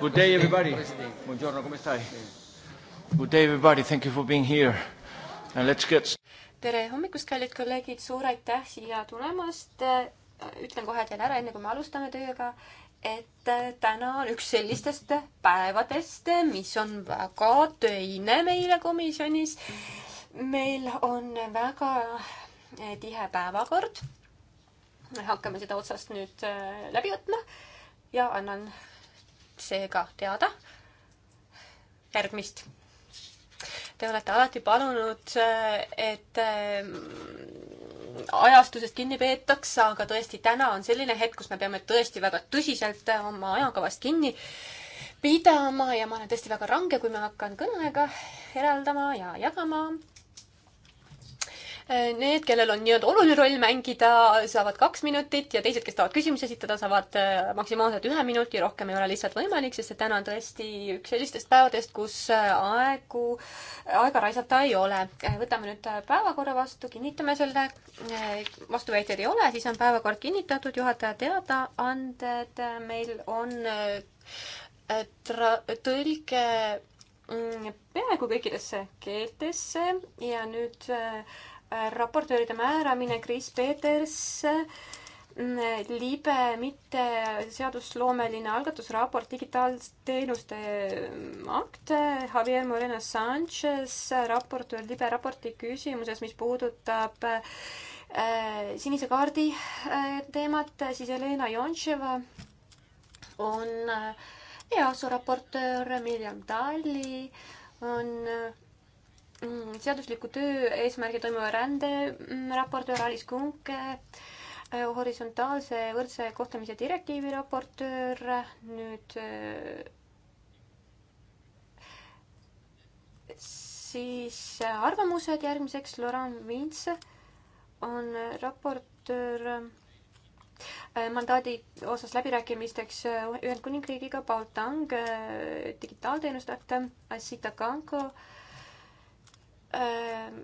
Good day, everybody. Buongiorno, come stai? Good day, everybody. Thank you for being here. And let's get... tere hommikust, kallid kolleegid, suur aitäh siia tulemast. ütlen kohe teile ära, enne kui me alustame tööga, et äh, täna on üks sellistest päevadest, mis on väga töine meile komisjonis. meil on väga äh, tihe päevakord. hakkame seda otsast nüüd äh, läbi võtma ja annan seega teada järgmist. Te olete alati palunud, et äh, ajastusest kinni peetakse, aga tõesti, täna on selline hetk, kus me peame tõesti väga tõsiselt oma ajakavast kinni pidama ja ma olen tõesti väga range, kui ma hakkan kõneaega eraldama ja jagama Need, kellel on nii-öelda oluline roll mängida, saavad kaks minutit ja teised, kes tahavad küsimusi esitada, saavad äh, maksimaalselt ühe minuti, rohkem ei ole lihtsalt võimalik, sest et täna on tõesti üks sellistest päevadest, kus äh, aegu, aega raisata ei ole. Äh, võtame nüüd päevakorra vastu, kinnitame selle. vastuväiteid ei ole, siis on päevakord kinnitatud, juhataja teadaanded meil on tra-, tõlge mm, peaaegu kõikidesse keeltesse ja nüüd äh, Äh, raportööride määramine Kris Peters, äh, libe mitte seadusloomeline algatusraport digitaalteenuste äh, akt, Javier Moreno Sanchez, raportöör libe raporti küsimuses, mis puudutab äh, sinise kaardi äh, teemat, siis Helena Jontševa on EASO raportöör, Mirjam Talli on Mm, seadusliku töö eesmärgil toimuva ränderaport, mm, Alice Kunke, äh, horisontaalse võrdse kohtlemise direktiivi raportöör, nüüd äh, siis äh, arvamused järgmiseks, Laurent Vints on raportöör mandaadi osas läbirääkimisteks Ühendkuningriigiga, Paul Tang digitaalteenuste, Asita Kanko äh, Ähm,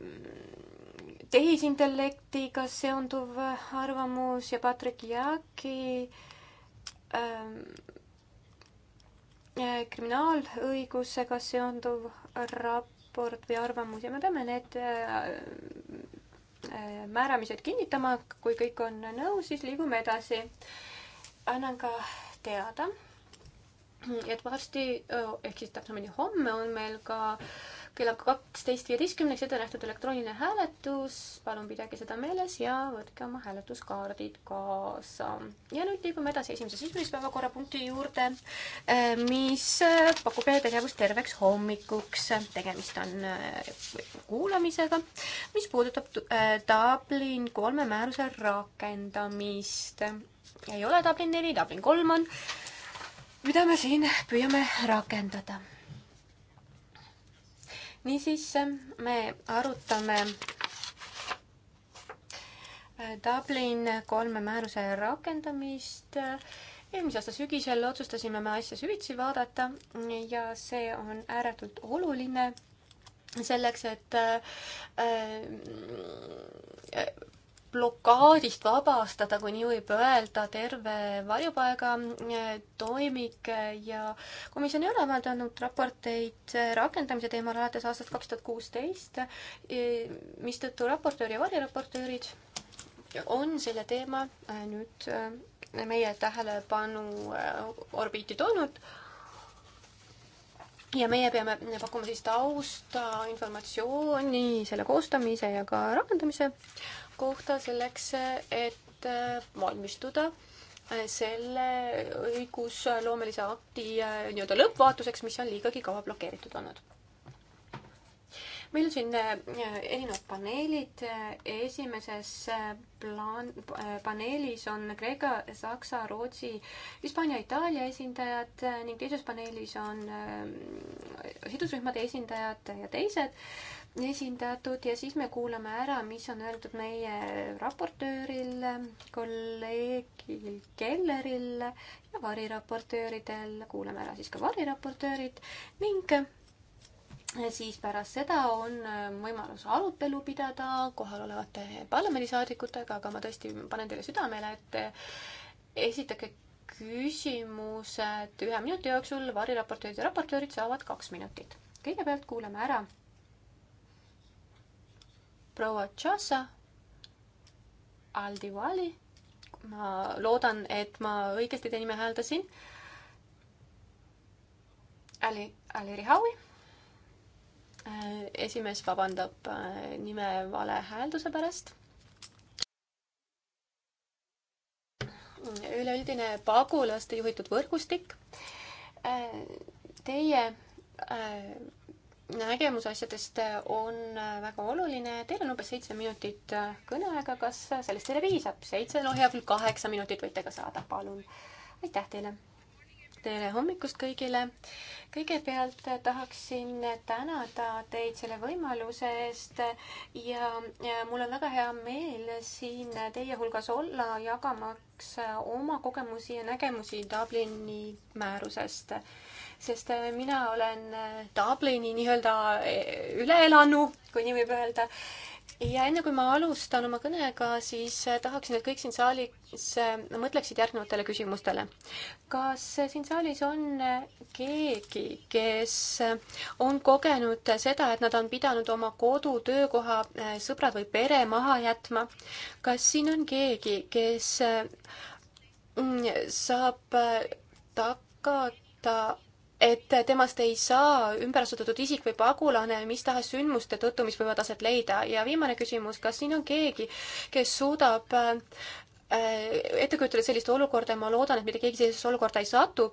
tehisintellektiga seonduv arvamus ja Patrick Jaaki ähm, äh, kriminaalõigusega seonduv raport või arvamus ja me peame need äh, äh, määramised kinnitama, kui kõik on nõus, siis liigume edasi. annan ka teada, et varsti oh, ehk siis täpsemini homme on meil ka äh, kella kaksteist viieteistkümneks ette nähtud elektrooniline hääletus. palun pidage seda meeles ja võtke oma hääletuskaardid kaasa. ja nüüd liigume edasi esimese sisulise päevakorrapunkti juurde, eh, mis eh, pakub tegevust terveks hommikuks. tegemist on eh, kuulamisega, mis puudutab Dublin kolme määruse rakendamist. ei ole Dublin neli, Dublin kolm on, mida me siin püüame rakendada niisiis, me arutame äh, Dublin kolme määruse rakendamist. eelmise aasta sügisel otsustasime me asja süvitsi vaadata ja see on ääretult oluline selleks, et äh, äh, blokaadist vabastada, kui nii võib öelda, terve varjupaiga eh, toimik eh, ja komisjon ei ole avaldanud raporteid eh, rakendamise teemal alates aastast kaks tuhat kuusteist, mistõttu raportöör ja variraportöörid on selle teema nüüd meie tähelepanu orbiiti toonud ja meie peame pakkuma siis tausta, informatsiooni selle koostamise ja ka rakendamise kohta selleks, et äh, valmistuda äh, selle õigusloomelise akti äh, nii-öelda lõppvaatuseks, mis on liigagi kaua blokeeritud olnud. meil on siin erinevad paneelid. esimeses plaan, paneelis on Kreeka, Saksa, Rootsi, Hispaania, Itaalia esindajad ning teises paneelis on sidusrühmade esindajad ja teised esindatud ja siis me kuulame ära, mis on öeldud meie raportööril, kolleegil Kelleril ja variraportööridel, kuulame ära siis ka variraportöörid ning siis pärast seda on võimalus arutelu pidada kohalolevate parlamendisaadikutega, aga ma tõesti panen teile südamele, et esitage küsimused ühe minuti jooksul, variraportöörid ja raportöörid saavad kaks minutit. kõigepealt kuulame ära proua Tšossa, Aldi Vali, ma loodan, et ma õigesti teie nime hääldasin, Ali, Ali Rihaui, äh, esimees vabandab äh, nime vale häälduse pärast üleüldine pagulaste juhitud võrgustik. Äh, teie nägemus asjadest on väga oluline. Teil on umbes seitse minutit kõneaega, kas sellest teile piisab? seitse, no hea küll, kaheksa minutit võite ka saada, palun. aitäh teile. tere hommikust kõigile. kõigepealt tahaksin tänada teid selle võimaluse eest ja, ja mul on väga hea meel siin teie hulgas olla, jagamaks oma kogemusi ja nägemusi Dublini määrusest sest äh, mina olen äh, Dublini nii-öelda äh, üleelanu, kui nii võib öelda. ja enne kui ma alustan oma kõnega, siis tahaksin, et kõik siin saalis mõtleksid järgnevatele küsimustele. kas siin saalis on keegi, kes on kogenud seda, et nad on pidanud oma kodu, töökoha, sõbrad või pere maha jätma? kas siin on keegi, kes mm, saab tagada et temast ei saa ümber asutatud isik või pagulane mis tahes sündmuste tõttu, mis võivad aset leida. ja viimane küsimus, kas siin on keegi, kes suudab äh, ette kujutada sellist olukorda ja ma loodan, et mitte keegi sellisesse olukorda ei satu,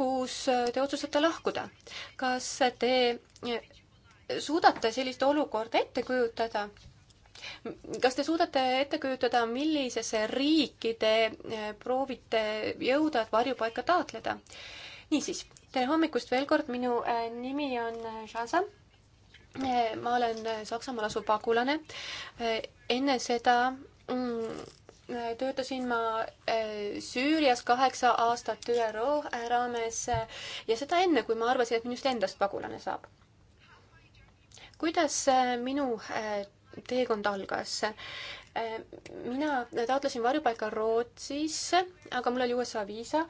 kus te otsustate lahkuda. kas te suudate sellist olukorda ette kujutada? kas te suudate ette kujutada, millisesse riiki te äh, proovite jõuda, et varjupaika taotleda? niisiis, tere hommikust veel kord, minu äh, nimi on äh, Shaza. Äh, ma olen Saksamaal asuv pagulane. enne seda mm, töötasin ma Süürias kaheksa aastat ÜRO raames ja seda enne, kui ma arvasin, et minust endast pagulane saab. kuidas minu teekond algas? Äh, mina taotlesin varjupaika Rootsisse, aga mul oli USA viisa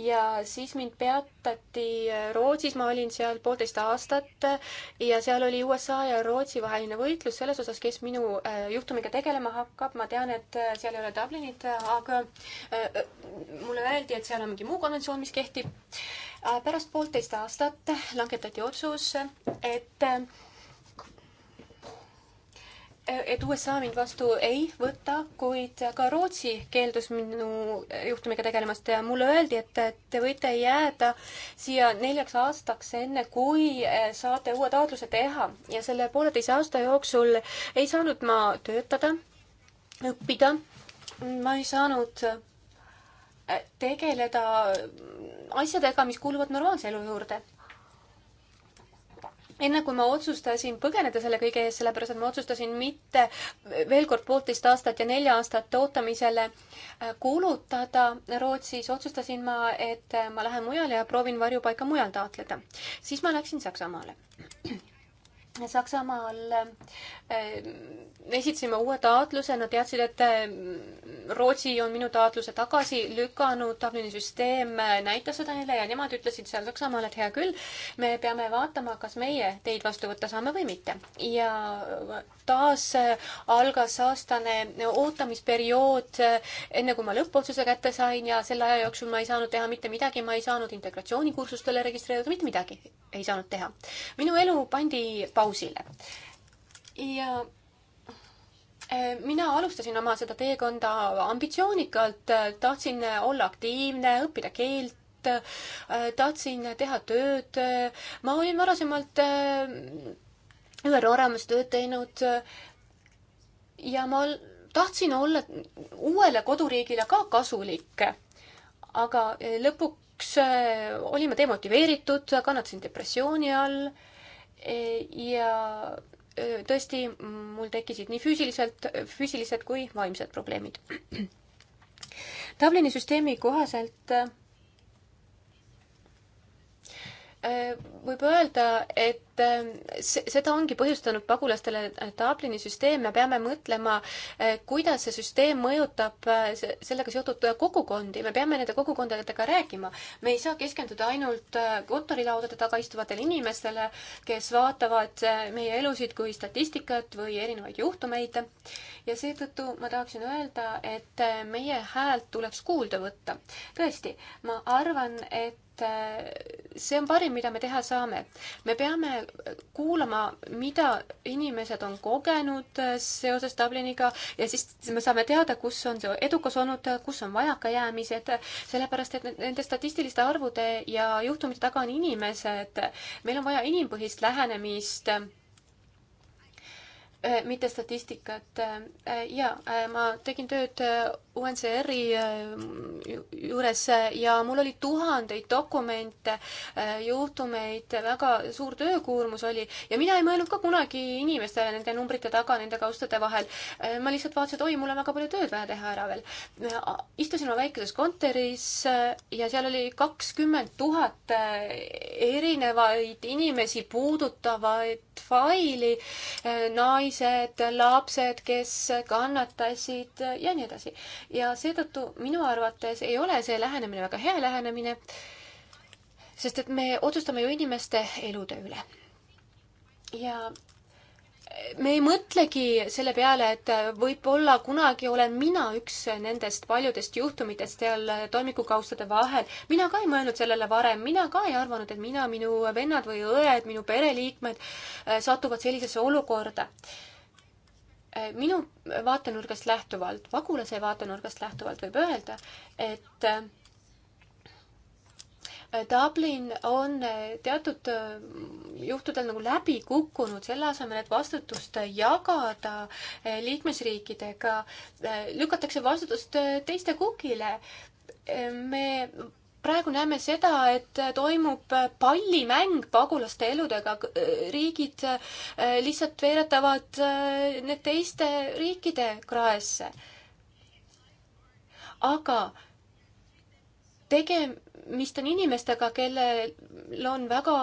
ja siis mind peatati äh, Rootsis, ma olin seal poolteist aastat äh, ja seal oli USA ja Rootsi vaheline võitlus selles osas, kes minu juhtumiga tegelema hakkab. ma tean, et seal ei ole Dublinit, aga mulle öeldi, et seal on mingi muu konventsioon, mis kehtib. pärast poolteist aastat langetati otsus, et et USA mind vastu ei võta, kuid ka Rootsi keeldus minu juhtumiga tegelemast ja mulle öeldi, et te võite jääda siia neljaks aastaks, enne kui eh, saate uue taotluse teha ja selle pooleteise aasta jooksul ei saanud ma töötada, õppida, ma ei saanud eh, tegeleda asjadega, mis kuuluvad normaalse elu juurde enne kui ma otsustasin põgeneda selle kõige ees, sellepärast et ma otsustasin mitte veel kord poolteist aastat ja nelja aastat ootamisele äh, kulutada Rootsis, otsustasin ma, et äh, ma lähen mujale ja proovin varjupaika mujal taotleda. siis ma läksin Saksamaale Saksamaal eh, esitasime uue taotluse, nad teadsid, et eh, Rootsi on minu taotluse tagasi lükanud, Dublini süsteem eh, näitas seda neile ja nemad ütlesid seal Saksamaal, et hea küll, me peame vaatama, kas meie teid vastu võtta saame või mitte. ja taas algas aastane ootamisperiood, enne kui ma lõppotsuse kätte sain ja selle aja jooksul ma ei saanud teha mitte midagi, ma ei saanud integratsioonikursustele registreeruda, mitte midagi ei saanud teha. minu elu pandi pausile. ja eh, mina alustasin oma seda teekonda ambitsioonikalt, eh, tahtsin olla aktiivne, õppida keelt, eh, tahtsin teha tööd, ma olin varasemalt ÜRO raames tööd teinud ja ma tahtsin olla uuele koduriigile ka kasulik. aga lõpuks olin ma demotiveeritud, kannatasin depressiooni all ja tõesti, mul tekkisid nii füüsiliselt, füüsilised kui vaimsed probleemid. Dublini süsteemi kohaselt võib öelda, et et ähm, seda ongi põhjustanud pagulastele äh, Dublini süsteem, me peame mõtlema, äh, kuidas see süsteem mõjutab äh, sellega seotud kogukondi, me peame nende kogukondadega rääkima. me ei saa keskenduda ainult kontorilaudade taga istuvatele inimestele, kes vaatavad meie elusid kui statistikat või erinevaid juhtumeid. ja seetõttu ma tahaksin öelda, et meie häält tuleks kuulda võtta. tõesti, ma arvan, et see on parim, mida me teha saame. me peame kuulama, mida inimesed on kogenud äh, seoses Dubliniga ja siis me saame teada, kus on see edukas olnud, kus on vajakajäämised, sellepärast et nende statistiliste arvude ja juhtumite taga on inimesed. meil on vaja inimpõhist lähenemist Äh, mitte statistikat. Äh, äh, ja ma tegin tööd UNCR-i juures ja mul oli tuhandeid dokumente, juhtumeid, väga suur töökoormus oli ja mina ei mõelnud ka kunagi inimestele nende numbrite taga, nende kaustade vahel. ma lihtsalt vaatasin, et oi, mul on väga palju tööd vaja teha ära veel. istusin oma väikeses kontoris ja seal oli kakskümmend tuhat erinevaid inimesi puudutavaid suurt faili, eh, naised, lapsed, kes kannatasid eh, ja nii edasi. ja seetõttu minu arvates ei ole see lähenemine väga hea lähenemine, sest et me otsustame ju inimeste elude üle. ja me ei mõtlegi selle peale, et võib-olla kunagi olen mina üks nendest paljudest juhtumitest seal toimikukaustade vahel. mina ka ei mõelnud sellele varem, mina ka ei arvanud, et mina, minu vennad või õed, minu pereliikmed äh, satuvad sellisesse olukorda. Äh, minu vaatenurgast lähtuvalt, pagulase vaatenurgast lähtuvalt võib öelda, et äh, Dublin on eh, teatud eh, juhtudel nagu läbi kukkunud, selle asemel, et vastutust eh, jagada liikmesriikidega, lükatakse vastutust teiste kukile. me praegu näeme seda, et toimub pallimäng pagulaste eludega, riigid lihtsalt veeretavad need teiste riikide kraesse. aga tegemist on inimestega, kellel on väga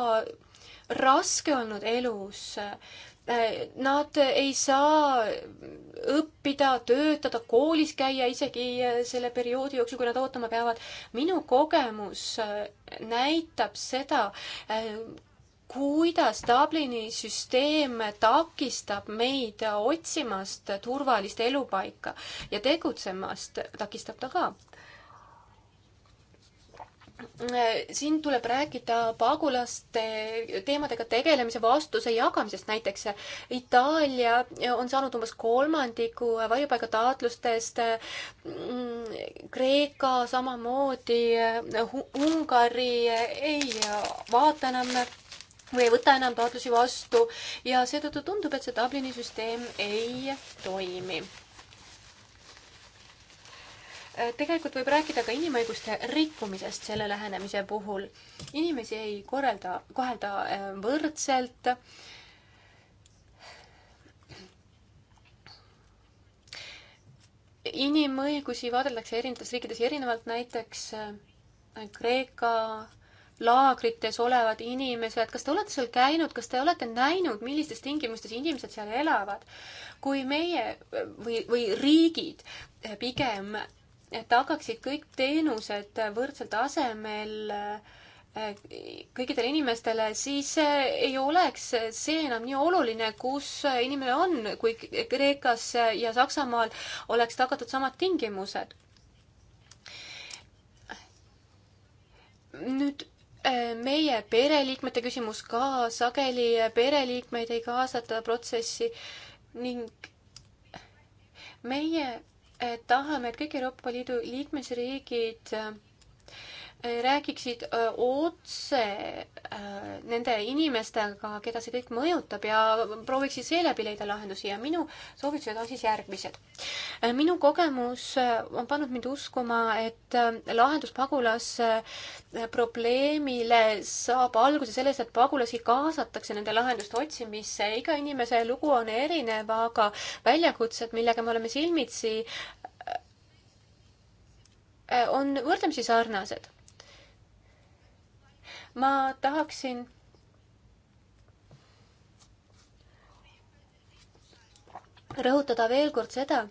raske olnud elus. Nad ei saa õppida, töötada, koolis käia isegi selle perioodi jooksul, kui nad ootama peavad. minu kogemus näitab seda, kuidas Dublini süsteem takistab meid otsimast turvalist elupaika ja tegutsemast takistab ta ka siin tuleb rääkida pagulaste teemadega tegelemise vastuse jagamisest näiteks. Itaalia on saanud umbes kolmandiku varjupaigataotlustest, mm, Kreeka samamoodi, Ungari ei vaata enam või ei võta enam taotlusi vastu ja seetõttu tundub, et see Dublini süsteem ei toimi tegelikult võib rääkida ka inimõiguste rikkumisest selle lähenemise puhul. inimesi ei korralda, kohelda äh, võrdselt. inimõigusi vaadeldakse erinevates riikides erinevalt, näiteks äh, Kreeka laagrites olevad inimesed, kas te olete seal käinud, kas te olete näinud, millistes tingimustes inimesed seal elavad? kui meie või, või riigid pigem tagaksid kõik teenused võrdselt asemel eh, kõikidele inimestele, siis ei oleks see enam nii oluline, kus inimene on, kui Kreekas ja Saksamaal oleks tagatud samad tingimused. nüüd eh, meie pereliikmete küsimus ka, sageli pereliikmeid ei kaasata protsessi ning meie et tahame, et kõik Euroopa Liidu liikmesriigid Äh, räägiksid äh, otse äh, nende inimestega, keda see kõik mõjutab ja prooviksid seeläbi leida lahendusi ja minu soovitused on siis järgmised. minu kogemus on pannud mind uskuma, et lahendus pagulasprobleemile saab alguse sellest, et pagulasi kaasatakse nende lahenduste otsimisse. iga inimese lugu on erinev, aga väljakutsed, millega me oleme silmitsi, on võrdlemisi sarnased ma tahaksin rõhutada veel kord seda,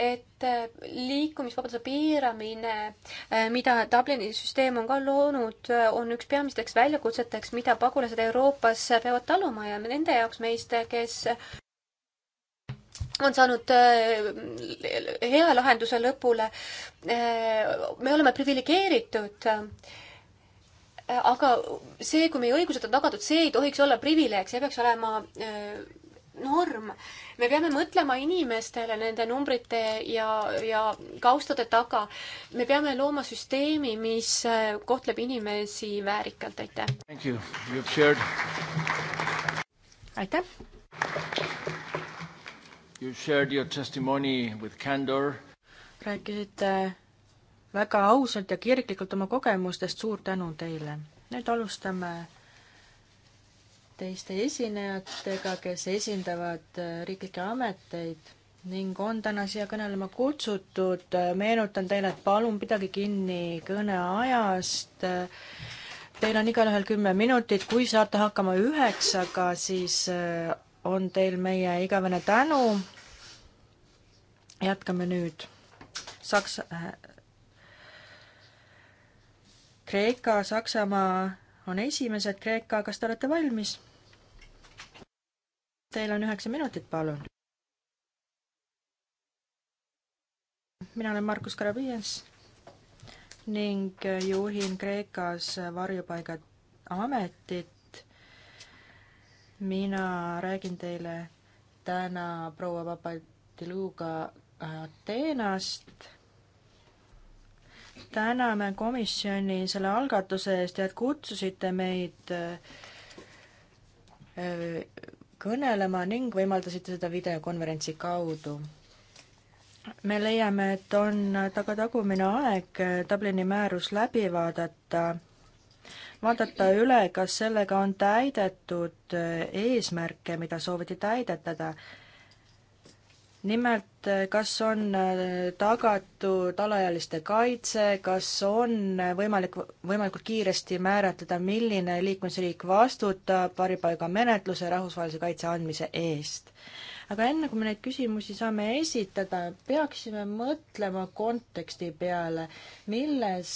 et äh, liikumisvabaduse piiramine, äh, mida Dublini süsteem on ka loonud, äh, on üks peamisteks väljakutseteks, mida pagulased Euroopas peavad taluma ja nende jaoks meist, kes on saanud hea lahenduse lõpule, me oleme priviligeeritud aga see, kui meie õigused on tagatud, see ei tohiks olla privileeg, see peaks olema äh, norm. me peame mõtlema inimestele nende numbrite ja, ja kaustade taga. me peame looma süsteemi, mis äh, kohtleb inimesi väärikalt, aitäh. Shared... aitäh. You shared your testimony with candor. rääkisite väga ausalt ja kirglikult oma kogemustest, suur tänu teile! nüüd alustame teiste esinejatega, kes esindavad äh, riiklikke ameteid ning on täna siia kõnelema kutsutud. meenutan teile, et palun pidage kinni kõneajast. Teil on igalühel kümme minutit, kui saate hakkama üheksaga, siis äh, on teil meie igavene tänu. jätkame nüüd saks-, Kreeka, Saksamaa on esimesed. Kreeka, kas te olete valmis? Teil on üheksa minutit, palun. mina olen Markus Karabiens ning juhin Kreekas varjupaiga ametit. mina räägin teile täna proua Papatiluga Ateenast täname komisjoni selle algatuse eest ja et kutsusite meid äh, kõnelema ning võimaldasite seda videokonverentsi kaudu. me leiame, et on tagatagumine aeg äh, Dublini määrus läbi vaadata, vaadata üle, kas sellega on täidetud äh, eesmärke, mida sooviti täidetada nimelt, eh, kas on eh, tagatud alaealiste kaitse, kas on eh, võimalik, võimalikult kiiresti määratleda, milline liikmesriik vastutab varjupaigamenetluse rahvusvahelise kaitse andmise eest. aga enne, kui me neid küsimusi saame esitada, peaksime mõtlema konteksti peale, milles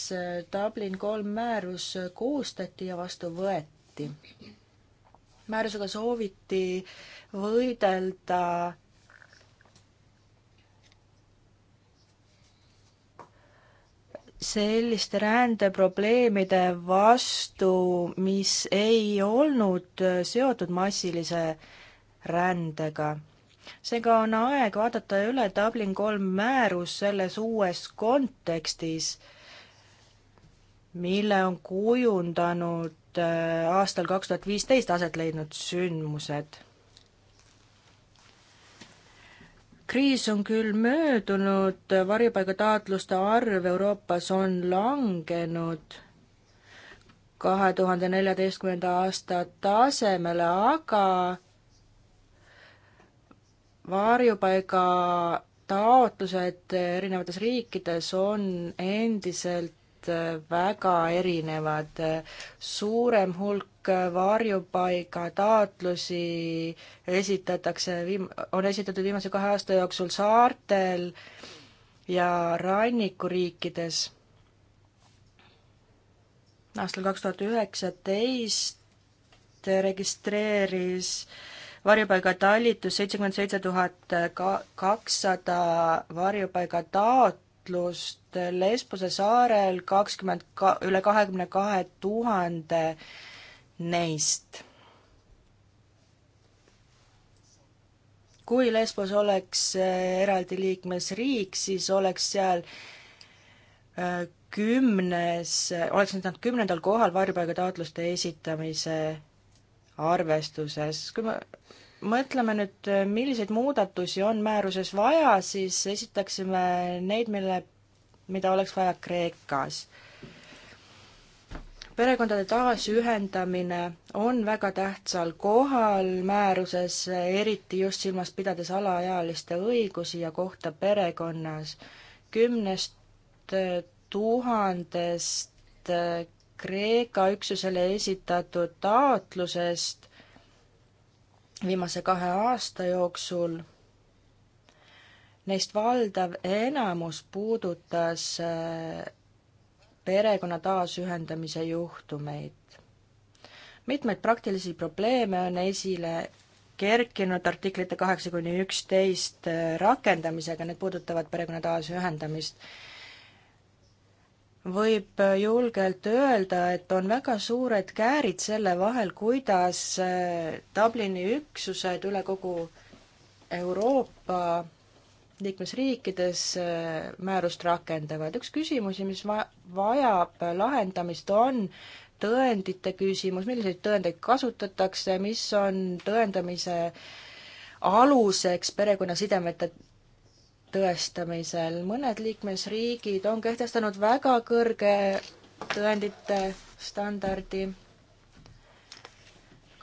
Dublin kolm määrus koostati ja vastu võeti. määrusega sooviti võidelda selliste rändeprobleemide vastu, mis ei olnud äh, seotud massilise rändega. seega on aeg vaadata üle Dublin kolm määrus selles uues kontekstis, mille on kujundanud äh, aastal kaks tuhat viisteist aset leidnud sündmused kriis on küll möödunud, varjupaigataotluste arv Euroopas on langenud kahe tuhande neljateistkümnenda aasta tasemele, aga varjupaiga taotlused erinevates riikides on endiselt Äh, väga erinevad. Äh, suurem hulk äh, varjupaigataotlusi esitatakse viim-, on esitatud viimase kahe aasta jooksul saartel ja rannikuriikides. aastal kaks tuhat üheksateist registreeris varjupaigatalitus seitsekümmend seitse tuhat ka-, kakssada varjupaigataotlust, taotlust Lesbose saarel kakskümmend ka-, üle kahekümne kahe tuhande neist. kui Lesbos oleks äh, eraldi liikmesriik, siis oleks seal äh, kümnes, oleks nad kümnendal kohal varjupaigataotluste esitamise arvestuses, kui me mõtleme nüüd, milliseid muudatusi on määruses vaja, siis esitaksime neid, mille, mida oleks vaja Kreekas. perekondade taasühendamine on väga tähtsal kohal määruses, eriti just silmas pidades alaealiste õigusi ja kohta perekonnas. kümnest tuhandest Kreeka üksusele esitatud taotlusest viimase kahe aasta jooksul. Neist valdav enamus puudutas äh, perekonna taasühendamise juhtumeid. mitmeid praktilisi probleeme on esile kerkinud artiklite kaheksa kuni üksteist äh, rakendamisega, need puudutavad perekonna taasühendamist võib julgelt öelda, et on väga suured käärid selle vahel, kuidas äh, Dublini üksused üle kogu Euroopa liikmesriikides äh, määrust rakendavad. üks küsimusi, mis va-, vajab lahendamist, on tõendite küsimus, milliseid tõendeid kasutatakse, mis on tõendamise aluseks perekonnasidemete tõestamisel. mõned liikmesriigid on kehtestanud väga kõrge tõendite standardi.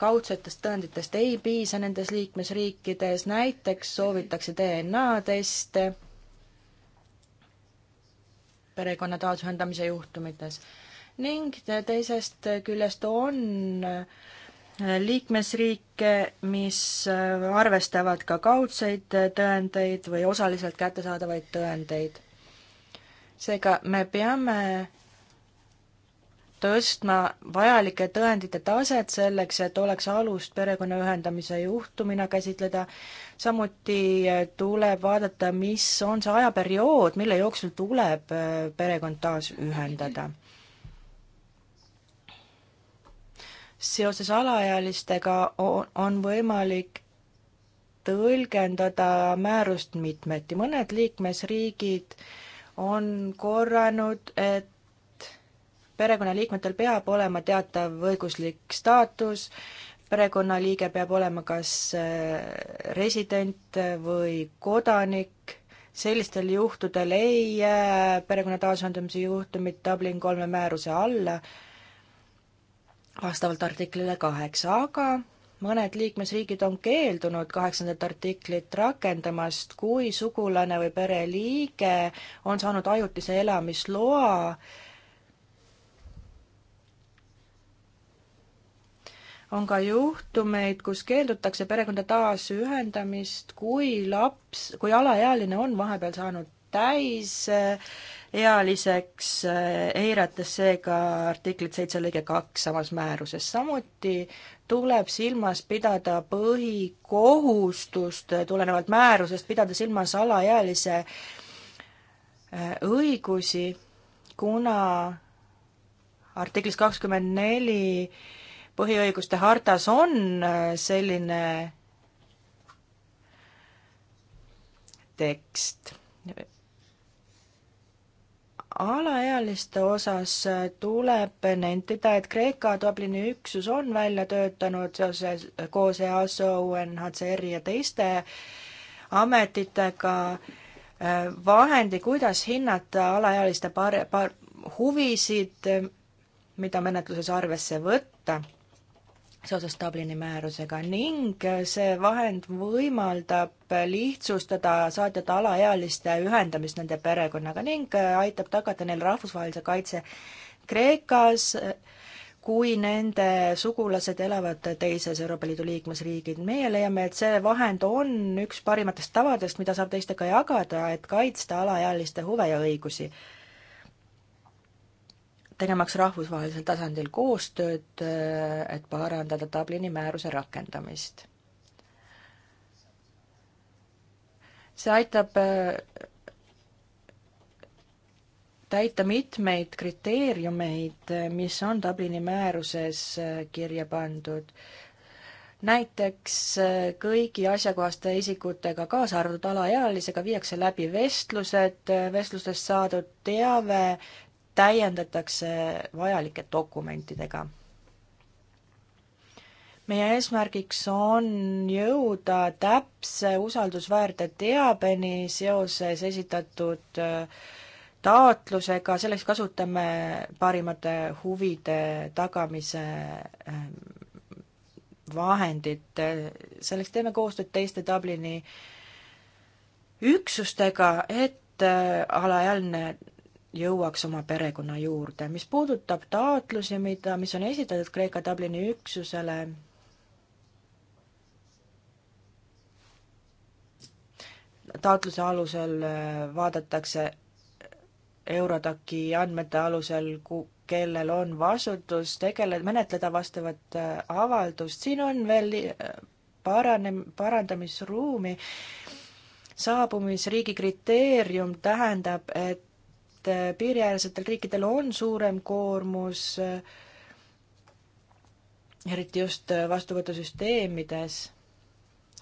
kaudsetest tõenditest ei piisa nendes liikmesriikides, näiteks soovitakse DNA-teste perekonna taasühendamise juhtumites ning teisest küljest on äh, liikmesriike, mis äh, arvestavad ka kaudseid äh, tõendeid või osaliselt kättesaadavaid tõendeid. seega me peame tõstma vajalike tõendite taset selleks, et oleks alust perekonna ühendamise juhtumina käsitleda. samuti äh, tuleb vaadata, mis on see ajaperiood, mille jooksul tuleb perekond taas ühendada. seoses alaealistega on, on võimalik tõlgendada määrust mitmeti, mõned liikmesriigid on korranud, et perekonnaliikmetel peab olema teatav õiguslik staatus, perekonnaliige peab olema kas äh, resident või kodanik, sellistel juhtudel ei jää perekonna taasühendamise juhtumid Dublin kolme määruse alla vastavalt artiklile kaheksa, aga mõned liikmesriigid on keeldunud kaheksandat artiklit rakendamast, kui sugulane või pereliige on saanud ajutise elamisloa on ka juhtumeid, kus keeldutakse perekonda taasühendamist, kui laps, kui alaealine on vahepeal saanud täis ealiseks, äh, eirates seega artiklit seitse lõige kaks samas määruses. samuti tuleb silmas pidada põhikohustust äh, tulenevalt määrusest, pidada silmas alaealise äh, õigusi, kuna artiklis kakskümmend neli põhiõiguste hartas on selline tekst alaealiste osas äh, tuleb nentida, et Kreeka Dublini üksus on välja töötanud seoses äh, koos EASO, UNHCR-i ja teiste ametitega äh, vahendi, kuidas hinnata alaealiste par-, par-, huvisid, mida menetluses arvesse võtta seoses Dublini määrusega ning see vahend võimaldab lihtsustada saatjate alaealiste ühendamist nende perekonnaga ning aitab tagada neile rahvusvahelise kaitse Kreekas, kui nende sugulased elavad teises Euroopa Liidu liikmesriigid. meie leiame, et see vahend on üks parimatest tavadest, mida saab teistega jagada, et kaitsta alaealiste huve ja õigusi tegemaks rahvusvahelisel tasandil koostööd, äh, et parandada Dublini määruse rakendamist. see aitab äh, täita mitmeid kriteeriumeid, äh, mis on Dublini määruses kirja pandud. näiteks kõigi asjakohaste isikutega, kaasa arvatud alaealisega, viiakse läbi vestlused, vestlustest saadud teave täiendatakse vajalike dokumentidega. meie eesmärgiks on jõuda täpse usaldusväärte teabeni seoses esitatud äh, taotlusega, selleks kasutame parimate huvide tagamise äh, vahendit, selleks teeme koostööd teiste Dublini üksustega, et äh, alaealine jõuaks oma perekonna juurde. mis puudutab taotlusi, mida, mis on esitatud Kreeka Dublini üksusele, taotluse alusel äh, vaadatakse Eurodaki andmete alusel, ku-, kellel on vastutus tegele-, menetleda vastavat äh, avaldust, siin on veel äh, paranem-, parandamisruumi, saabumisriigi kriteerium tähendab, et et äh, piiriäärsetel riikidel on suurem koormus, äh, eriti just äh, vastuvõtusüsteemides.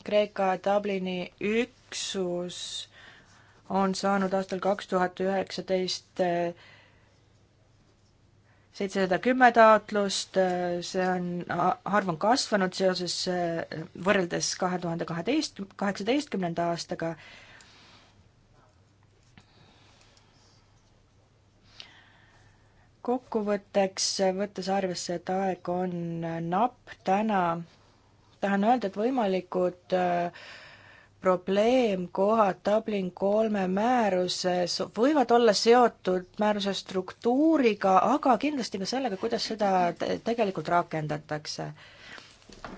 Kreeka Dublini üksus on saanud aastal kaks tuhat üheksateist seitsesada kümme taotlust, see on, arv on kasvanud seoses, võrreldes kahe tuhande kaheteist, kaheksateistkümnenda aastaga kokkuvõtteks, võttes arvesse, et aeg on napp täna, tahan öelda, et võimalikud äh, probleemkohad Dublin kolme määruses võivad olla seotud määruse struktuuriga, aga kindlasti ka sellega, kuidas seda tegelikult rakendatakse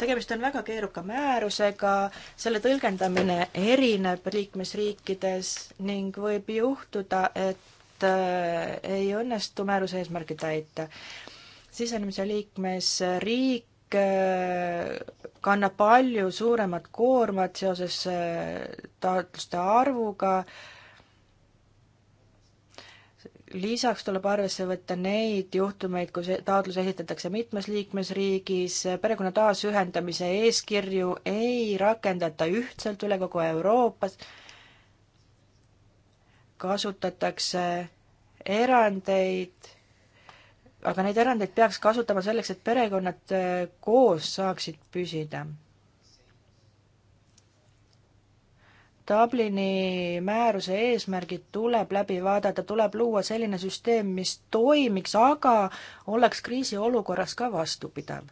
tegemist on väga keeruka määrusega, selle tõlgendamine erineb liikmesriikides ning võib juhtuda, et Äh, ei õnnestu määruse eesmärgi täita. sisenemise liikmesriik äh, kannab palju suuremat koormat seoses äh, taotluste arvuga, lisaks tuleb arvesse võtta neid juhtumeid, kus e-, taotlus esitatakse mitmes liikmesriigis, perekonna taasühendamise eeskirju ei rakendata ühtselt üle kogu Euroopas kasutatakse erandeid, aga neid erandeid peaks kasutama selleks, et perekonnad äh, koos saaksid püsida. Dublini määruse eesmärgid tuleb läbi vaadata, tuleb luua selline süsteem, mis toimiks, aga oleks kriisiolukorras ka vastupidav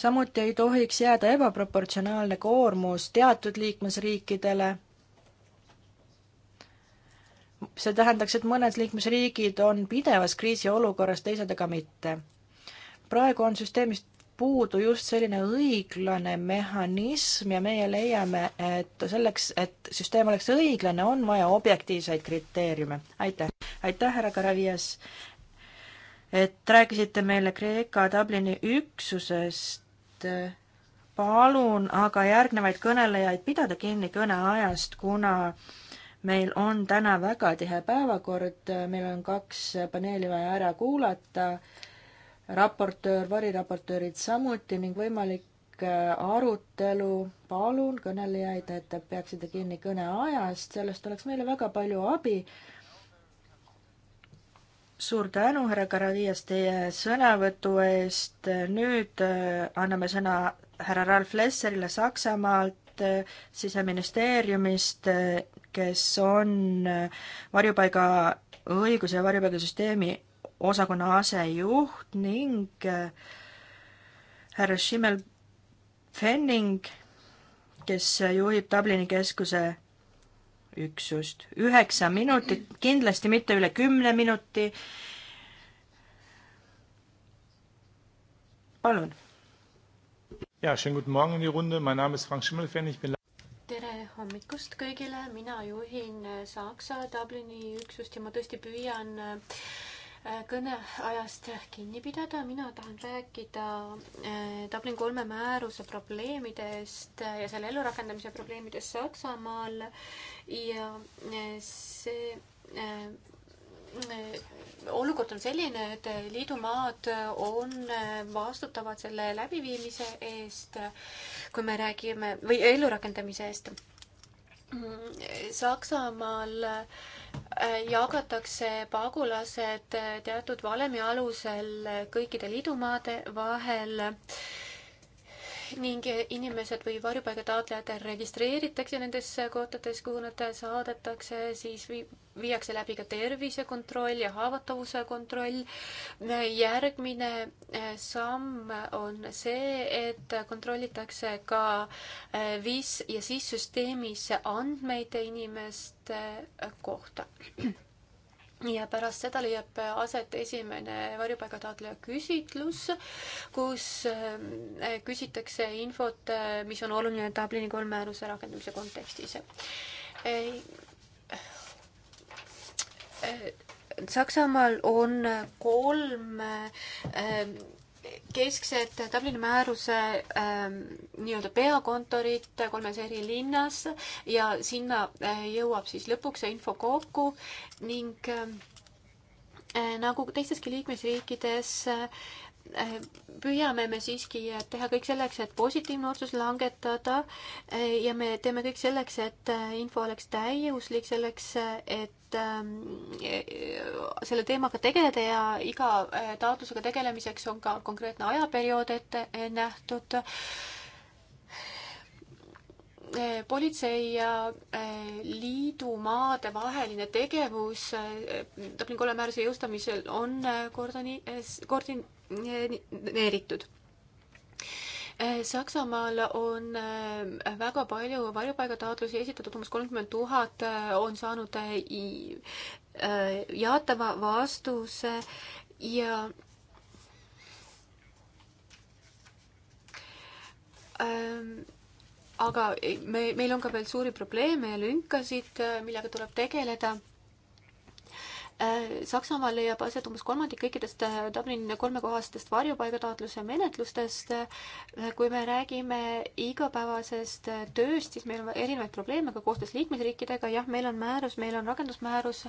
samuti ei tohiks jääda ebaproportsionaalne koormus teatud liikmesriikidele see tähendaks, et mõned liikmesriigid on pidevas kriisiolukorras, teised aga mitte. praegu on süsteemist puudu just selline õiglane mehhanism ja meie leiame, et selleks, et süsteem oleks õiglane, on vaja objektiivseid kriteeriume. aitäh, aitäh, härra Karavias, et rääkisite meile Kreeka Dublini üksusest palun aga järgnevaid kõnelejaid pidada kinni kõneajast, kuna meil on täna väga tihe päevakord, meil on kaks paneeli vaja ära kuulata, raportöör, variraportöörid samuti ning võimalik äh, arutelu, palun kõnelejaid, et te peaksite kinni kõneajast, sellest oleks meile väga palju abi. suur tänu, härra Karavias, teie sõnavõtu eest, nüüd äh, anname sõna härra Ralf Lesserile Saksamaalt, äh, siseministeeriumist kes on äh, varjupaiga õiguse ja varjupaigasüsteemi osakonna asejuht ning äh, härra Schimmel Fenning, kes juhib Dublini keskuse üksust. üheksa minutit, kindlasti mitte üle kümne minuti. palun. Ja, schönen guten Morgen in die Runde. Mein Name ist Frank Schimmelfenn. Ich bin tere hommikust kõigile, mina juhin äh, Saksa Dublini üksust ja ma tõesti püüan äh, kõneajast kinni pidada, mina tahan rääkida äh, Dublin kolme määruse probleemidest ja selle ellurakendamise probleemidest Saksamaal ja see Mm, olukord on selline, et liidumaad on äh, vastutavad selle läbiviimise eest, kui me räägime, või ellurakendamise eest. Mm, Saksamaal äh, jagatakse pagulased äh, teatud valemi alusel kõikide liidumaade vahel ning inimesed või varjupaigataotlejad registreeritakse nendes kohtades, kuhu nad saadetakse, siis viiakse läbi ka tervisekontroll ja haavatavuse kontroll. järgmine eh, samm on see, et kontrollitakse ka eh, VIS ja SIS süsteemis andmeid inimeste kohta ja pärast seda leiab aset esimene varjupaigataotleja küsitlus, kus äh, küsitakse infot, äh, mis on oluline Dublini kolm määruse rakendamise kontekstis. Äh, Saksamaal on kolm kesksed Dublini määruse ähm, nii-öelda peakontorid kolmes eri linnas ja sinna äh, jõuab siis lõpuks see info kokku ning ähm, äh, nagu teisteski liikmesriikides äh, Äh, püüame me siiski teha kõik selleks, et positiivne otsus langetada äh, ja me teeme kõik selleks, et äh, info oleks täiuslik, selleks et selle teemaga tegeleda ja iga taotlusega tegelemiseks on ka konkreetne ajaperiood ette nähtud. politsei ja liidumaade vaheline tegevus Dublin kolme määruse jõustamisel on kordani, koordin-, neeritud. Saksamaal on äh, väga palju varjupaigataotlusi esitatud, umbes kolmkümmend tuhat äh, on saanud äh, jaatava vastuse ja ähm, aga me, meil on ka veel suuri probleeme ja lünkasid, millega tuleb tegeleda Äh, Saksamaal leiab aset umbes kolmandik kõikidest äh, Dublini kolmekohastest varjupaigataotluse menetlustest. Äh, kui me räägime igapäevasest tööst, siis meil on erinevaid probleeme ka koostöös liikmesriikidega, jah, meil on määrus, meil on rakendusmäärus,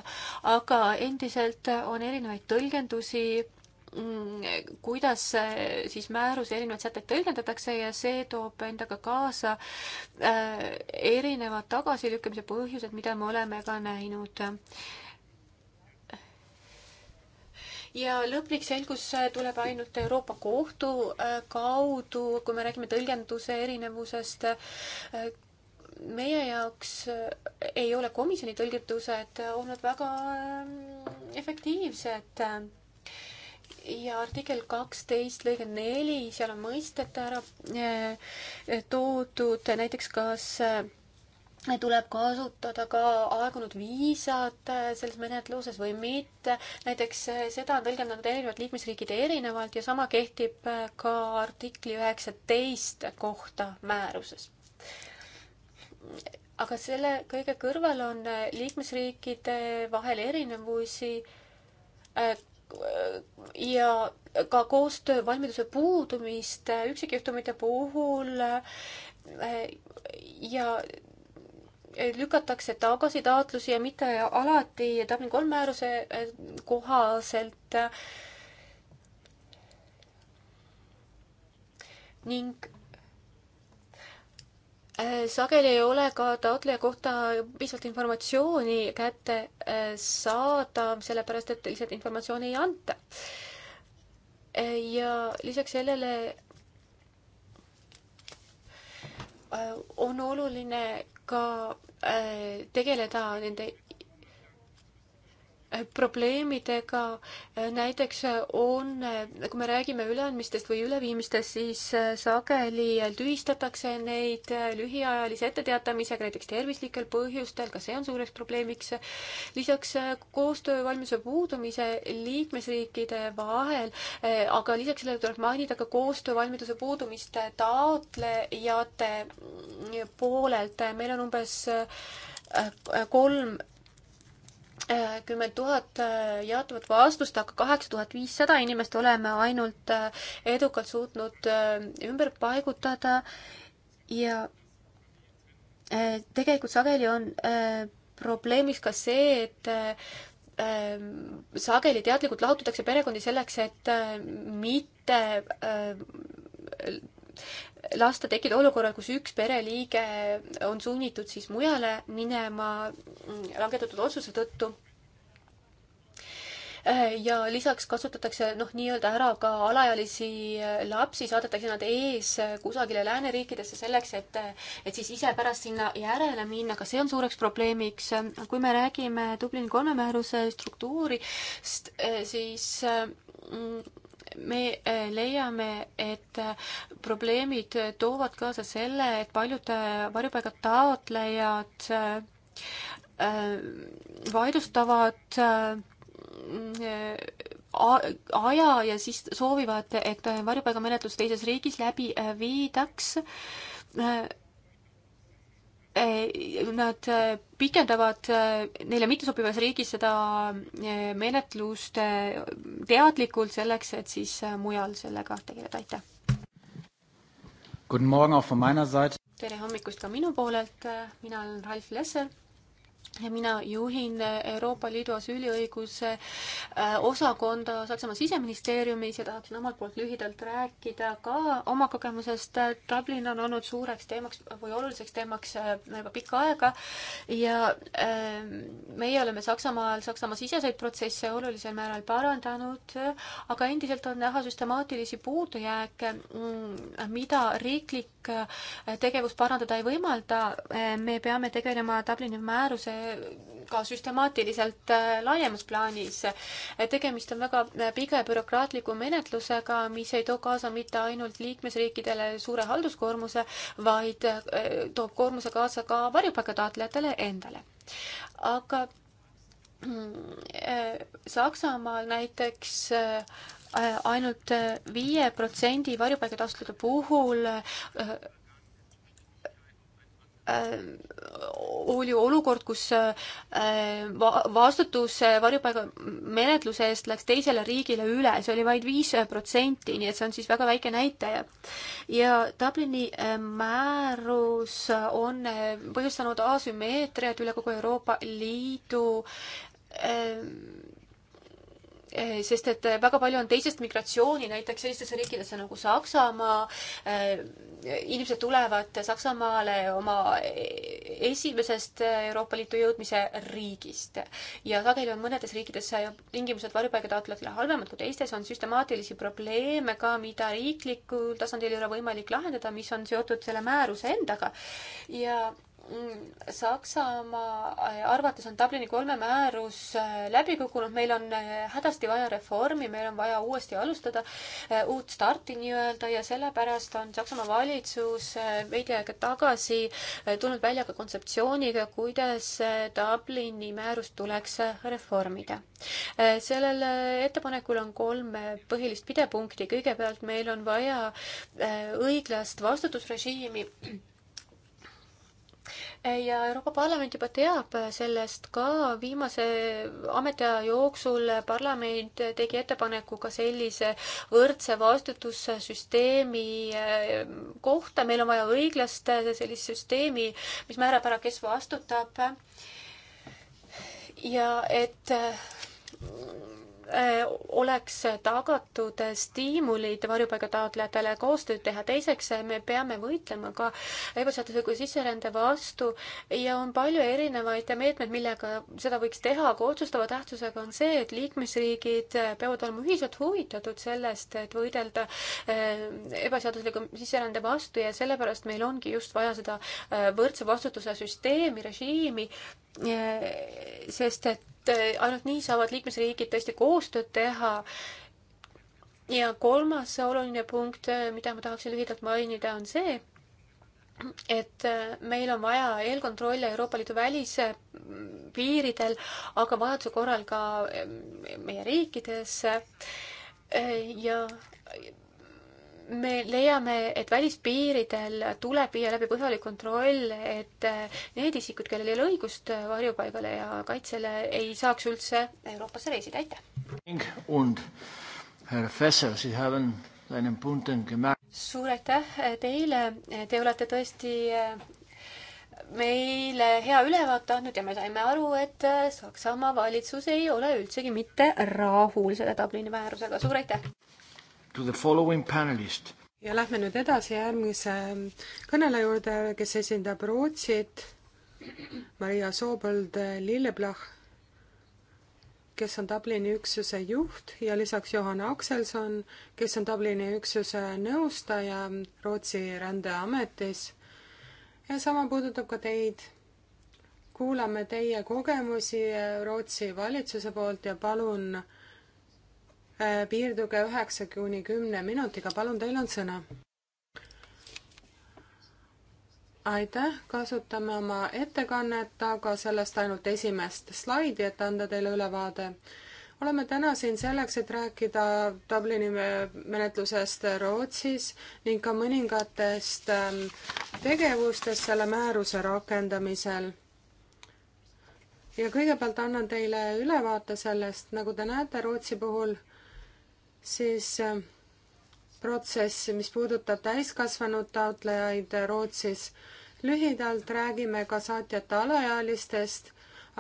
aga endiselt on erinevaid tõlgendusi mm, kuidas siis määruse erinevaid sätteid tõlgendatakse ja see toob endaga kaasa erinevad tagasilükkamise põhjused, mida me oleme ka näinud ja lõplik selgus tuleb ainult Euroopa Kohtu äh, kaudu, kui me räägime tõlgenduse erinevusest. Äh, meie jaoks äh, ei ole komisjoni tõlgendused olnud väga efektiivsed ja artikkel kaksteist lõige neli, seal on mõisted ära toodud, näiteks kas äh, tuleb kasutada ka aegunud viisat äh, selles menetluses või mitte. näiteks äh, seda on tõlgendanud erinevad liikmesriigid erinevalt ja sama kehtib äh, ka artikli üheksateist kohta määruses. aga selle kõige kõrval on liikmesriikide vahel erinevusi ja ka koostöövalmiduse puudumist üksikjuhtumite puhul ja lükatakse tagasi taotlusi ja mitte alati Dublin kolm määruse eh, kohaselt. ning eh, sageli ei ole ka taotleja kohta piisavalt informatsiooni kätte eh, saada, sellepärast et lihtsalt informatsiooni ei anta. ja lisaks sellele on oluline ka äh, tegeleda nende probleemidega, näiteks on, kui me räägime üleandmistest või üleviimistest, siis äh, sageli tühistatakse neid äh, lühiajalise etteteatamisega, näiteks tervislikel põhjustel, ka see on suureks probleemiks. lisaks äh, koostöövalmiduse puudumise liikmesriikide vahel, aga lisaks sellele tuleb mainida ka koostöövalmiduse puudumist taotlejate poolelt, meil on umbes kolm kümmend tuhat äh, jaotavat vastust, aga kaheksa tuhat viissada inimest oleme ainult äh, edukalt suutnud äh, ümber paigutada ja tegelikult sageli on probleemiks ka see, et sageli teadlikult lahutatakse perekondi selleks, et mitte lasta tekkida olukorrad, kus üks pereliige on sunnitud siis mujale minema mm, langetatud otsuse tõttu. Äh, ja lisaks kasutatakse noh, nii-öelda ära ka alaealisi äh, lapsi, saadetakse nad ees äh, kusagile lääneriikidesse selleks, et, et siis ise pärast sinna järele minna, ka see on suureks probleemiks. kui me räägime Dublini kolme määruse struktuurist, siis mm, me äh, leiame, et äh, probleemid äh, toovad kaasa selle, et paljud varjupaiga taotlejad vaidlustavad mm, aja ja siis soovivad, et varjupaigamenetlus teises riigis läbi viidaks Äh, nad äh, pikendavad äh, neile mittesobivas riigis seda menetlust teadlikult selleks, et siis mujal sellega tegeleda, aitäh! tere hommikust ka minu poolelt, mina olen Ralf Lesser mina juhin äh, Euroopa Liidu asüüliõiguse äh, osakonda Saksamaa siseministeeriumis ja tahaksin omalt poolt lühidalt rääkida ka oma kogemusest. Dublin on olnud suureks teemaks või oluliseks teemaks äh, juba pikka aega ja meie oleme Saksamaal Saksamaa siseseid protsesse olulisel määral parandanud, aga endiselt on näha süstemaatilisi puudujääke, mm, mida riiklik tegevus parandada ei võimalda. me peame tegelema Dublini määruse ka süstemaatiliselt äh, laiemas plaanis. tegemist on väga äh, pige bürokraatliku menetlusega, mis ei too kaasa mitte ainult liikmesriikidele suure halduskoormuse, vaid äh, toob koormuse kaasa ka varjupaigataotlejatele endale. aga mm, Saksamaal näiteks ainult viie protsendi varjupaigataotluste puhul Äh, oli olukord, kus äh, vastutus äh, varjupaiga menetluse eest läks teisele riigile üle, see oli vaid viis protsenti, nii et see on siis väga väike näitaja. ja Dublini määrus on põhjustanud asümmeetriat üle kogu Euroopa Liidu Eh, sest et eh, väga palju on teisest migratsiooni näiteks sellistesse riikidesse nagu Saksamaa. Eh, inimesed tulevad Saksamaale oma esimesest Euroopa Liitu jõudmise riigist ja sageli on mõnedes riikides tingimused varjupaiga taotlejatele halvemad kui teistes, on süstemaatilisi probleeme ka, mida riiklikul tasandil ei ole võimalik lahendada, mis on seotud selle määruse endaga ja Saksamaa arvates on Dublini kolme määrus äh, läbi kukkunud, meil on äh, hädasti vaja reformi, meil on vaja uuesti alustada äh, uut starti nii-öelda ja sellepärast on Saksamaa valitsus veidi aega tagasi tulnud välja ka kontseptsiooniga, kuidas Dublini määrust tuleks reformida. sellel ettepanekul on kolm põhilist pidepunkti, kõigepealt meil on vaja õiglast vastutusrežiimi ja Euroopa Parlament juba teab sellest ka, viimase ametiaja jooksul parlament tegi ettepaneku ka sellise võrdse vastutussüsteemi eh, kohta, meil on vaja õiglast sellist süsteemi, mis määrab ära, kes vastutab. ja et Äh, oleks tagatud stiimulid varjupaigataotlejatele koostööd teha. teiseks, äh, me peame võitlema ka ebaseadusliku sisserände vastu ja on palju erinevaid meetmeid, millega seda võiks teha, aga otsustava tähtsusega on see, et liikmesriigid äh, peavad olema ühiselt huvitatud sellest, et võidelda ebaseadusliku sisserände vastu ja sellepärast meil ongi just vaja seda võrdse vastutuse süsteemi, režiimi, Eh, sest et eh, ainult nii saavad liikmesriigid tõesti koostööd teha. ja kolmas oluline punkt, eh, mida ma tahaksin lühidalt mainida, on see, et meil on vaja eelkontrolle Euroopa Liidu välispiiridel, aga vajaduse korral ka meie riikides. ja me leiame, et välispiiridel tuleb viia läbi põhjalik kontroll, et eh, need isikud, kellel ei ole õigust eh, varjupaigale ja kaitsele, ei saaks üldse Euroopasse reisida, aitäh! suur aitäh eh, teile, te olete tõesti meile hea ülevaate andnud ja me saime aru, et Saksamaa valitsus ei ole üldsegi mitte rahul selle Dublini määrusega, suur aitäh! to the following panelist. ja lähme nüüd edasi järgmise kõneleja juurde, kes esindab Rootsit, Maria Soobold Lilleblach, kes on Dublini üksuse juht ja lisaks Johanna Akselson, kes on Dublini üksuse nõustaja Rootsi rändeametis. ja sama puudutab ka teid kuulame teie kogemusi Rootsi valitsuse poolt ja palun Äh, piirduge üheksa kuni kümne minutiga, palun, teil on sõna. aitäh, kasutame oma ettekannet, aga sellest ainult esimest slaidi, et anda teile ülevaade. oleme täna siin selleks, et rääkida Dublini menetlusest Rootsis ning ka mõningatest ähm, tegevustest selle määruse rakendamisel ja kõigepealt annan teile ülevaate sellest, nagu te näete Rootsi puhul siis äh, protsess, mis puudutab täiskasvanud taotlejaid Rootsis. lühidalt räägime ka saatjate alaealistest,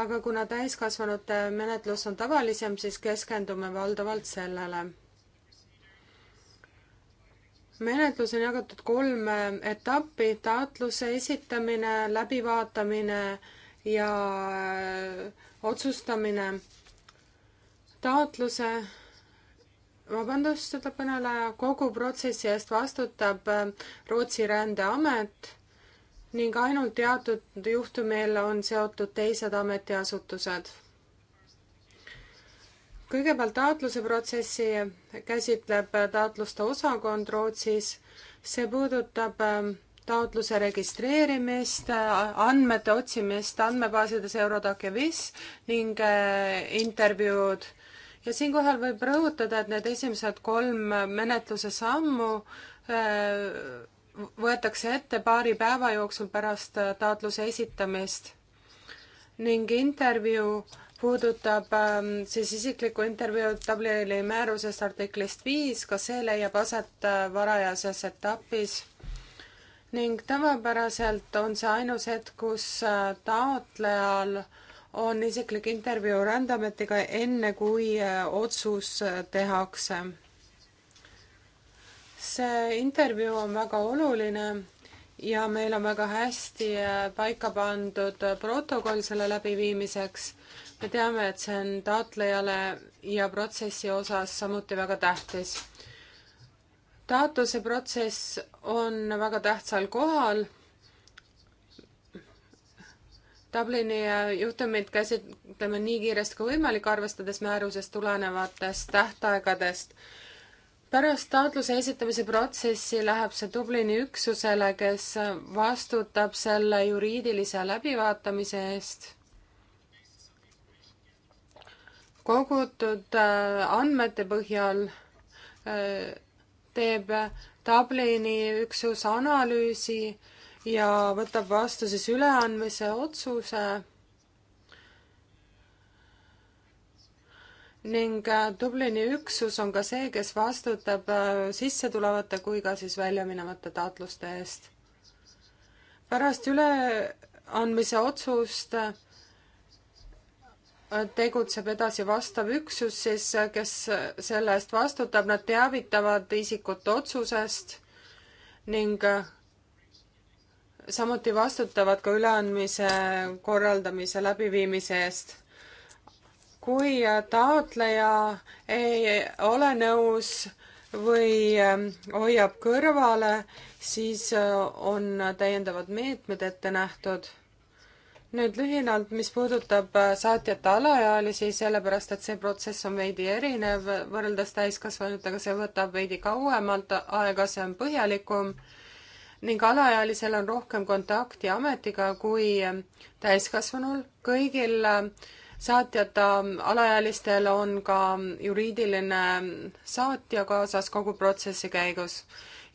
aga kuna täiskasvanute menetlus on tavalisem, siis keskendume valdavalt sellele. menetlus on jagatud kolme etappi, taotluse esitamine, läbivaatamine ja äh, otsustamine. taotluse vabandust, ütleb kõneleja, kogu protsessi eest vastutab äh, Rootsi rändeamet ning ainult teatud juhtumil on seotud teised ametiasutused. kõigepealt taotluse protsessi käsitleb taotluste osakond Rootsis. see puudutab äh, taotluse registreerimist, äh, andmete otsimist andmebaasides Eurodac ja VIS ning intervjuud ja siinkohal võib rõhutada, et need esimesed kolm menetluse sammu äh, võetakse ette paari päeva jooksul pärast äh, taotluse esitamist ning intervjuu puudutab ähm, siis isiklikku intervjuud Dublini määrusest artiklist viis, ka see leiab aset äh, varajases etapis ning tavapäraselt on see ainus hetk, kus taotlejal on isiklik intervjuu rändametiga, enne kui äh, otsus tehakse. see intervjuu on väga oluline ja meil on väga hästi äh, paika pandud protokoll selle läbiviimiseks. me teame, et see on taotlejale ja protsessi osas samuti väga tähtis. taotluse protsess on väga tähtsal kohal Dublini äh, juhtumit käsitleme nii kiiresti kui võimalik, arvestades määrusest tulenevatest tähtaegadest. pärast taotluse esitamise protsessi läheb see Dublini üksusele, kes vastutab selle juriidilise läbivaatamise eest. kogutud äh, andmete põhjal äh, teeb Dublini üksus analüüsi ja võtab vastu siis üleandmise otsuse ning äh, Dublini üksus on ka see, kes vastutab äh, sissetulevate kui ka siis väljaminevate taotluste eest. pärast üleandmise otsust äh, tegutseb edasi vastav üksus siis, kes selle eest vastutab, nad teavitavad isikut otsusest ning samuti vastutavad ka üleandmise korraldamise läbiviimise eest. kui taotleja ei ole nõus või ähm, hoiab kõrvale, siis äh, on täiendavad meetmed ette nähtud nüüd lühinalt, mis puudutab äh, saatjate alaealisi, sellepärast et see protsess on veidi erinev võrreldes täiskasvanutega, see võtab veidi kauemalt aega, see on põhjalikum ning alaealisel on rohkem kontakti ametiga kui ähm, täiskasvanul. kõigil ähm, saatjata ähm, alaealistel on ka juriidiline saatja kaasas kogu protsessi käigus.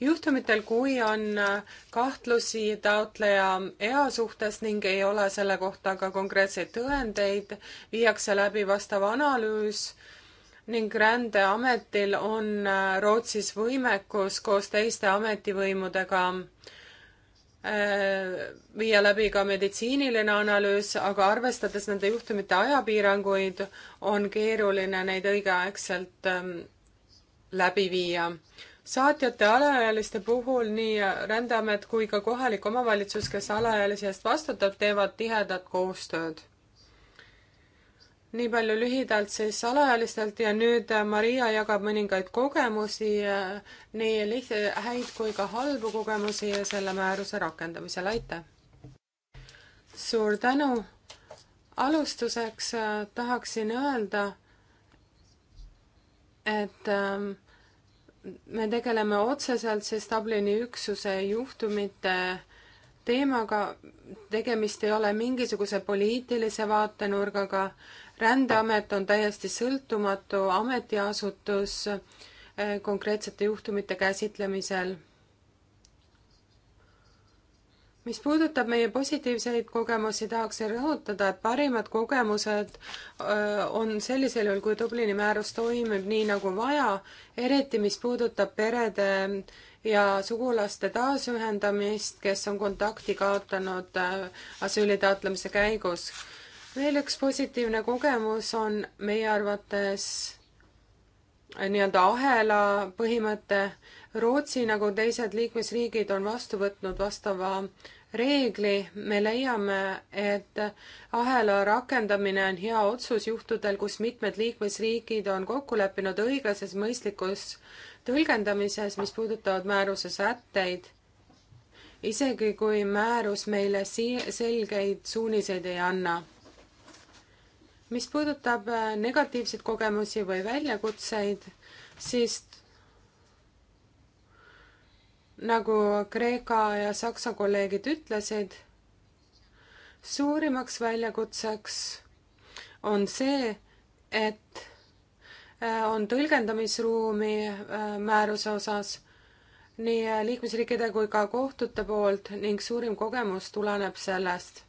juhtumitel, kui on äh, kahtlusi taotleja ea suhtes ning ei ole selle kohta ka konkreetseid tõendeid, viiakse läbi vastav analüüs ning Rändeametil on äh, Rootsis võimekus koos teiste ametivõimudega äh, viia läbi ka meditsiiniline analüüs, aga arvestades nende juhtumite ajapiiranguid, on keeruline neid õigeaegselt ähm, läbi viia. saatjate alaealiste puhul nii Rändeamet kui ka kohalik omavalitsus, kes alaealise eest vastutab, teevad tihedat koostööd nii palju lühidalt siis alaealistelt ja nüüd äh, Maria jagab mõningaid kogemusi, äh, nii liht-, häid kui ka halbu kogemusi selle määruse rakendamisel, aitäh! suur tänu! alustuseks äh, tahaksin öelda, et me tegeleme otseselt siis Dublini üksuse juhtumite teemaga, tegemist ei ole mingisuguse poliitilise vaatenurgaga, rändeamet on täiesti sõltumatu ametiasutus eh, konkreetsete juhtumite käsitlemisel mis puudutab meie positiivseid kogemusi, tahaksin rõhutada, et parimad kogemused eh, on sellisel juhul, kui Dublini määrus toimib nii nagu vaja, eriti mis puudutab perede ja sugulaste taasühendamist, kes on kontakti kaotanud eh, asüülitaotlemise käigus veel üks positiivne kogemus on meie arvates eh, nii-öelda ahela põhimõte. Rootsi nagu teised liikmesriigid on vastu võtnud vastava reegli. me leiame, et ahela rakendamine on hea otsus juhtudel, kus mitmed liikmesriigid on kokku leppinud õiglases mõistlikus tõlgendamises, mis puudutavad määruse sätteid. isegi kui määrus meile sii-, selgeid suuniseid ei anna mis puudutab äh, negatiivseid kogemusi või väljakutseid, siis nagu Kreeka ja Saksa kolleegid ütlesid, suurimaks väljakutseks on see, et äh, on tõlgendamisruumi äh, määruse osas nii liikmesriikide kui ka kohtute poolt ning suurim kogemus tuleneb sellest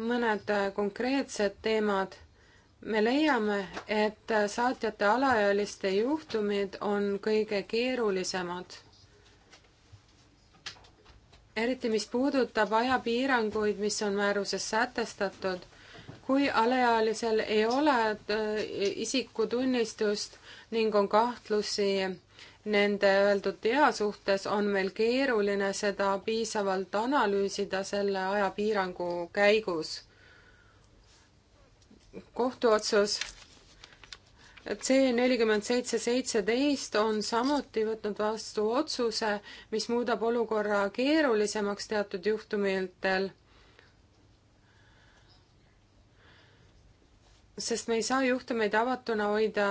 mõned äh, konkreetsed teemad. me leiame, et äh, saatjate alaealiste juhtumid on kõige keerulisemad. eriti, mis puudutab ajapiiranguid, mis on määruses sätestatud. kui alaealisel ei ole äh, isikutunnistust ning on kahtlusi nende öeldud ea suhtes, on meil keeruline seda piisavalt analüüsida selle ajapiirangu käigus. kohtuotsus C nelikümmend seitse seitseteist on samuti võtnud vastu otsuse, mis muudab olukorra keerulisemaks teatud juhtumitel. sest me ei saa juhtumeid avatuna hoida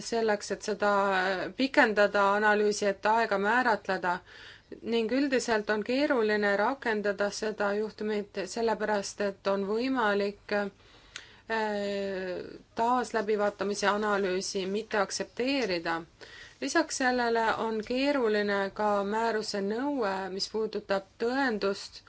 selleks, et seda pikendada, analüüsi, et aega määratleda ning üldiselt on keeruline rakendada seda juhtumit sellepärast, et on võimalik äh, taasläbivaatamise analüüsi mitte aktsepteerida. lisaks sellele on keeruline ka määruse nõue, mis puudutab tõendust.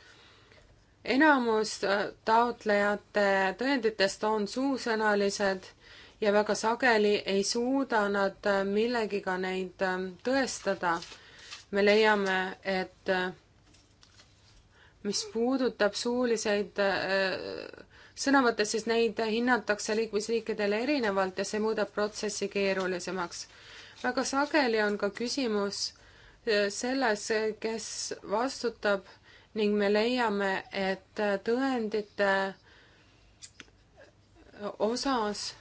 enamus äh, taotlejate tõenditest on suusõnalised ja väga sageli ei suuda nad äh, millegiga neid äh, tõestada. me leiame, et äh, mis puudutab suuliseid sõnavõtte, siis neid hinnatakse liikmesriikidele erinevalt ja see muudab protsessi keerulisemaks. väga sageli on ka küsimus selles, kes vastutab ning me leiame, et tõendite osas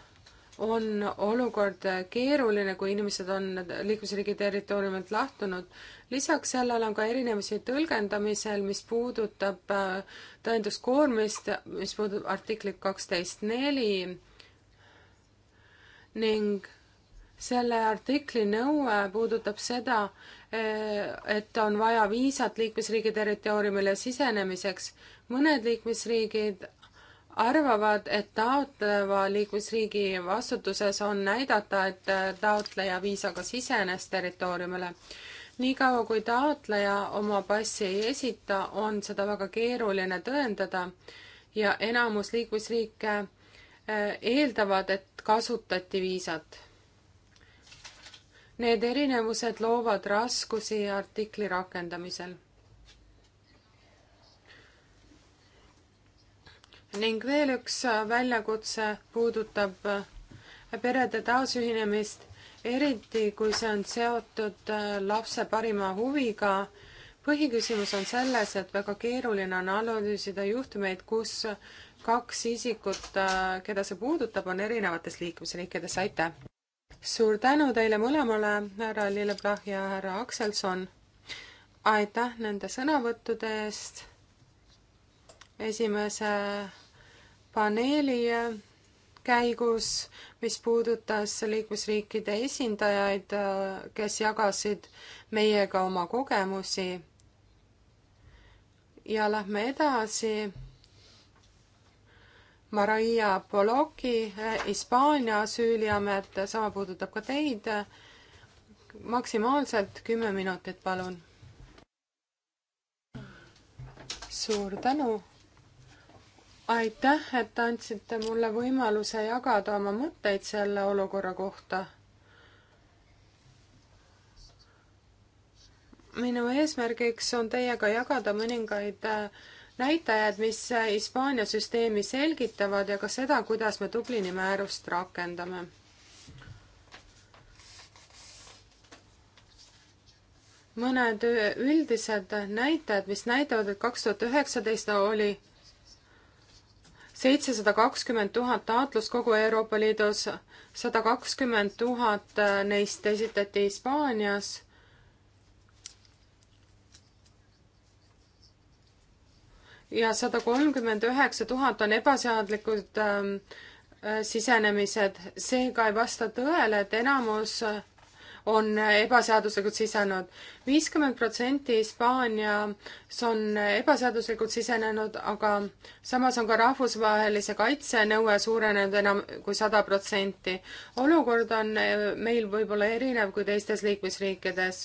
on olukord keeruline, kui inimesed on liikmesriigi territooriumilt lahtunud. lisaks sellele on ka erinevusi tõlgendamisel, mis puudutab äh, tõenduskoormist, mis puudutab artiklit kaksteist neli ning selle artikli nõue puudutab seda, äh, et on vaja viisat liikmesriigi territooriumile sisenemiseks. mõned liikmesriigid arvavad, et taotleva liikmesriigi vastutuses on näidata, et taotleja viisaga sisenes territooriumile. niikaua, kui taotleja oma passi ei esita, on seda väga keeruline tõendada ja enamus liikmesriike eh, eeldavad, et kasutati viisat. Need erinevused loovad raskusi artikli rakendamisel ning veel üks äh, väljakutse puudutab äh, perede taasühinemist, eriti kui see on seotud äh, lapse parima huviga põhiküsimus on selles, et väga keeruline on analüüsida juhtumeid, kus kaks isikut, keda see puudutab, on erinevates liikmesriikides, aitäh! suur tänu teile mõlemale, härra Lilleblach ja härra Akselson! aitäh nende sõnavõttude eest! esimese paneeli äh, käigus, mis puudutas liikmesriikide esindajaid, äh, kes jagasid meiega oma kogemusi. ja lähme edasi. Maria Poloki, äh, Hispaania asüüliamet, sama puudutab ka teid. maksimaalselt kümme minutit, palun. suur tänu aitäh, et andsite mulle võimaluse jagada oma mõtteid selle olukorra kohta. minu eesmärgiks on teiega jagada mõningaid äh, näitajad, mis äh, Hispaania süsteemi selgitavad ja ka seda, kuidas me Dublini määrust rakendame. mõned äh, üldised näitajad, mis näitavad, et kaks tuhat üheksateist oli seitsesada kakskümmend tuhat taotlust kogu Euroopa Liidus, sada kakskümmend tuhat äh, neist esitati Hispaanias. ja sada kolmkümmend üheksa tuhat on ebaseadlikud ähm, äh, sisenemised, seega ei vasta tõele, et enamus äh, on ebaseaduslikult sisenenud. viiskümmend protsenti Hispaanias on ebaseaduslikult sisenenud, aga samas on ka rahvusvahelise kaitse nõue suurenenud enam kui sada protsenti. olukord on eh, meil võib-olla erinev kui teistes liikmesriikides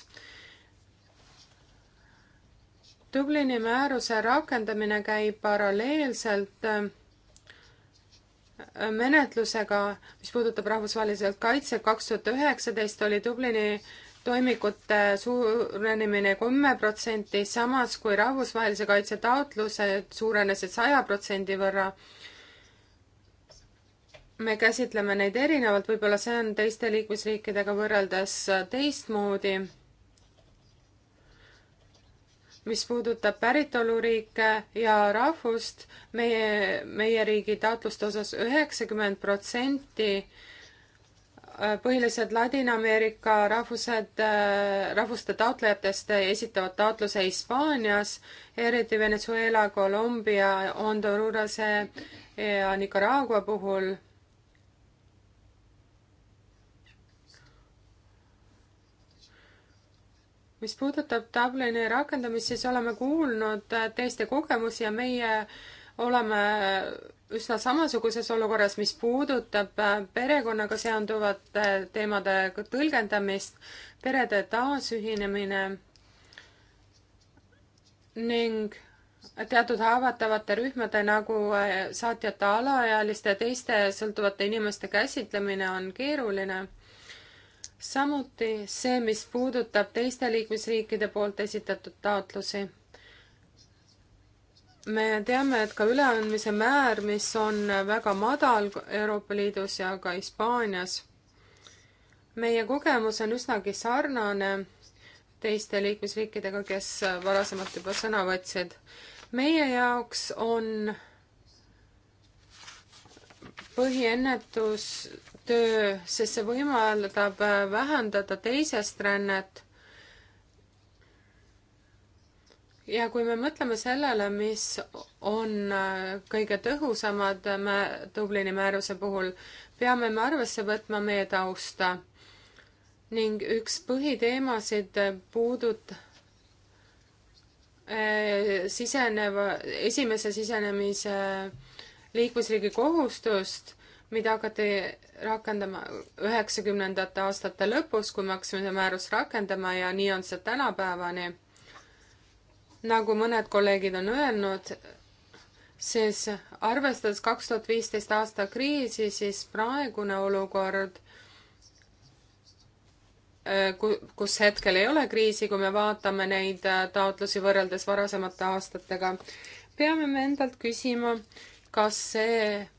Dublini määruse rakendamine käib paralleelselt eh, menetlusega, mis puudutab rahvusvaheliselt kaitset, kaks tuhat üheksateist oli Dublini toimikute suurenemine kümme protsenti, samas kui rahvusvahelise kaitse taotlused suurenesid saja protsendi võrra. me käsitleme neid erinevalt, võib-olla see on teiste liikmesriikidega võrreldes teistmoodi mis puudutab päritoluriike ja rahvust, meie, meie riigi taotluste osas üheksakümmend protsenti äh, põhilised Ladina-Ameerika rahvused, äh, rahvuste taotlejatest esitavad taotluse Hispaanias, eriti Venezuela, Colombia, Hondurase ja Nicaragua puhul mis puudutab Dublini rakendamist, siis oleme kuulnud äh, teiste kogemusi ja meie oleme üsna samasuguses olukorras, mis puudutab äh, perekonnaga seonduvate äh, teemade tõlgendamist, perede taasühinemine ning teatud haavatavate rühmade nagu saatjate alaealiste ja teiste sõltuvate inimeste käsitlemine on keeruline samuti see, mis puudutab teiste liikmesriikide poolt esitatud taotlusi. me teame, et ka üleandmise määr, mis on väga madal Euroopa Liidus ja ka Hispaanias, meie kogemus on üsnagi sarnane teiste liikmesriikidega, kes varasemalt juba sõna võtsid. meie jaoks on põhiennetus töö, sest see võimaldab äh, vähendada teisest rännet. ja kui me mõtleme sellele, mis on äh, kõige tõhusamad äh, mä-, Dublini määruse puhul, peame me arvesse võtma meie tausta. ning üks põhiteemasid puudut- siseneva, esimese sisenemise liikmesriigi kohustust mida hakati rakendama üheksakümnendate aastate lõpus, kui me hakkasime seda määrust rakendama ja nii on see tänapäevani. nagu mõned kolleegid on öelnud, siis arvestades kaks tuhat viisteist aasta kriisi, siis praegune olukord, äh, kus hetkel ei ole kriisi, kui me vaatame neid äh, taotlusi võrreldes varasemate aastatega, peame me endalt küsima, kas see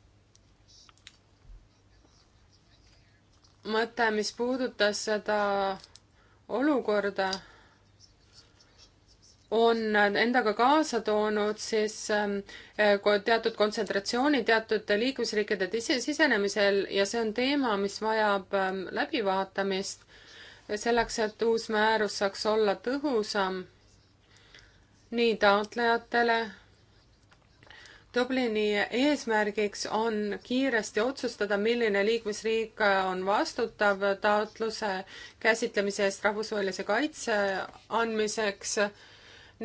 mõte, mis puudutas seda olukorda, on endaga kaasa toonud siis ähm, äh, teatud kontsentratsiooni teatud liikmesriikide sisenemisel ja see on teema, mis vajab ähm, läbivaatamist selleks, et uus määrus saaks olla tõhusam nii taotlejatele Dublini eesmärgiks on kiiresti otsustada, milline liikmesriik on vastutav taotluse käsitlemise eest rahvusvahelise kaitse andmiseks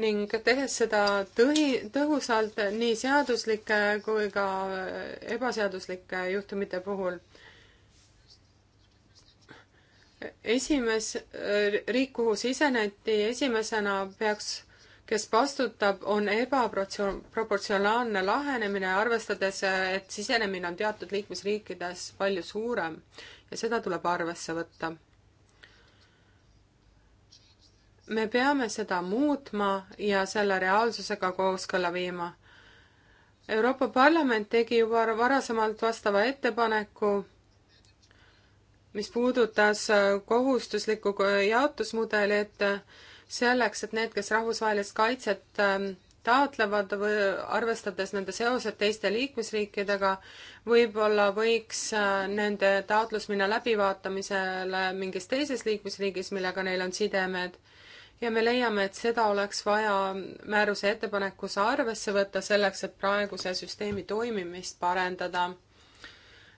ning tehes seda tõhi, tõhusalt nii seaduslike kui ka ebaseaduslike juhtumite puhul. esimes-, riik, kuhu siseneti esimesena, peaks kes vastutab, on ebaproportsionaalne lahenemine, arvestades, et sisenemine on teatud liikmesriikides palju suurem ja seda tuleb arvesse võtta. me peame seda muutma ja selle reaalsusega kooskõlla viima. Euroopa Parlament tegi juba varasemalt vastava ettepaneku mis puudutas kohustuslikku jaotusmudelit, selleks, et need, kes rahvusvahelist kaitset ähm, taotlevad või arvestades nende seosed teiste liikmesriikidega, võib-olla võiks äh, nende taotlus minna läbivaatamisele mingis teises liikmesriigis, millega neil on sidemed. ja me leiame, et seda oleks vaja määruse ettepanekus arvesse võtta selleks, et praeguse süsteemi toimimist parendada.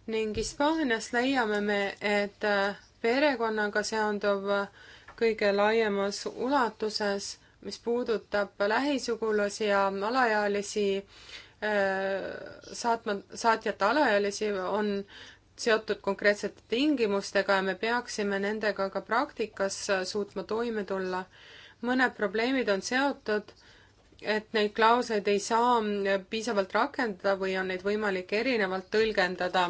ning Hispaanias leiame me, et äh, perekonnaga seonduv äh, kõige laiemas ulatuses, mis puudutab lähisugulasi ja alaealisi, äh, saatma, saatjate alaealisi, on seotud konkreetsete tingimustega ja me peaksime nendega ka praktikas äh, suutma toime tulla. mõned probleemid on seotud, et neid klauseid ei saa äh, piisavalt rakendada või on neid võimalik erinevalt tõlgendada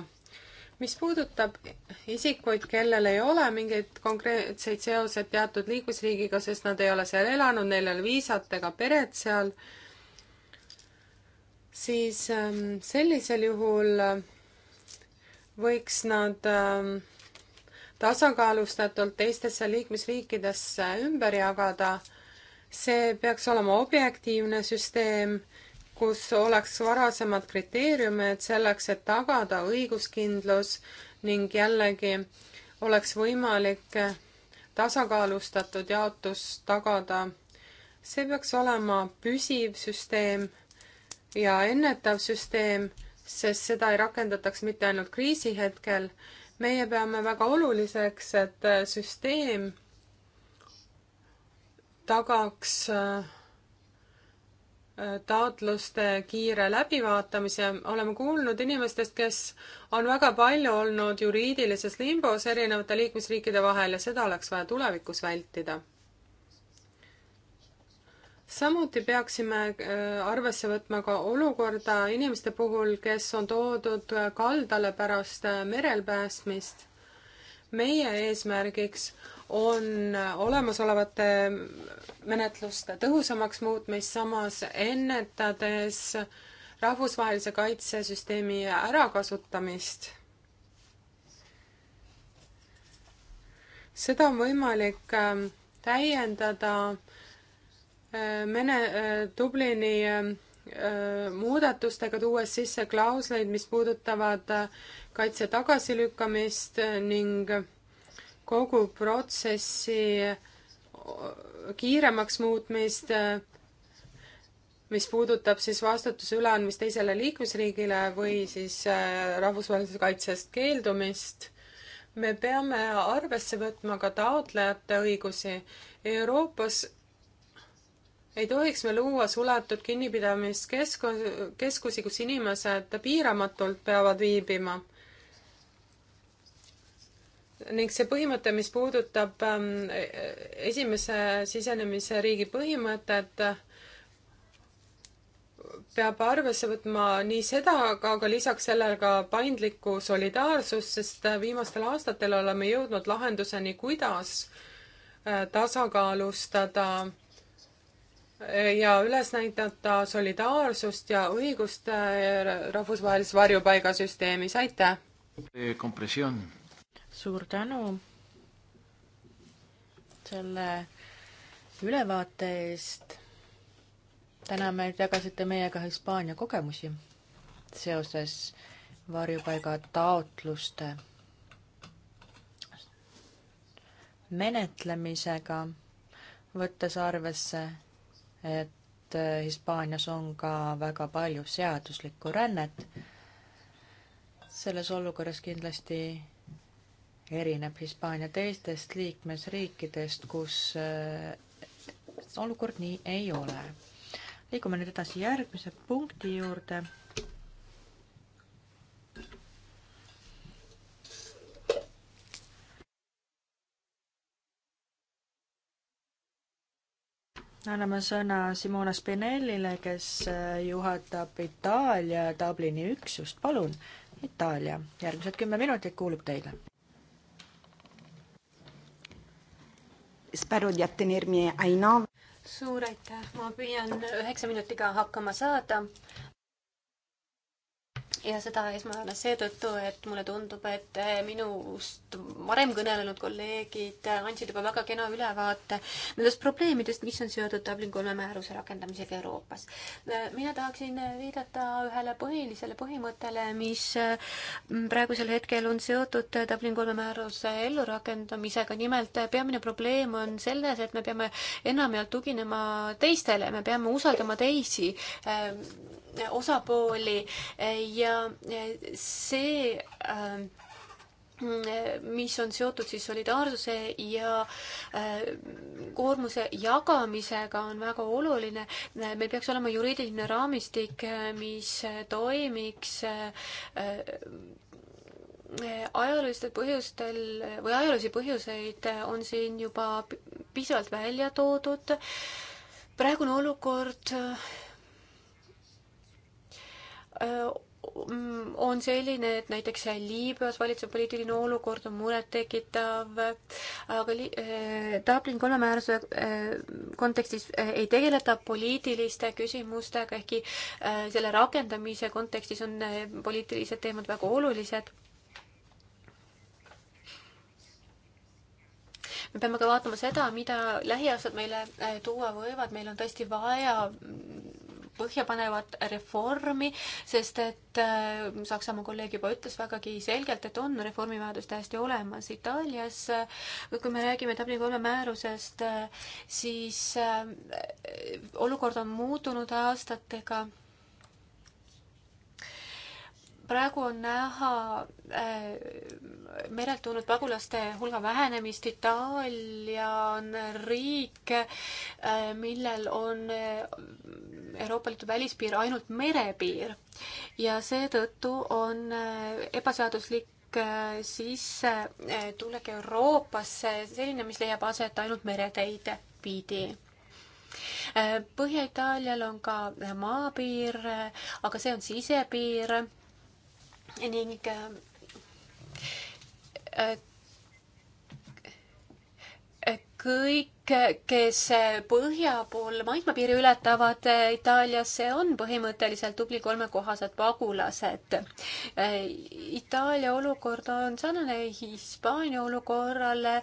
mis puudutab isikuid, kellel ei ole mingeid konkreetseid seoseid teatud liikmesriigiga, sest nad ei ole seal elanud, neil ei ole viisat ega peret seal, siis ähm, sellisel juhul äh, võiks nad ähm, tasakaalustatult teistesse liikmesriikidesse ümber jagada. see peaks olema objektiivne süsteem kus oleks varasemad kriteeriumid selleks, et tagada õiguskindlus ning jällegi oleks võimalik tasakaalustatud jaotus tagada. see peaks olema püsiv süsteem ja ennetav süsteem, sest seda ei rakendataks mitte ainult kriisi hetkel. meie peame väga oluliseks, et süsteem tagaks äh, taotluste kiire läbivaatamise, oleme kuulnud inimestest, kes on väga palju olnud juriidilises limbos erinevate liikmesriikide vahel ja seda oleks vaja tulevikus vältida. samuti peaksime äh, arvesse võtma ka olukorda inimeste puhul, kes on toodud kaldale pärast äh, merel päästmist. meie eesmärgiks on olemasolevate menetluste tõhusamaks muutmist, samas ennetades rahvusvahelise kaitsesüsteemi ärakasutamist. seda on võimalik ähm, täiendada äh, mene-, äh, Dublini ähm, äh, muudatustega, tuues sisse klausleid, mis puudutavad kaitse tagasilükkamist ning kogu protsessi kiiremaks muutmist, mis puudutab siis vastutuse üleandmist teisele liikmesriigile või siis äh, rahvusvahelisest kaitsest keeldumist. me peame arvesse võtma ka taotlejate õigusi. Euroopas ei tohiks me luua suletud kinnipidamiskeskus, keskusi, kus inimesed piiramatult peavad viibima ning see põhimõte, mis puudutab ähm, esimese sisenemise riigi põhimõtet, peab arvesse võtma nii seda, aga, aga lisaks sellele ka paindlikku solidaarsust, sest viimastel aastatel oleme jõudnud lahenduseni, kuidas äh, tasakaalustada äh, ja üles näidata solidaarsust ja õigust äh, rahvusvahelises varjupaigasüsteemis, aitäh! kompressioon suur tänu selle ülevaate eest. täna me jagasite meiega Hispaania kogemusi seoses varjupaiga taotluste menetlemisega, võttes arvesse, et Hispaanias on ka väga palju seaduslikku rännet. selles olukorras kindlasti erineb Hispaania teistest liikmesriikidest, kus äh, olukord nii ei ole. liigume nüüd edasi järgmise punkti juurde. anname sõna Simona Spinellile, kes äh, juhatab Itaalia Dublini üksust. palun, Itaalia, järgmised kümme minutit kuulub teile Spero di attenermi ai nove. suur aitäh, ma püüan üheksa minutiga hakkama saada ja seda esmajoones seetõttu, et mulle tundub, et eh, minust varem kõnelenud kolleegid eh, andsid juba väga kena ülevaate nendest probleemidest, mis on seotud Dublin kolme määruse rakendamisega Euroopas. Eh, mina tahaksin viidata ühele põhilisele põhimõttele, mis praegusel hetkel on seotud Dublin kolme määruse ellurakendamisega, nimelt peamine probleem on selles, et me peame enamjaolt tuginema teistele, me peame usaldama teisi osapooli ja see ähm, mis on seotud siis solidaarsuse ja äh, koormuse jagamisega, on väga oluline. meil peaks olema juriidiline raamistik, äh, mis toimiks äh, ajaloolistel põhjustel või ajaloolisi põhjuseid on siin juba piisavalt välja toodud. praegune olukord Äh, on selline, et näiteks Liibüas valitsev poliitiline olukord on murettekitav, aga li-, äh, Dublin kolme määruse äh, kontekstis ei tegeleta poliitiliste küsimustega, ehkki selle rakendamise kontekstis on poliitilised teemad väga olulised. me peame ka vaatama seda, mida lähiaastad meile tuua võivad, meil on tõesti vaja põhjapanevat reformi, sest et äh, Saksamaa kolleeg juba ütles vägagi selgelt, et on reformivajadus täiesti olemas. Itaalias, kui me räägime Dublini kolme määrusest, äh, siis äh, olukord on muutunud aastatega praegu on näha äh, merelt tulnud pagulaste hulga vähenemist. Itaalia on riik, äh, millel on äh, Euroopa Liidu välispiir ainult merepiir ja seetõttu on ebaseaduslik sissetulek Euroopasse selline, mis leiab aset ainult mereteid pidi Põhja-Itaalial on ka maapiir, aga see on sisepiir ning äh, äh, kõik, kes põhja pool maismaapiiri ületavad äh, Itaaliasse, on põhimõtteliselt tubli kolmekohased pagulased. Itaalia olukord on sarnane Hispaania olukorrale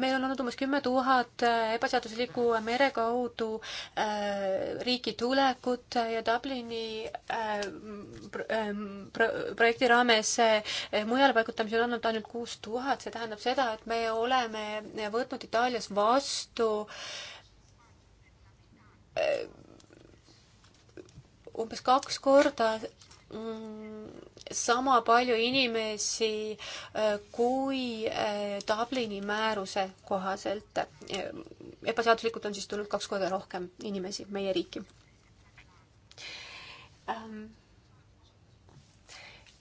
meil on olnud umbes kümme tuhat äh, ebaseaduslikku mere kaudu äh, riiki tulekut ja Dublini äh, pro, äh, pro, projekti raames äh, mujale paigutamisel on olnud ainult kuus tuhat, see tähendab seda, et me oleme võtnud Itaalias vastu äh, umbes kaks korda Mm, sama palju inimesi äh, kui äh, Dublini määruse kohaselt. Äh, ebaseaduslikult on siis tulnud kaks korda rohkem inimesi meie riiki ähm..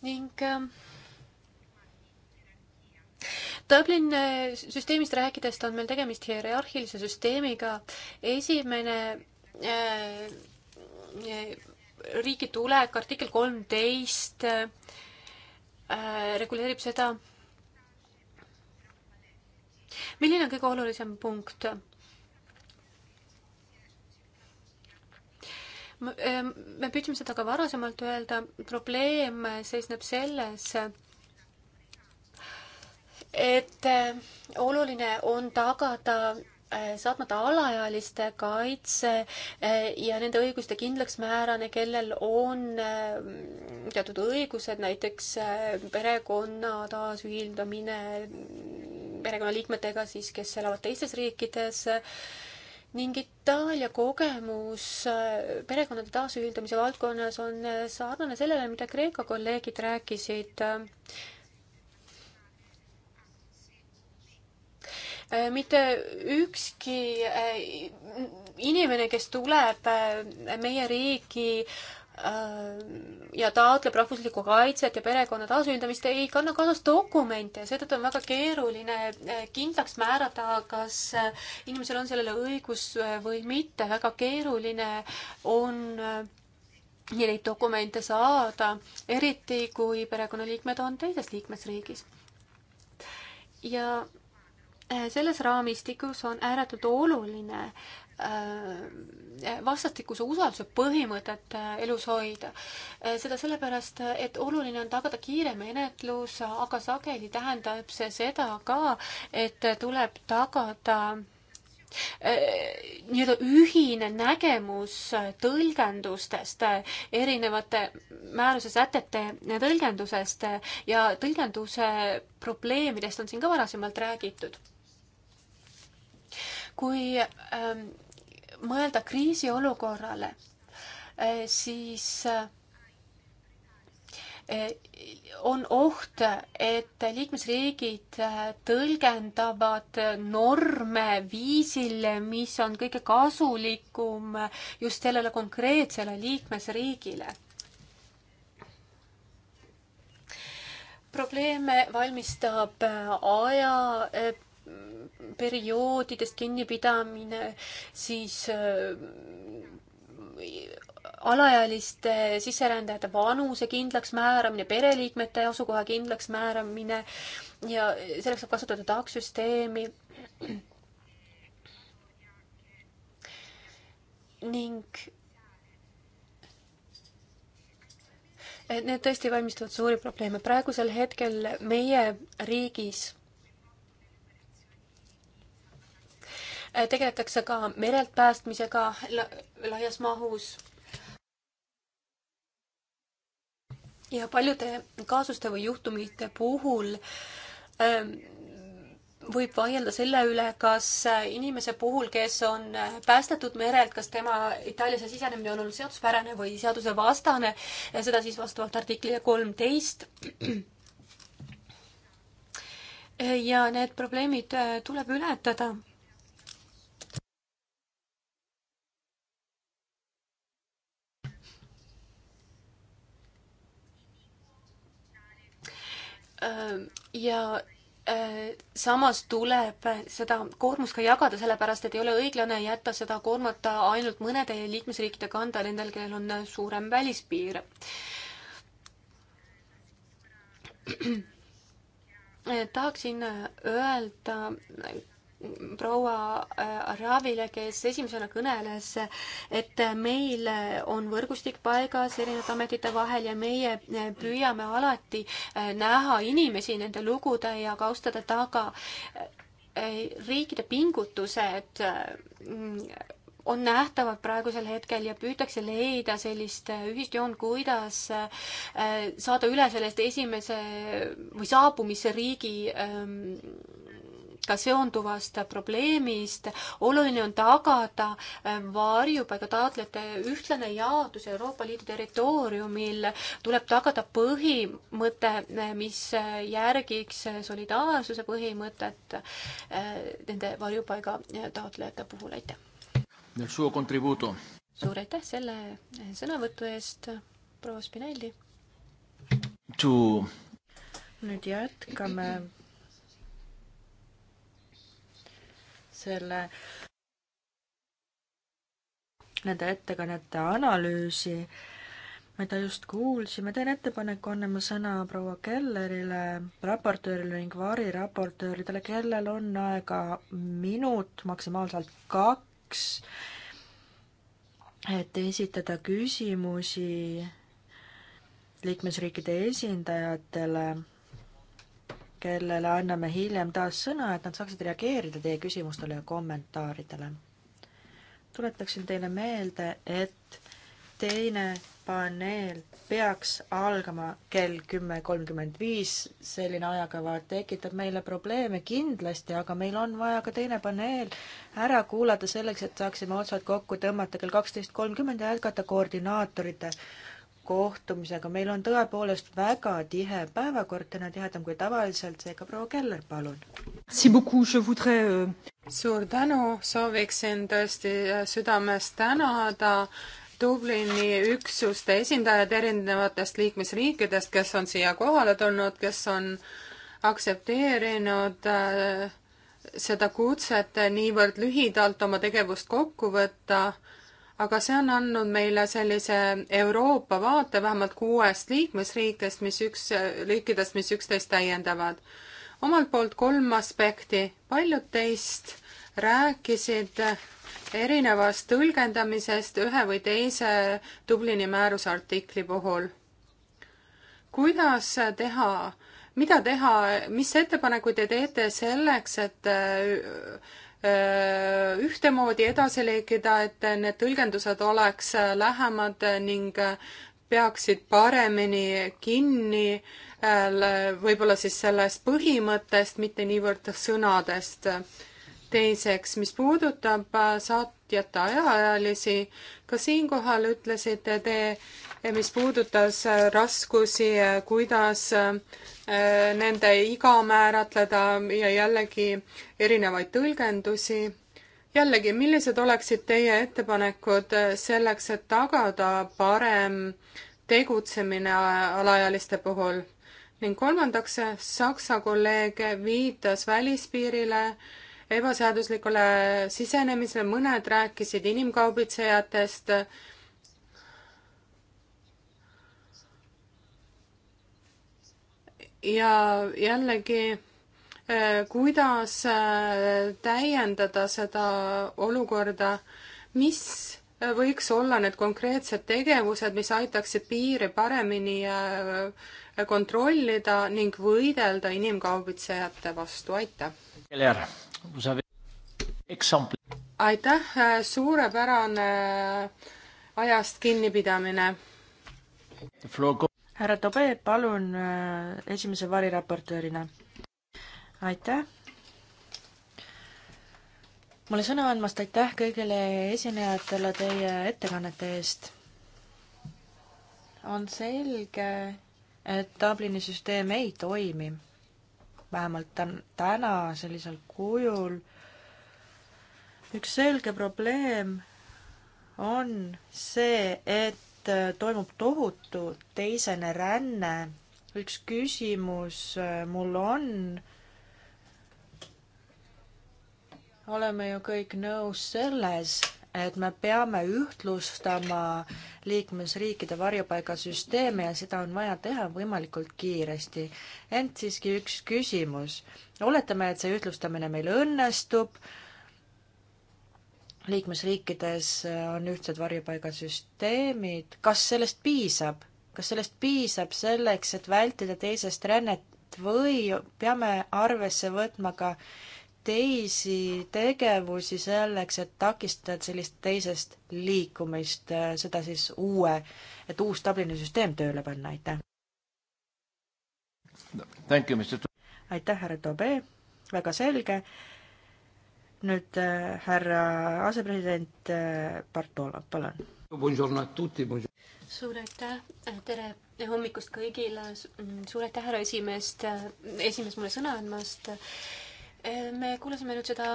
ning ähm, Dublin süsteemist rääkides on meil tegemist hierarhilise süsteemiga. esimene äh, riigi tulek, artikkel kolmteist äh, reguleerib seda. milline on kõige olulisem punkt? Ähm, me püüdsime seda ka varasemalt öelda, probleem seisneb selles, et äh, oluline on tagada Äh, saatmata alaealiste kaitse äh, ja nende õiguste kindlaksmäärane, kellel on äh, teatud õigused, näiteks perekonna taasühildamine perekonnaliikmetega siis, kes elavad teistes riikides ning Itaalia kogemus perekondade taasühildamise valdkonnas on sarnane sellele, mida Kreeka kolleegid rääkisid Äh, mitte ükski äh, inimene, kes tuleb äh, meie riigi ja taotleb rahvuslikku kaitset ja perekonna taasühendamist, ei kanna kaasas dokumente ja seetõttu on väga keeruline kindlaks määrata, kas inimesel on sellele õigus või mitte. väga keeruline on neid dokumente saada, eriti kui perekonnaliikmed on teises liikmesriigis. ja Äh, selles raamistikus on ääretult oluline äh, vastastikuse usalduse põhimõtet äh, elus hoida. seda sellepärast, et oluline on tagada kiire menetlus, aga sageli tähendab see seda ka, et tuleb tagada nii-öelda ühine nägemus tõlgendustest, erinevate määruse sätete tõlgendusest ja tõlgenduse probleemidest on siin ka varasemalt räägitud kui ähm, mõelda kriisiolukorrale äh,, siis äh, on oht, et liikmesriigid äh, tõlgendavad norme viisil, mis on kõige kasulikum just sellele konkreetsele liikmesriigile. probleeme valmistab äh, aja äh, perioodidest kinnipidamine, siis äh, alaealiste sisserändajate vanuse kindlaksmääramine, pereliikmete asukoha kindlaksmääramine ja selleks saab kasutada taksüsteemi. ning need tõesti valmistavad suuri probleeme. praegusel hetkel meie riigis Äh, tegeletakse ka merelt päästmisega laias mahus. ja paljude kaasuste või juhtumite puhul ähm, võib vaielda selle üle, kas äh, inimese puhul, kes on äh, päästetud merelt, kas tema Itaaliasse sisenemine on olnud seaduspärane või seadusevastane, seda siis vastavalt artiklile kolmteist. ja need probleemid tuleb ületada. Ähm, ja äh, samas tuleb seda koormust ka jagada, sellepärast et ei ole õiglane jätta seda koormat ainult mõnede liikmesriikide kanda, nendel, kellel on suurem välispiir. Äh, tahaksin öelda proua äh, Raavile, kes esimesena kõneles, et meil on võrgustik paigas erinevate ametite vahel ja meie äh, püüame alati äh, näha inimesi nende lugude ja kaustade taga. riikide pingutused on nähtavad praegusel hetkel ja püütakse leida sellist ühist joont, kuidas saada üle sellest esimese või saabumise riigi ähm, seonduvast probleemist. oluline on tagada ähm, varjupaiga taotlejate ühtlane jaotus Euroopa Liidu territooriumil. tuleb tagada põhimõte, äh, mis äh, järgiks äh, solidaarsuse põhimõtet nende varjupaiga taotlejate puhul, aitäh! suur aitäh selle sõnavõtu eest, proua Spinelli! nüüd jätkame selle, nende ettekannete analüüsi, mida just kuulsime. teen ettepaneku anname sõna proua Kellerile, raportöörile ning variraportööridele, kellel on aega minut, maksimaalselt kaks, et esitada küsimusi liikmesriikide esindajatele kellele anname hiljem taas sõna, et nad saaksid reageerida teie küsimustele ja kommentaaridele. tuletaksin teile meelde, et teine paneel peaks algama kell kümme kolmkümmend viis, selline ajakava tekitab meile probleeme kindlasti, aga meil on vaja ka teine paneel ära kuulata selleks, et saaksime otsad kokku tõmmata kell kaksteist kolmkümmend ja jätkata koordinaatorite kohtumisega. meil on tõepoolest väga tihe päevakord, täna tihedam kui tavaliselt, seega proua Keller, palun. Euh, suur tänu, sooviksin tõesti äh, südamest tänada Dublini üksuste esindajad erinevatest liikmesriikidest, kes on siia kohale tulnud, kes on aktsepteerinud äh, seda kutset niivõrd lühidalt oma tegevust kokku võtta aga see on andnud meile sellise Euroopa vaate vähemalt kuuest liikmesriikidest, mis üks, riikidest, mis üksteist täiendavad. omalt poolt kolm aspekti. paljud teist rääkisid erinevast tõlgendamisest ühe või teise Dublini määruse artikli puhul. kuidas teha, mida teha, mis ettepanekuid te teete selleks, et Äh, ühtemoodi edasi liikida, et need tõlgendused oleks lähemad ning peaksid paremini kinni äh, võib-olla siis sellest põhimõttest, mitte niivõrd sõnadest. teiseks, mis puudutab saatjate alaealisi, ka siinkohal ütlesite te, mis puudutas äh, raskusi, äh, kuidas äh, nende iga määratleda ja jällegi erinevaid tõlgendusi. jällegi, millised oleksid teie ettepanekud selleks, et tagada parem tegutsemine alaealiste puhul? ning kolmandaks, Saksa kolleeg viitas välispiirile ebaseaduslikule sisenemisele, mõned rääkisid inimkaubitsejatest ja jällegi, eh, kuidas eh, täiendada seda olukorda, mis eh, võiks olla need konkreetsed tegevused, mis aitaksid piiri paremini kontrollida ning võidelda inimkaubitsejate vastu, aitäh! aitäh, suurepärane ajast kinnipidamine! härra Tobe, palun äh, esimese variraportöörina. aitäh mulle sõna andmast, aitäh kõigile esinejatele teie ettekannete eest. on selge, et Dublini süsteem ei toimi, vähemalt täna sellisel kujul. üks selge probleem on see, et Äh, toimub tohutu teisene ränne. üks küsimus äh, mul on. oleme ju kõik nõus selles, et me peame ühtlustama liikmesriikide varjupaigasüsteeme ja seda on vaja teha võimalikult kiiresti. ent siiski üks küsimus. oletame, et see ühtlustamine meil õnnestub liikmesriikides äh, on ühtsed varjupaigasüsteemid, kas sellest piisab? kas sellest piisab selleks, et vältida teisest rännet või peame arvesse võtma ka teisi tegevusi selleks, et takistada sellist teisest liikumist, äh, seda siis uue, et uus Dublini süsteem tööle panna, aitäh! aitäh, härra Tobe, väga selge nüüd äh, härra asepresident äh, Bartolo, palun. suur aitäh, tere hommikust kõigile, suur aitäh, härra esimeest, äh, esimees mulle sõna andmast me kuulasime nüüd seda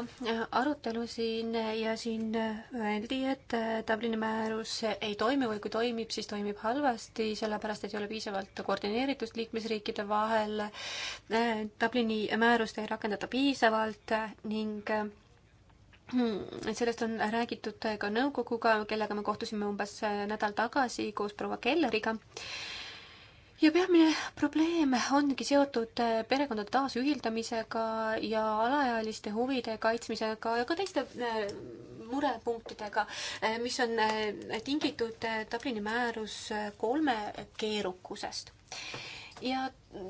arutelu siin ja siin öeldi, et Dublini määrus ei toimi või kui toimib, siis toimib halvasti, sellepärast et ei ole piisavalt koordineeritust liikmesriikide vahel. Dublini määrust ei rakendata piisavalt ning Hmm, sellest on räägitud ka nõukoguga, kellega me kohtusime umbes äh, nädal tagasi koos proua Kelleriga. ja peamine probleem ongi seotud äh, perekondade taasühildamisega ja alaealiste huvide kaitsmisega ja ka teiste äh, murepunktidega, mis on tingitud Dublini määrus kolme keerukusest ja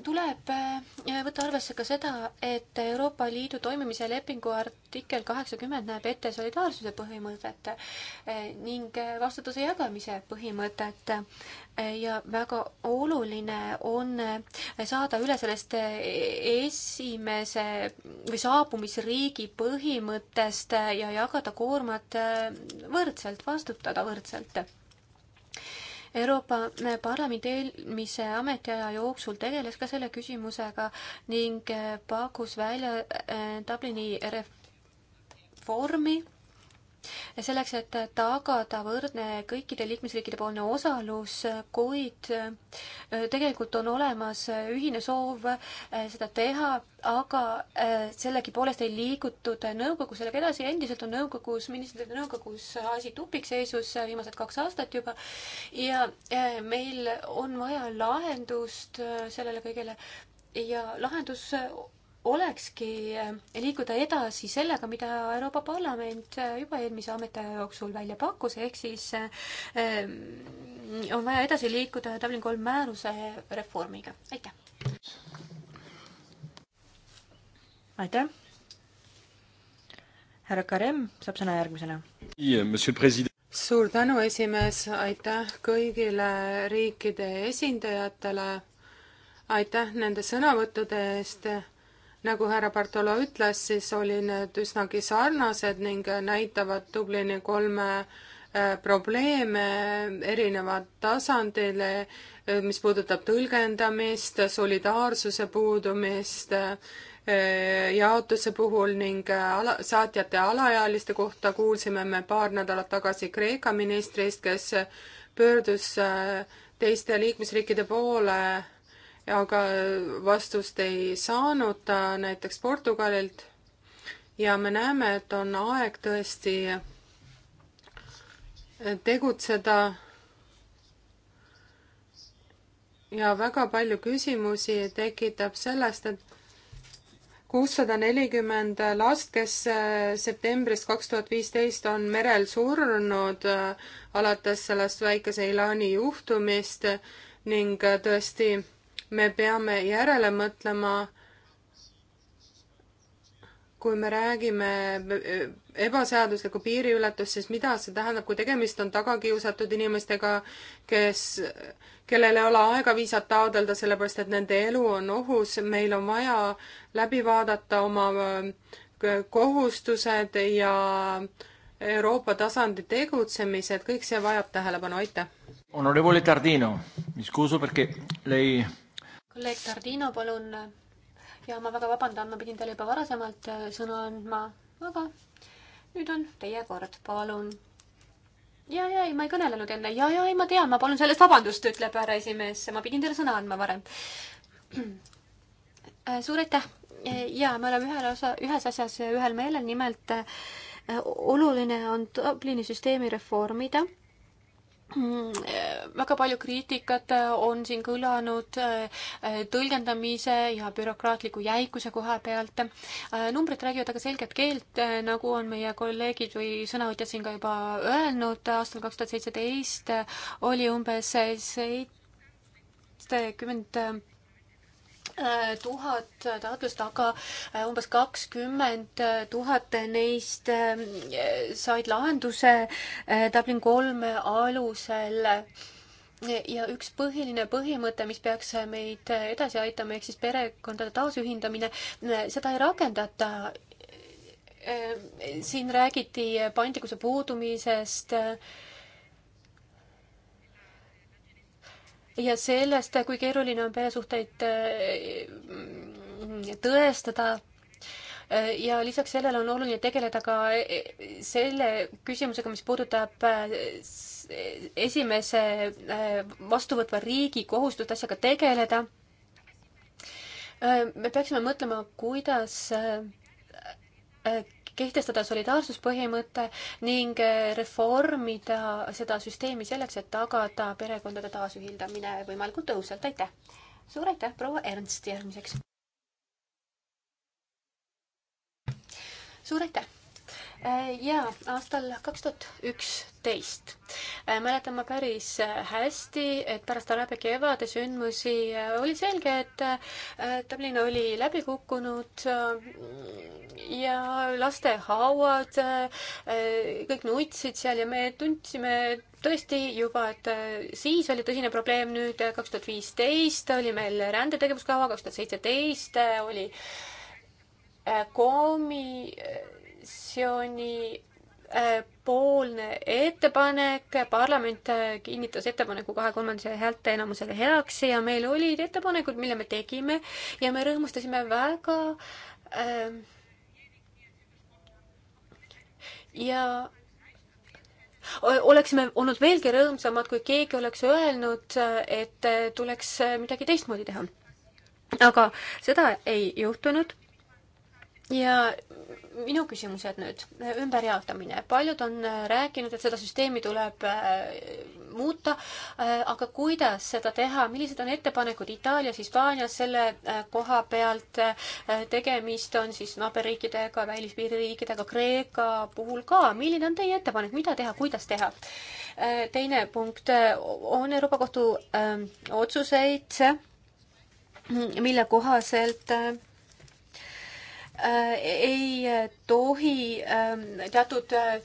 tuleb äh, võtta arvesse ka seda, et Euroopa Liidu toimimise lepingu artikkel kaheksakümmend näeb ette solidaarsuse põhimõtet äh, ning äh, vastutuse jagamise põhimõtet. ja väga oluline on saada üle sellest esimese või saabumisriigi põhimõttest ja jagada koormat võrdselt, vastutada võrdselt Euroopa Parlamendi eelmise ametiaja jooksul tegeles ka selle küsimusega ning pakkus välja äh, Dublini reformi selleks, et tagada võrdne kõikide liikmesriikide poolne osalus, kuid äh, tegelikult on olemas äh, ühine soov äh, seda teha, aga sellegipoolest ei liigutud nõukogu sellega edasi ja endiselt on nõukogus, ministrite nõukogus asi tupikseisus viimased kaks aastat juba ja meil on vaja lahendust sellele kõigele ja lahendus olekski eh, liikuda edasi sellega, mida Euroopa Parlament eh, juba eelmise ametiaja jooksul välja pakkus, ehk siis eh, on vaja edasi liikuda Dublin kolm määruse reformiga. aitäh! aitäh! härra Karem saab sõna järgmisena. suur tänu, esimees, aitäh kõigile riikide esindajatele, aitäh nende sõnavõttude eest nagu härra Bartolo ütles, siis oli need üsnagi sarnased ning näitavad Dublini kolme äh, probleeme erinevad tasandil, äh, mis puudutab tõlgendamist, solidaarsuse puudumist, äh, jaotuse puhul ning ala, saatjate alaealiste kohta kuulsime me paar nädalat tagasi Kreeka ministrist, kes pöördus teiste liikmesriikide poole aga vastust ei saanud ta näiteks Portugalilt. ja me näeme, et on aeg tõesti tegutseda. ja väga palju küsimusi tekitab sellest, et kuussada nelikümmend last, kes septembrist kaks tuhat viisteist on merel surnud alates sellest väikese Ilani juhtumist ning tõesti me peame järele mõtlema, kui me räägime ebaseaduslikku piiriületust, siis mida see tähendab, kui tegemist on tagakiusatud inimestega, kes, kellel ei ole aega viisat taotleda, sellepärast et nende elu on ohus, meil on vaja läbi vaadata oma äh, kohustused ja Euroopa tasandi tegutsemised, kõik see vajab tähelepanu, aitäh. Onorevole Tardino, mi scuso perché lei kolleeg Tardino, palun. ja ma väga vabandan, ma pidin teile juba varasemalt äh, sõna andma, aga nüüd on teie kord, palun. ja, ja ei, ma ei kõnelenud enne ja, ja ei, ma tean, ma palun sellest vabandust, ütleb härra esimees, ma pidin teile sõna andma varem. Äh, suur aitäh äh, ja me oleme ühel osa, ühes asjas ühel meelel, nimelt oluline on Dublini süsteemi reformida Mm, väga palju kriitikat äh, on siin kõlanud äh, tõlgendamise ja bürokraatliku jäikuse koha pealt. Äh, numbrid räägivad aga selget keelt, nagu on meie kolleegid või sõnavõtjad siin ka juba öelnud, aastal kaks tuhat seitseteist oli umbes seitsekümmend tuhat taotlust, aga äh, umbes kakskümmend tuhat neist äh, said lahenduse äh, Dublin kolme alusel. ja üks põhiline põhimõte, mis peaks meid edasi aitama, ehk siis perekondade taasühindamine, seda ei rakendata siin räägiti paindlikkuse puudumisest äh,, ja sellest, kui keeruline on peresuhteid äh, tõestada. Äh, ja lisaks sellele on oluline tegeleda ka äh, selle küsimusega, mis puudutab esimese vastuvõtva riigi kohustust asjaga tegeleda. me peaksime mõtlema, kuidas kehtestada solidaarsuspõhimõte ning eh, reformida seda süsteemi selleks, et tagada perekondade taasühildamine võimalikult tõhusalt. aitäh! suur aitäh, proua Ernst järgmiseks! suur aitäh! Äh, jaa, aastal kaks tuhat üksteist äh, mäletan ma päris äh, hästi, et pärast Araabia kevade sündmusi oli selge, et Dublin oli läbi kukkunud ja lastehauad, kõik nutsid seal ja me tundsime tõesti juba, et siis oli tõsine probleem, nüüd kaks tuhat viisteist oli meil rändetegevuskava, kaks tuhat seitseteist oli komi komisjoni äh, poolne ettepanek, parlament äh, kinnitas ettepaneku kahekolmandise häälteenamusele heaks ja meil olid ettepanekud, mille me tegime ja me rõõmustasime väga äh,. ja oleksime olnud veelgi rõõmsamad, kui keegi oleks öelnud, äh, et tuleks midagi teistmoodi teha. aga seda ei juhtunud ja minu küsimused nüüd, ümberjaotamine. paljud on äh, rääkinud, et seda süsteemi tuleb äh, muuta, äh, aga kuidas seda teha, millised on ettepanekud Itaalias, Hispaanias selle koha pealt, tegemist on siis naaberriikidega, välispiiririikidega, Kreeka puhul ka, milline on teie ettepanek, mida teha, kuidas teha? teine punkt, on Euroopa Kohtu öö, ähm, otsuseid, mille kohaselt öö, Äh, ei äh, tohi ähm, teatud äh,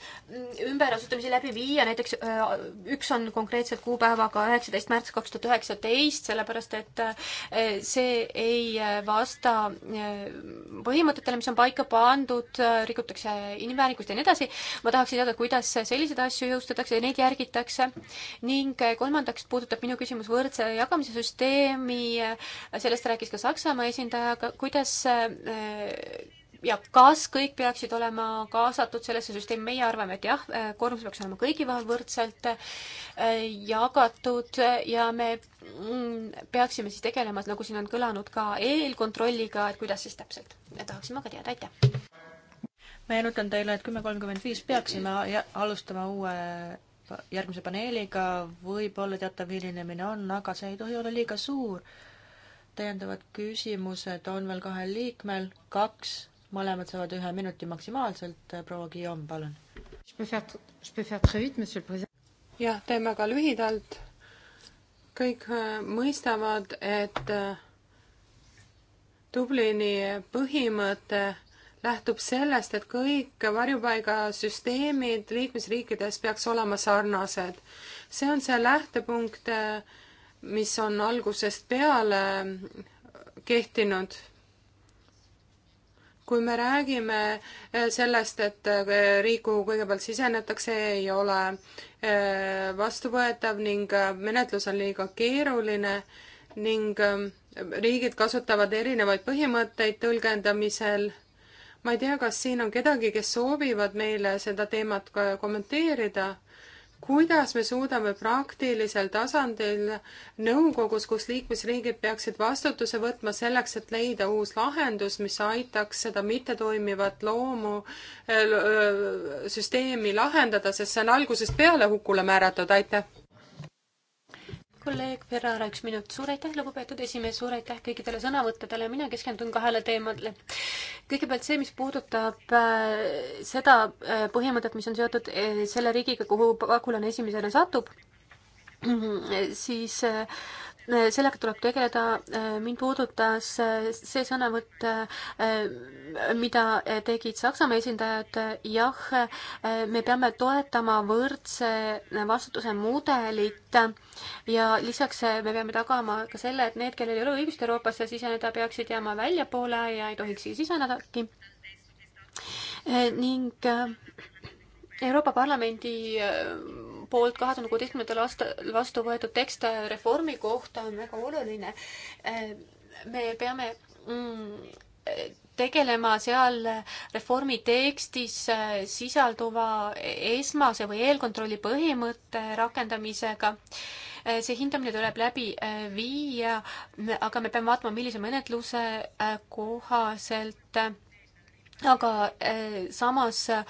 ümberasutamisi läbi viia, näiteks üks on konkreetselt kuupäevaga üheksateist märts kaks tuhat üheksateist, sellepärast et see ei vasta põhimõtetele, mis on paika pandud, rikutakse inimväärikust ja nii edasi. ma tahaksin teada, kuidas selliseid asju jõustatakse ja neid järgitakse. ning kolmandaks puudutab minu küsimus võrdse jagamise süsteemi, sellest rääkis ka Saksamaa esindaja, kuidas ja kas kõik peaksid olema kaasatud sellesse süsteemi, meie arvame, et jah, äh, koormus peaks olema kõigi vahel võrdselt äh, jagatud ja me mm, peaksime siis tegelema, nagu siin on kõlanud, ka eelkontrolliga, et kuidas siis täpselt. tahaksime ka teada, aitäh! meenutan teile, et kümme kolmkümmend viis peaksime alustama uue järgmise paneeliga, võib-olla teatav hilinemine on, aga see ei tohi olla liiga suur täiendavad küsimused on veel kahel liikmel, kaks mõlemad saavad ühe minuti maksimaalselt, äh, proua Guillaume, palun. jah, teeme ka lühidalt. kõik äh, mõistavad, et äh, Dublini põhimõte lähtub sellest, et kõik varjupaigasüsteemid liikmesriikides peaks olema sarnased. see on see lähtepunkt, mis on algusest peale kehtinud kui me räägime eh, sellest, et eh, riiku kõigepealt sisenetakse, ei ole eh, vastuvõetav ning menetlus on liiga keeruline ning riigid kasutavad erinevaid põhimõtteid tõlgendamisel. ma ei tea, kas siin on kedagi, kes soovivad meile seda teemat ka kommenteerida kuidas me suudame praktilisel tasandil nõukogus, kus liikmesriigid peaksid vastutuse võtma selleks, et leida uus lahendus, mis aitaks seda mittetoimivat loomu äh, süsteemi lahendada, sest see on algusest peale hukule määratud, aitäh! kolleeg Ferrara, üks minut. suur aitäh, lugupeetud esimees, suur aitäh kõikidele sõnavõttudele, mina keskendun kahele teemale. kõigepealt see, mis puudutab äh, seda äh, põhimõtet, mis on seotud äh, selle riigiga, kuhu pagulane esimesena satub, siis äh, Äh, sellega tuleb tegeleda. Äh, mind puudutas äh, see sõnavõtt, mida tegid Saksamaa esindajad. jah, me peame toetama võrdse vastutuse mudelit ja lisaks me peame tagama ka selle, et need, kellel ei ole õigust Euroopasse siseneda, peaksid jääma väljapoole ja ei tohiks siia sisenedagi. ning Euroopa Parlamendi poolt kahe tuhande kuueteistkümnendal aastal vastu võetud tekst reformi kohta on väga oluline. me peame mm, tegelema seal reformi tekstis sisalduva esmase või eelkontrolli põhimõtte rakendamisega. see hindamine tuleb läbi viia, aga me peame vaatama, millise menetluse kohaselt aga äh, samas äh,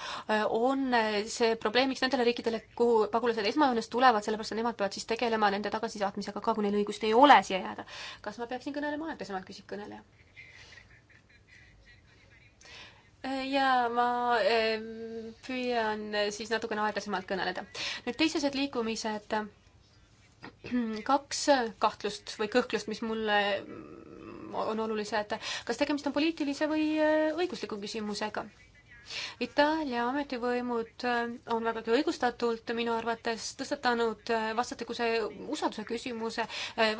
on äh, see probleemiks nendele riikidele, kuhu pagulased esmajoones tulevad, sellepärast et nemad peavad siis tegelema nende tagasisaatmisega ka, kui neil õigust ei ole siia jääda. kas ma peaksin kõnelema aeglasemalt, küsib kõneleja. ja ma ähm, püüan siis natukene aeglasemalt kõneleda. nüüd teised liikumised, kaks kahtlust või kõhklust, mis mulle on olulised. kas tegemist on poliitilise või äh, õigusliku küsimusega? Itaalia ametivõimud äh, on vägagi õigustatult minu arvates tõstatanud äh, vastastikuse usalduse küsimuse.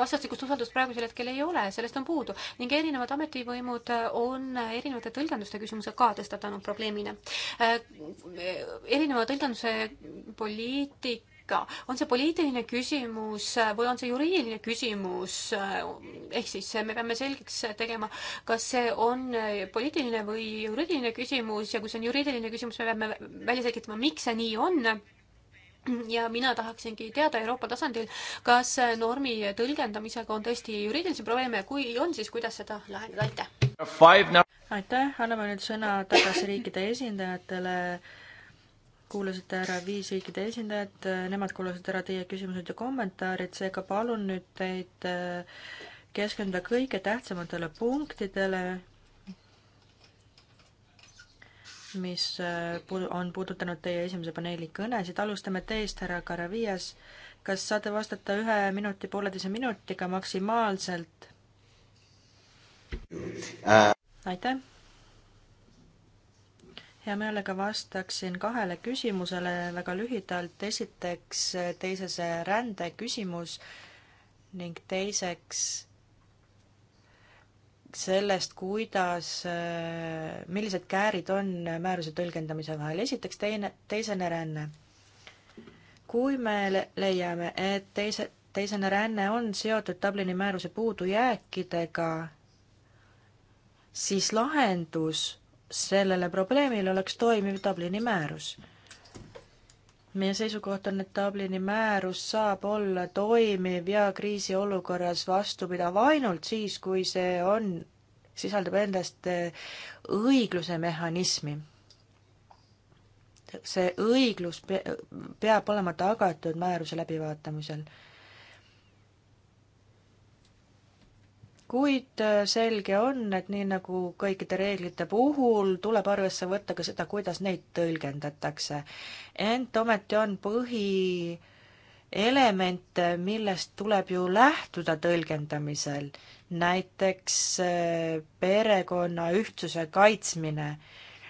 vastastikust usaldust praegusel hetkel ei ole, sellest on puudu ning erinevad ametivõimud on erinevate tõlgenduste küsimuse ka tõstatanud probleemina. erineva tõlgenduse poliitik paika, on see poliitiline küsimus või on see juriidiline küsimus, ehk siis me peame selgeks tegema, kas see on poliitiline või juriidiline küsimus ja kui see on juriidiline küsimus, me peame välja selgitama, miks see nii on ja mina tahaksingi teada Euroopa tasandil, kas normi tõlgendamisega on tõesti juriidilisi probleeme ja kui on, siis kuidas seda lahendada, aitäh! aitäh, anname nüüd sõna tagasi riikide esindajatele kuulasite ära viis riikide esindajat, nemad kuulasid ära teie küsimused ja kommentaarid, seega palun nüüd teid äh, keskenduda kõige tähtsamatele punktidele, mis äh, on puudutanud teie esimese paneeli kõnesid. alustame teist, härra Karavias. kas saate vastata ühe minuti, pooleteise minutiga maksimaalselt? Äh. aitäh hea meelega vastaksin kahele küsimusele väga lühidalt. esiteks teise see rände küsimus ning teiseks sellest, kuidas, millised käärid on määruse tõlgendamise vahel. esiteks teine, teisene ränne. kui me leiame, et teise, teisene ränne on seotud Dublini määruse puudujääkidega, siis lahendus sellele probleemile oleks toimiv Dublini määrus. meie seisukoht on, et Dublini määrus saab olla toimiv ja kriisiolukorras vastupidav ainult siis, kui see on, sisaldab endast õigluse mehhanismi. see õiglus peab olema tagatud määruse läbivaatamisel kuid äh, selge on, et nii nagu kõikide reeglite puhul, tuleb arvesse võtta ka seda, kuidas neid tõlgendatakse. ent ometi on põhielemente, millest tuleb ju lähtuda tõlgendamisel, näiteks äh, perekonna ühtsuse kaitsmine.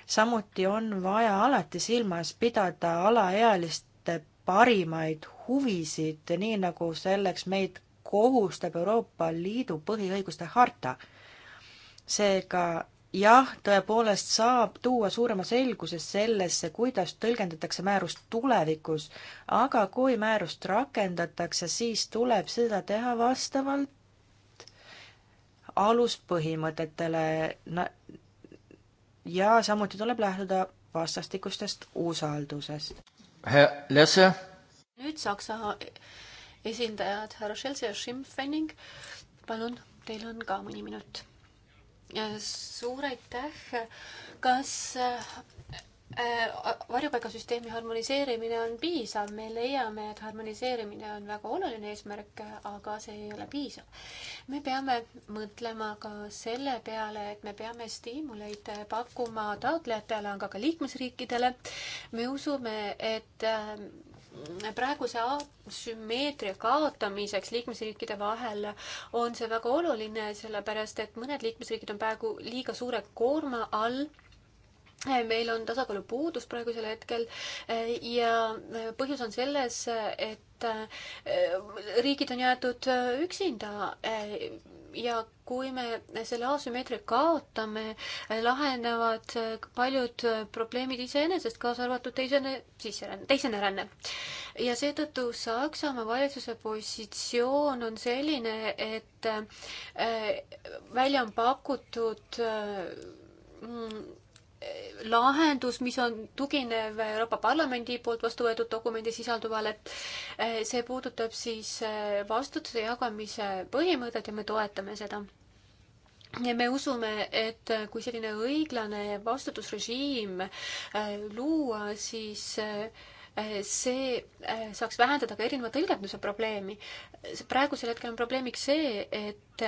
samuti on vaja alati silmas pidada alaealiste parimaid huvisid, nii nagu selleks meid kohustab Euroopa Liidu põhiõiguste harta. seega jah, tõepoolest saab tuua suurema selguse sellesse, kuidas tõlgendatakse määrust tulevikus, aga kui määrust rakendatakse, siis tuleb seda teha vastavalt aluspõhimõtetele ja samuti tuleb lähtuda vastastikustest usaldusest. nüüd Saksa esindajad, härra Schelse ja Schimpfenning. palun, teil on ka mõni minut. suur aitäh. kas äh, varjupaigasüsteemi harmoniseerimine on piisav, me leiame, et harmoniseerimine on väga oluline eesmärk, aga see ei ole piisav. me peame mõtlema ka selle peale, et me peame stiimuleid pakkuma taotlejatele, aga ka liikmesriikidele. me usume, et äh, praeguse sümmeetria kaotamiseks liikmesriikide vahel on see väga oluline, sellepärast et mõned liikmesriigid on praegu liiga suure koorma all meil on tasakaalu puudus praegusel hetkel ja põhjus on selles, et riigid on jäetud üksinda ja kui me selle asümmeetria kaotame, lahenevad paljud probleemid iseenesest, kaasa arvatud teisene sisseränne, teisene ränne. ja seetõttu Saksamaa valitsuse positsioon on selline, et äh, välja on pakutud äh, lahendus, mis on tuginev Euroopa Parlamendi poolt vastu võetud dokumendi sisalduvale. Eh, see puudutab siis eh, vastutuse jagamise põhimõtet ja me toetame seda. Ja me usume, et eh, kui selline õiglane vastutusrežiim luua, siis see saaks vähendada ka erineva tõlgenduse probleemi. praegusel hetkel on probleemiks see, et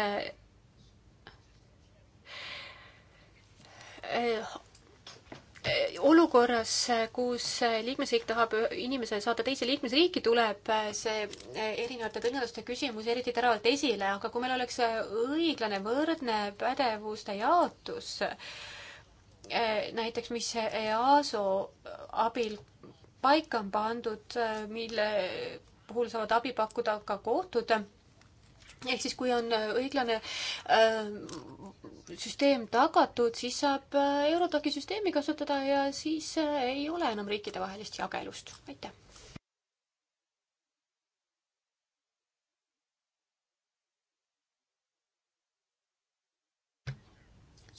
olukorras, kus liikmesriik tahab inimese saata teise liikmesriiki, tuleb see erinevate tõlgenduste küsimus eriti teravalt esile, aga kui meil oleks õiglane võrdne pädevuste jaotus, näiteks mis EASO abil paika on pandud, mille puhul saavad abi pakkuda ka kohtud, ehk siis kui on õiglane süsteem tagatud, siis saab äh, Eurotoki süsteemi kasutada ja siis äh, ei ole enam riikidevahelist jagelust. aitäh!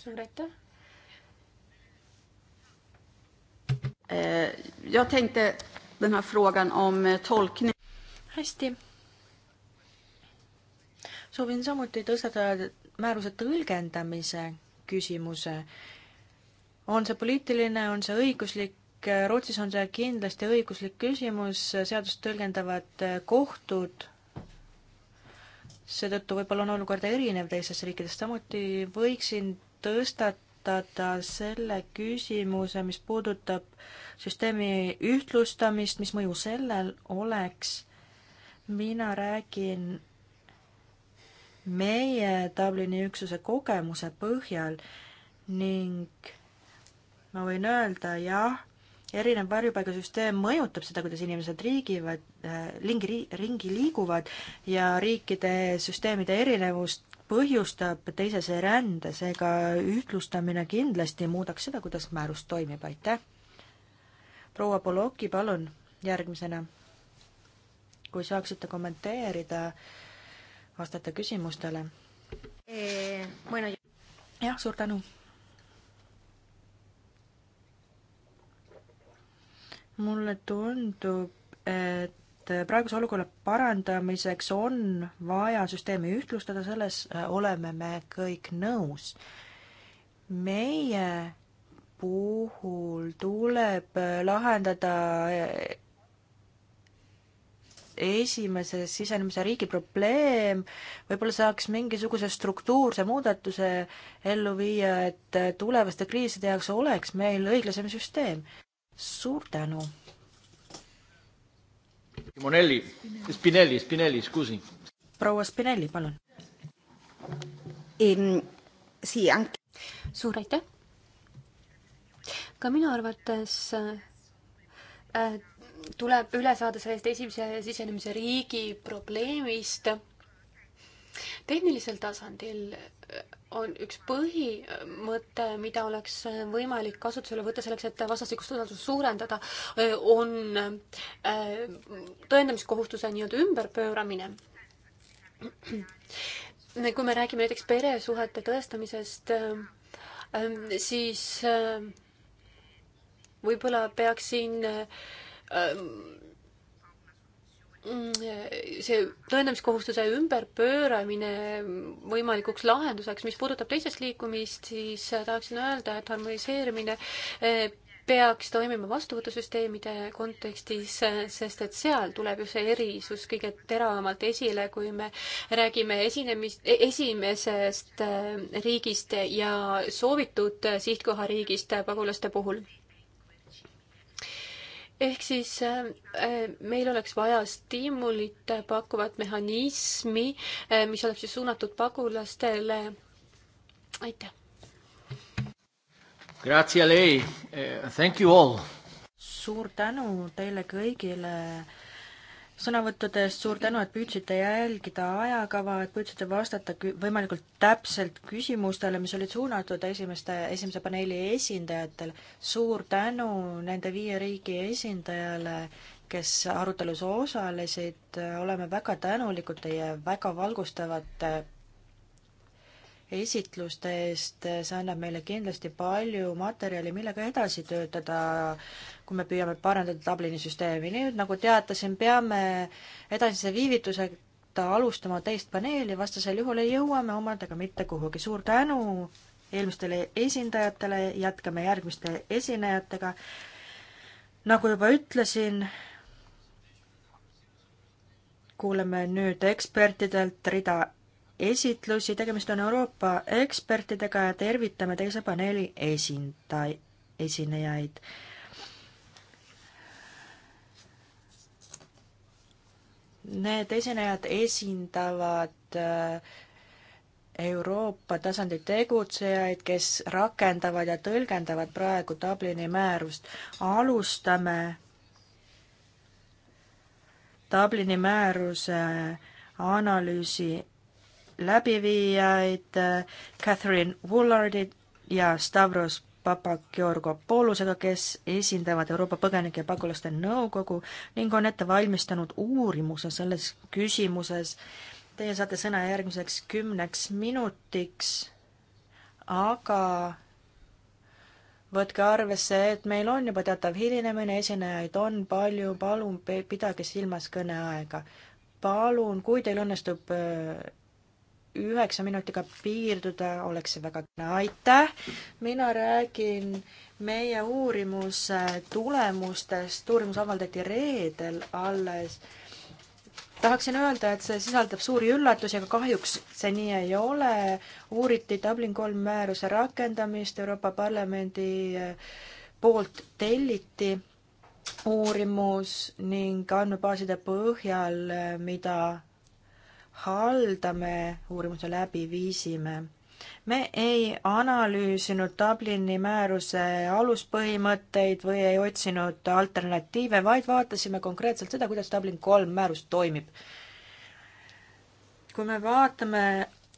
suur aitäh! Eh, jag tänkte den här frågan om eh, tolkning. hästi. soovin samuti tõstatada määruse tõlgendamise küsimuse. on see poliitiline, on see õiguslik, Rootsis on see kindlasti õiguslik küsimus, seadust tõlgendavad kohtud, seetõttu võib-olla on olukord erinev teistest riikidest, samuti võiksin tõstatada selle küsimuse, mis puudutab süsteemi ühtlustamist, mis mõju sellel oleks, mina räägin meie Dublini üksuse kogemuse põhjal ning ma võin öelda, jah, erinev varjupaigasüsteem mõjutab seda, kuidas inimesed riigivad, äh, ringi, ringi liiguvad ja riikide süsteemide erinevust põhjustab teisese rände, seega ühtlustamine kindlasti muudaks seda, kuidas määrus toimib, aitäh! proua Poloki, palun järgmisena, kui saaksite kommenteerida äh, vastata küsimustele. Eh, jah, suur tänu. mulle tundub, et praeguse olukorra parandamiseks on vaja süsteemi ühtlustada, selles äh, oleme me kõik nõus. meie puhul tuleb lahendada äh, esimese sisenemise riigi probleem, võib-olla saaks mingisuguse struktuurse muudatuse ellu viia, et tulevaste kriiside jaoks oleks meil õiglasem süsteem. suur tänu! Monelli, Spinelli, Spinelli, scusi. proua Spinelli, palun in.... Ehm, suur aitäh! ka minu arvates äh, tuleb üle saada sellest esimese sisenemise riigi probleemist. tehnilisel tasandil äh, on üks põhimõte, mida oleks äh, võimalik kasutusele võtta selleks, et vastastikust usaldust suurendada, äh, on tõendamiskohustuse nii-öelda ümberpööramine kui me räägime näiteks peresuhete tõestamisest, siis võib-olla peaks siin Äh, see tõendamiskohustuse ümberpööramine võimalikuks lahenduseks, mis puudutab teisest liikumist, siis äh, tahaksin öelda, et harmoniseerimine äh, peaks toimima vastuvõtusüsteemide kontekstis, sest et seal tuleb ju see erisus kõige teravamalt esile, kui me räägime esinemist, e-, esimesest riigist ja soovitud sihtkohariigist pagulaste puhul ehk siis äh, äh, meil oleks vaja stiimulit pakkuvat mehhanismi, äh, mis oleks siis suunatud pagulastele. aitäh. Grazie lei, eh, thank you all. suur tänu teile kõigile sõnavõttude eest, suur tänu, et püüdsite jälgida ajakava, et püüdsite vastata kü-, võimalikult täpselt küsimustele, mis olid suunatud esimeste, esimese paneeli esindajatele. suur tänu nende viie riigi esindajale, kes arutelus osalesid, oleme väga tänulikud teie väga valgustavate esitluste eest, see annab meile kindlasti palju materjali, millega edasi töötada, kui me püüame parandada Dublini süsteemi. nüüd, nagu teatasin, peame edasise viivituseta alustama teist paneeli, vastasel juhul ei jõua me omadega mitte kuhugi. suur tänu eelmistele esindajatele, jätkame järgmiste esinejatega. nagu juba ütlesin, kuuleme nüüd ekspertidelt rida esitlusi, tegemist on Euroopa ekspertidega ja tervitame teise paneeli esinda-, esinejaid. Need esinejad esindavad äh, Euroopa tasandi tegutsejaid, kes rakendavad ja tõlgendavad praegu Dublini määrust. alustame Dublini määruse analüüsi läbiviijaid Catherine Woolardi ja Stavros Papageorgopoulusega, kes esindavad Euroopa Põgenike ja Pagulaste Nõukogu ning on ette valmistanud uurimuse selles küsimuses. Teie saate sõna järgmiseks kümneks minutiks, aga võtke arvesse, et meil on juba teatav hilinemine, esinejaid on palju, palun pidage silmas kõneaega. palun, kui teil õnnestub äh, üheksa minutiga piirduda, oleks see väga kena, aitäh! mina räägin meie uurimuse tulemustest, uurimus avaldati reedel alles. tahaksin öelda, et see sisaldab suuri üllatusi, aga kahjuks see nii ei ole. uuriti Dublin kolm määruse rakendamist, Euroopa Parlamendi eh, poolt telliti uurimus ning andmebaaside põhjal, eh, mida haldame, uurimuse läbi viisime. me ei analüüsinud Dublini määruse aluspõhimõtteid või ei otsinud alternatiive, vaid vaatasime konkreetselt seda, kuidas Dublin kolm määrus toimib. kui me vaatame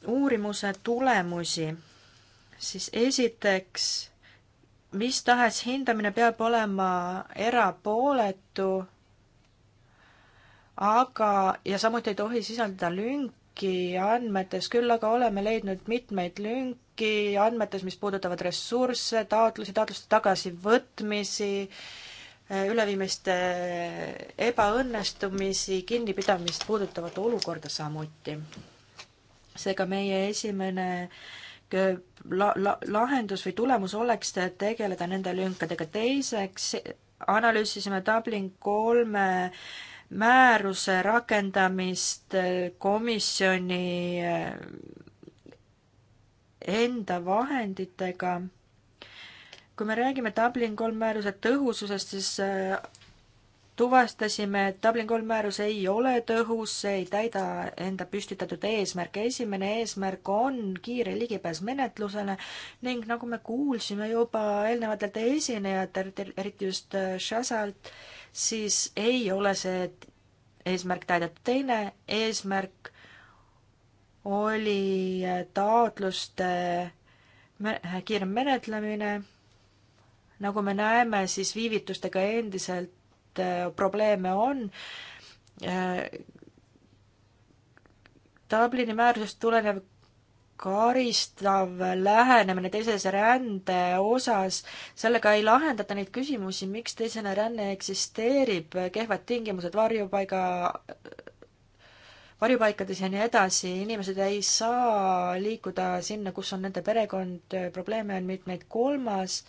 uurimuse tulemusi, siis esiteks mis tahes hindamine peab olema erapooletu aga, ja samuti ei tohi sisaldada lünki andmetes, küll aga oleme leidnud mitmeid lünki andmetes, mis puudutavad ressursse, taotlusi, taotluste tagasivõtmisi, eh, üleviimiste eh, ebaõnnestumisi, kinnipidamist puudutavat olukorda samuti. seega meie esimene eh, la-, la-, lahendus või tulemus oleks tegeleda nende lünkadega. teiseks analüüsisime Dublin kolme äh, määruse rakendamist äh, komisjoni äh, enda vahenditega. kui me räägime Dublin kolm määruse tõhususest, siis äh, tuvastasime, et Dublin kolm määrus ei ole tõhus, see ei täida enda püstitatud eesmärke. esimene eesmärk on kiire ligipääs menetlusele ning nagu me kuulsime juba eelnevatelt esinejatelt, eriti just Shazalt, siis ei ole see eesmärk täidetud. teine eesmärk oli taotluste kiirem menetlemine. nagu me näeme, siis viivitustega endiselt äh, probleeme on. Äh, Dublini määrusest tulenev karistav lähenemine teisese rände osas, sellega ei lahendata neid küsimusi, miks teisene ränne eksisteerib, kehvad tingimused varjupaiga, varjupaikades ja nii edasi, inimesed ei saa liikuda sinna, kus on nende perekond, probleeme on mitmeid. kolmas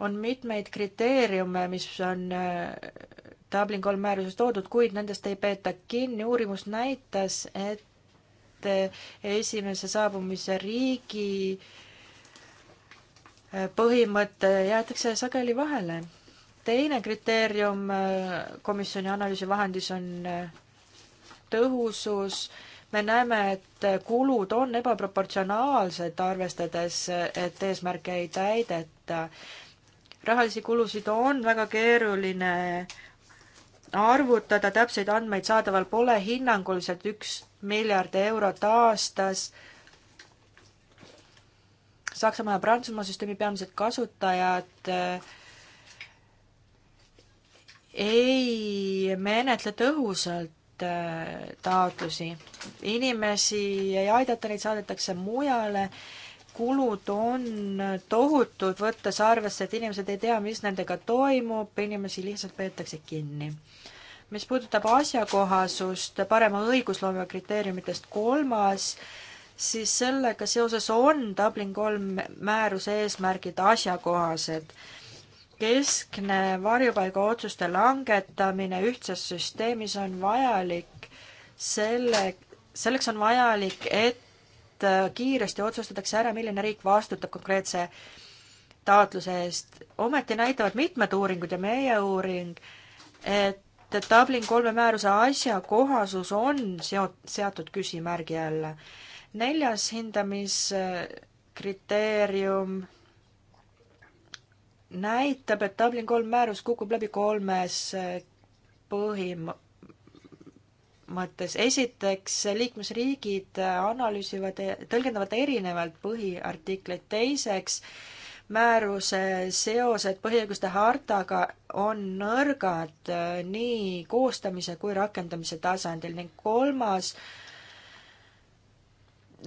on mitmeid kriteeriume, mis on äh, Dublin kolm määruses toodud, kuid nendest ei peeta kinni. uurimus näitas, et esimese saabumise riigi äh, põhimõte jäetakse sageli vahele. teine kriteerium äh, komisjoni analüüsi vahendis on äh, tõhusus. me näeme, et kulud on ebaproportsionaalsed, arvestades, et eesmärke ei täideta. rahalisi kulusid on väga keeruline arvutada, täpseid andmeid saadaval pole, hinnanguliselt üks miljard eurot aastas. Saksamaa ja Prantsusmaa süsteemi peamised kasutajad eh, ei menetle tõhusalt eh, taotlusi. inimesi ei aidata, neid saadetakse mujale, kulud on tohutud, võttes arvesse, et inimesed ei tea, mis nendega toimub, inimesi lihtsalt peetakse kinni mis puudutab asjakohasust parema õigusloome kriteeriumitest kolmas, siis sellega seoses on Dublin kolm määruse eesmärgid asjakohased. keskne varjupaigaotsuste langetamine ühtses süsteemis on vajalik selle, selleks on vajalik, et kiiresti otsustatakse ära, milline riik vastutab konkreetse taotluse eest. ometi näitavad mitmed uuringud ja meie uuring, et et Dublin kolme määruse asjakohasus on seot-, seatud küsimärgi alla. neljas hindamiskriteerium näitab, et Dublin kolm määrus kukub läbi kolmes eh, põhim-, mõttes. esiteks, liikmesriigid analüüsivad, tõlgendavad erinevalt põhiartikleid, teiseks määruse seosed põhiõiguste hartaga on nõrgad äh, nii koostamise kui rakendamise tasandil ning kolmas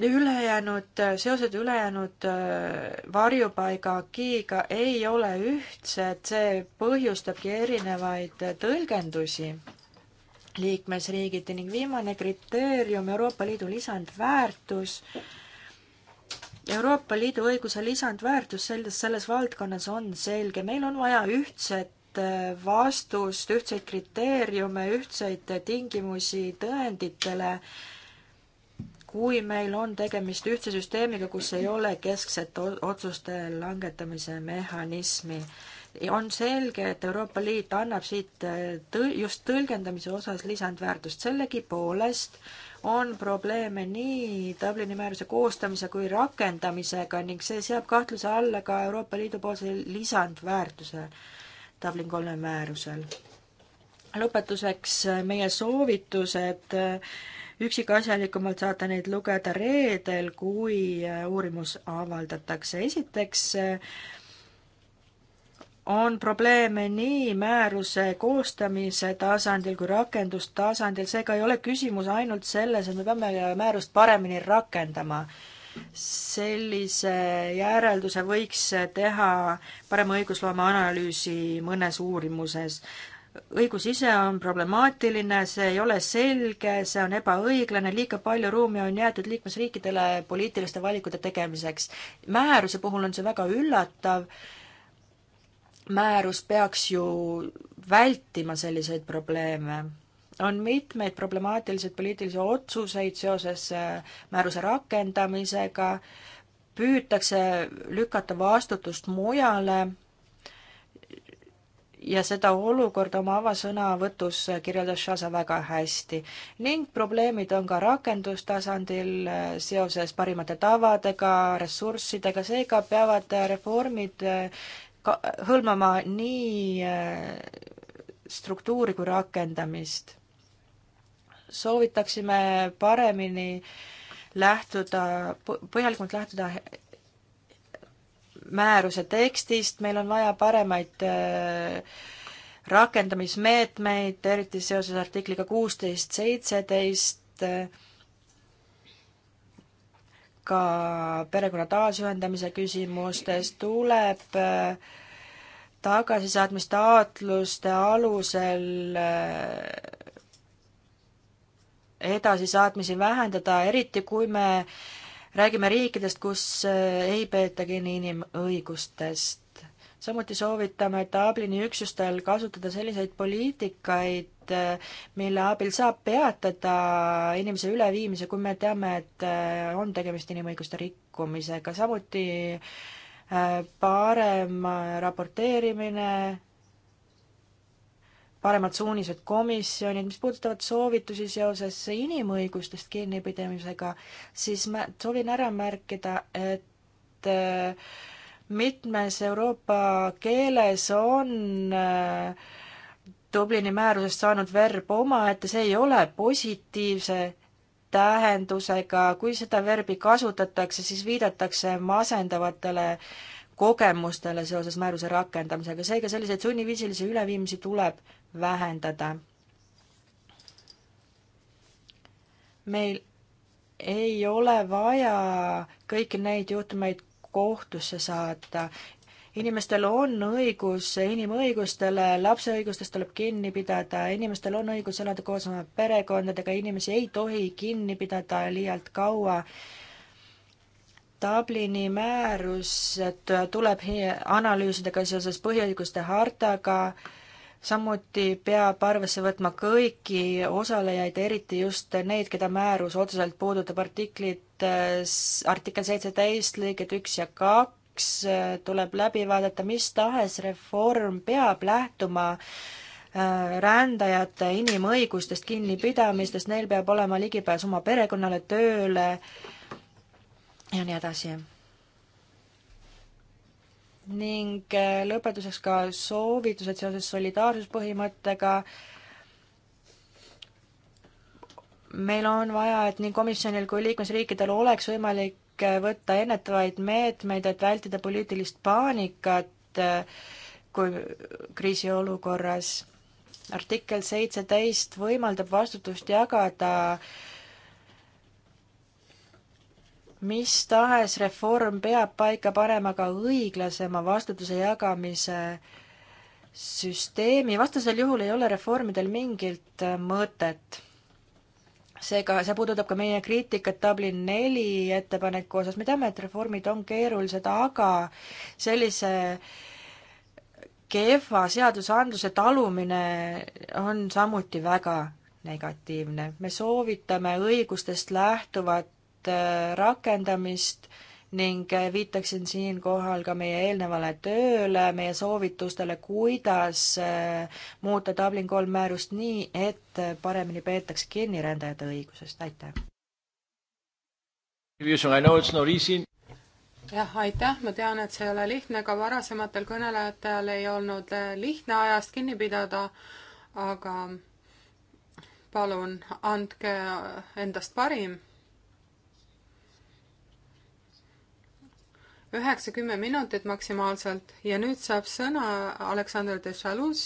ülejäänud, äh, seosed ülejäänud äh, varjupaiga agiiga ei ole ühtsed, see põhjustabki erinevaid tõlgendusi liikmesriigiti ning viimane kriteerium, Euroopa Liidu lisandväärtus, Euroopa Liidu õiguse lisandväärtus selles, selles valdkonnas on selge, meil on vaja ühtset äh, vastust, ühtseid kriteeriume, ühtseid tingimusi tõenditele, kui meil on tegemist ühtse süsteemiga, kus ei ole keskset otsuste langetamise mehhanismi. on selge, et Euroopa Liit annab siit äh, tõ-, just tõlgendamise osas lisandväärtust, sellegipoolest äh, on probleeme nii Dublini määruse koostamise kui rakendamisega ning see seab kahtluse alla ka Euroopa Liidu poolse lisandväärtuse Dublin kolme määrusel. lõpetuseks äh, meie soovitused, äh, üksikasjalikumalt saate neid lugeda reedel, kui äh, uurimus avaldatakse. esiteks on probleeme nii määruse koostamise tasandil kui rakendustasandil, seega ei ole küsimus ainult selles, et me peame määrust paremini rakendama. sellise järelduse võiks teha parema õigusloome analüüsi mõnes uurimuses. õigus ise on problemaatiline, see ei ole selge, see on ebaõiglane, liiga palju ruumi on jäetud liikmesriikidele poliitiliste valikute tegemiseks. määruse puhul on see väga üllatav määrus peaks ju vältima selliseid probleeme. on mitmeid problemaatilisi poliitilisi otsuseid seoses äh, määruse rakendamisega, püütakse lükata vastutust mujale ja seda olukorda oma avasõnavõtus kirjeldas Shaza väga hästi. ning probleemid on ka rakendustasandil äh, seoses parimate tavadega, ressurssidega, seega peavad reformid äh, ka-, hõlmama nii äh, struktuuri kui rakendamist. soovitaksime paremini lähtuda, põhjalikumalt lähtuda määruse tekstist, meil on vaja paremaid äh, rakendamismeetmeid, eriti seoses artikliga kuusteist, seitseteist, äh, ka perekonna taasühendamise küsimustes tuleb äh, tagasisaatmistaotluste alusel äh, edasisaatmisi vähendada, eriti kui me räägime riikidest, kus äh, ei peeta kinni inimõigustest samuti soovitame Dublini üksustel kasutada selliseid poliitikaid, mille abil saab peatada inimese üleviimise, kui me teame, et äh, on tegemist inimõiguste rikkumisega, samuti äh, parem raporteerimine, paremad suunised komisjonid, mis puudutavad soovitusi seoses inimõigustest kinnipidamisega, siis ma soovin ära märkida, et äh, mitmes Euroopa keeles on äh, Dublini määrusest saanud verb omaette, see ei ole positiivse tähendusega, kui seda verbi kasutatakse, siis viidatakse masendavatele kogemustele seoses määruse rakendamisega, seega selliseid sunniviisilisi üleviimisi tuleb vähendada. meil ei ole vaja kõiki neid juhtumeid kohtusse saata. inimestel on õigus inimõigustele, lapse õigustest tuleb kinni pidada, inimestel on õigus elada koos oma perekondadega, inimesi ei tohi kinni pidada liialt kaua Dublini määrus, et tuleb analüüsida ka seoses põhiõiguste hartaga, samuti peab arvesse võtma kõiki osalejaid, eriti just neid, keda määrus otseselt puudutab, artiklid, äh, artikkel seitseteist, lõiged üks ja kaks äh, tuleb läbi vaadata, mis tahes reform peab lähtuma äh, rändajate inimõigustest kinnipidamistest, neil peab olema ligipääs oma perekonnale, tööle ja nii edasi ning äh, lõpetuseks ka soovitused seoses solidaarsuspõhimõttega. meil on vaja, et nii komisjonil kui liikmesriikidel oleks võimalik äh, võtta ennetavaid meetmeid, et vältida poliitilist paanikat äh, kui kriisiolukorras. artikkel seitseteist võimaldab vastutust jagada äh, mis tahes reform peab paika panema ka õiglasema vastutuse jagamise süsteemi, vastasel juhul ei ole reformidel mingit äh, mõtet. seega see puudutab ka meie kriitikat Dublin neli ettepaneku osas, me teame, et reformid on keerulised, aga sellise kehva seadusandluse talumine on samuti väga negatiivne. me soovitame õigustest lähtuvat Äh, rakendamist ning äh, viitaksin siinkohal ka meie eelnevale tööle, meie soovitustele, kuidas äh, muuta Dublin kolm määrust nii, et paremini peetaks kinni rändajate õigusest, aitäh! jah, aitäh, ma tean, et see ei ole lihtne, ka varasematel kõnelejatel ei olnud lihtne ajast kinni pidada, aga palun andke endast parim üheksa, kümme minutit maksimaalselt ja nüüd saab sõna Aleksander de Chalus.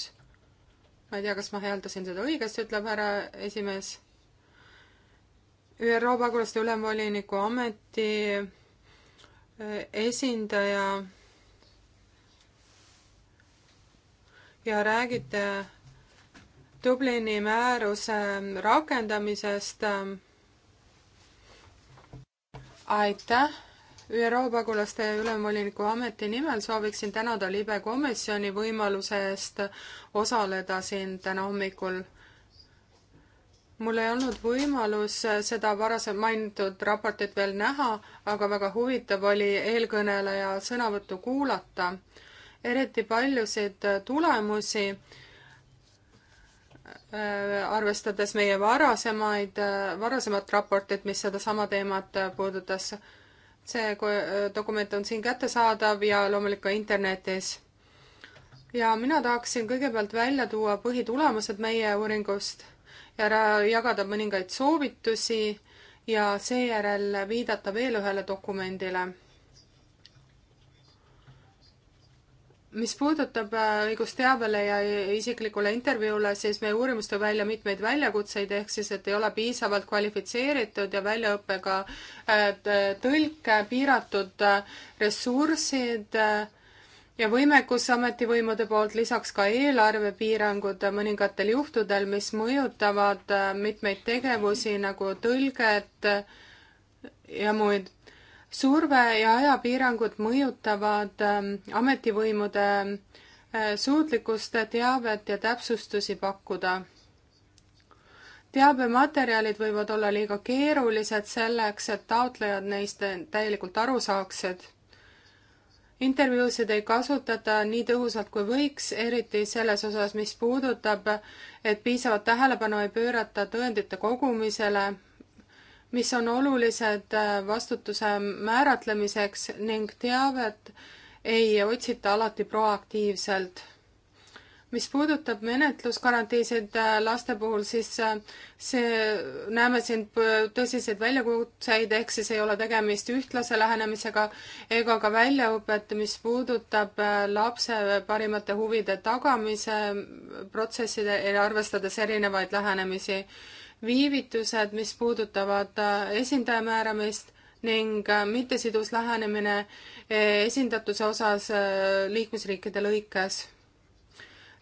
ma ei tea, kas ma hääldasin seda õigesti, ütleb härra esimees. ÜRO pagulaste ülemvoliniku ameti eh, esindaja. ja räägite Dublini määruse rakendamisest. aitäh ÜRO pagulaste ülemvoliniku ameti nimel sooviksin tänada libe komisjoni võimaluse eest osaleda siin täna hommikul. mul ei olnud võimalus seda varasem mainitud raportit veel näha, aga väga huvitav oli eelkõneleja sõnavõttu kuulata. eriti paljusid tulemusi äh, arvestades meie varasemaid, äh, varasemat raportit, mis sedasama teemat puudutas see äh, dokument on siin kättesaadav ja loomulikult ka internetis. ja mina tahaksin kõigepealt välja tuua põhitulemused meie uuringust ja jagada mõningaid soovitusi ja seejärel viidata veel ühele dokumendile mis puudutab äh, õigust teabele ja isiklikule intervjuule, siis meie uurimus tõi välja mitmeid väljakutseid, ehk siis, et ei ole piisavalt kvalifitseeritud ja väljaõppega äh, tõlke, äh, piiratud ressursid ja võimekus ametivõimude poolt, lisaks ka eelarvepiirangud mõningatel juhtudel, mis mõjutavad mitmeid tegevusi nagu tõlget ja muid surve ja ajapiirangud mõjutavad ähm, ametivõimude äh, suutlikkust teavet ja täpsustusi pakkuda. teabematerjalid võivad olla liiga keerulised selleks, et taotlejad neist täielikult aru saaksid. intervjuusid ei kasutata nii tõhusalt kui võiks, eriti selles osas, mis puudutab, et piisavat tähelepanu ei pöörata tõendite kogumisele mis on olulised äh, vastutuse määratlemiseks ning teavet ei otsita alati proaktiivselt. mis puudutab menetlusgarantiisid äh, laste puhul, siis äh, see, näeme siin tõsiseid väljakutseid, ehk siis ei ole tegemist ühtlase lähenemisega ega ka väljaõpet, mis puudutab lapse parimate huvide tagamise protsesside, arvestades erinevaid lähenemisi viivitused, mis puudutavad äh, esindaja määramist ning äh, mittesidus lähenemine äh, esindatuse osas liikmesriikide lõikes.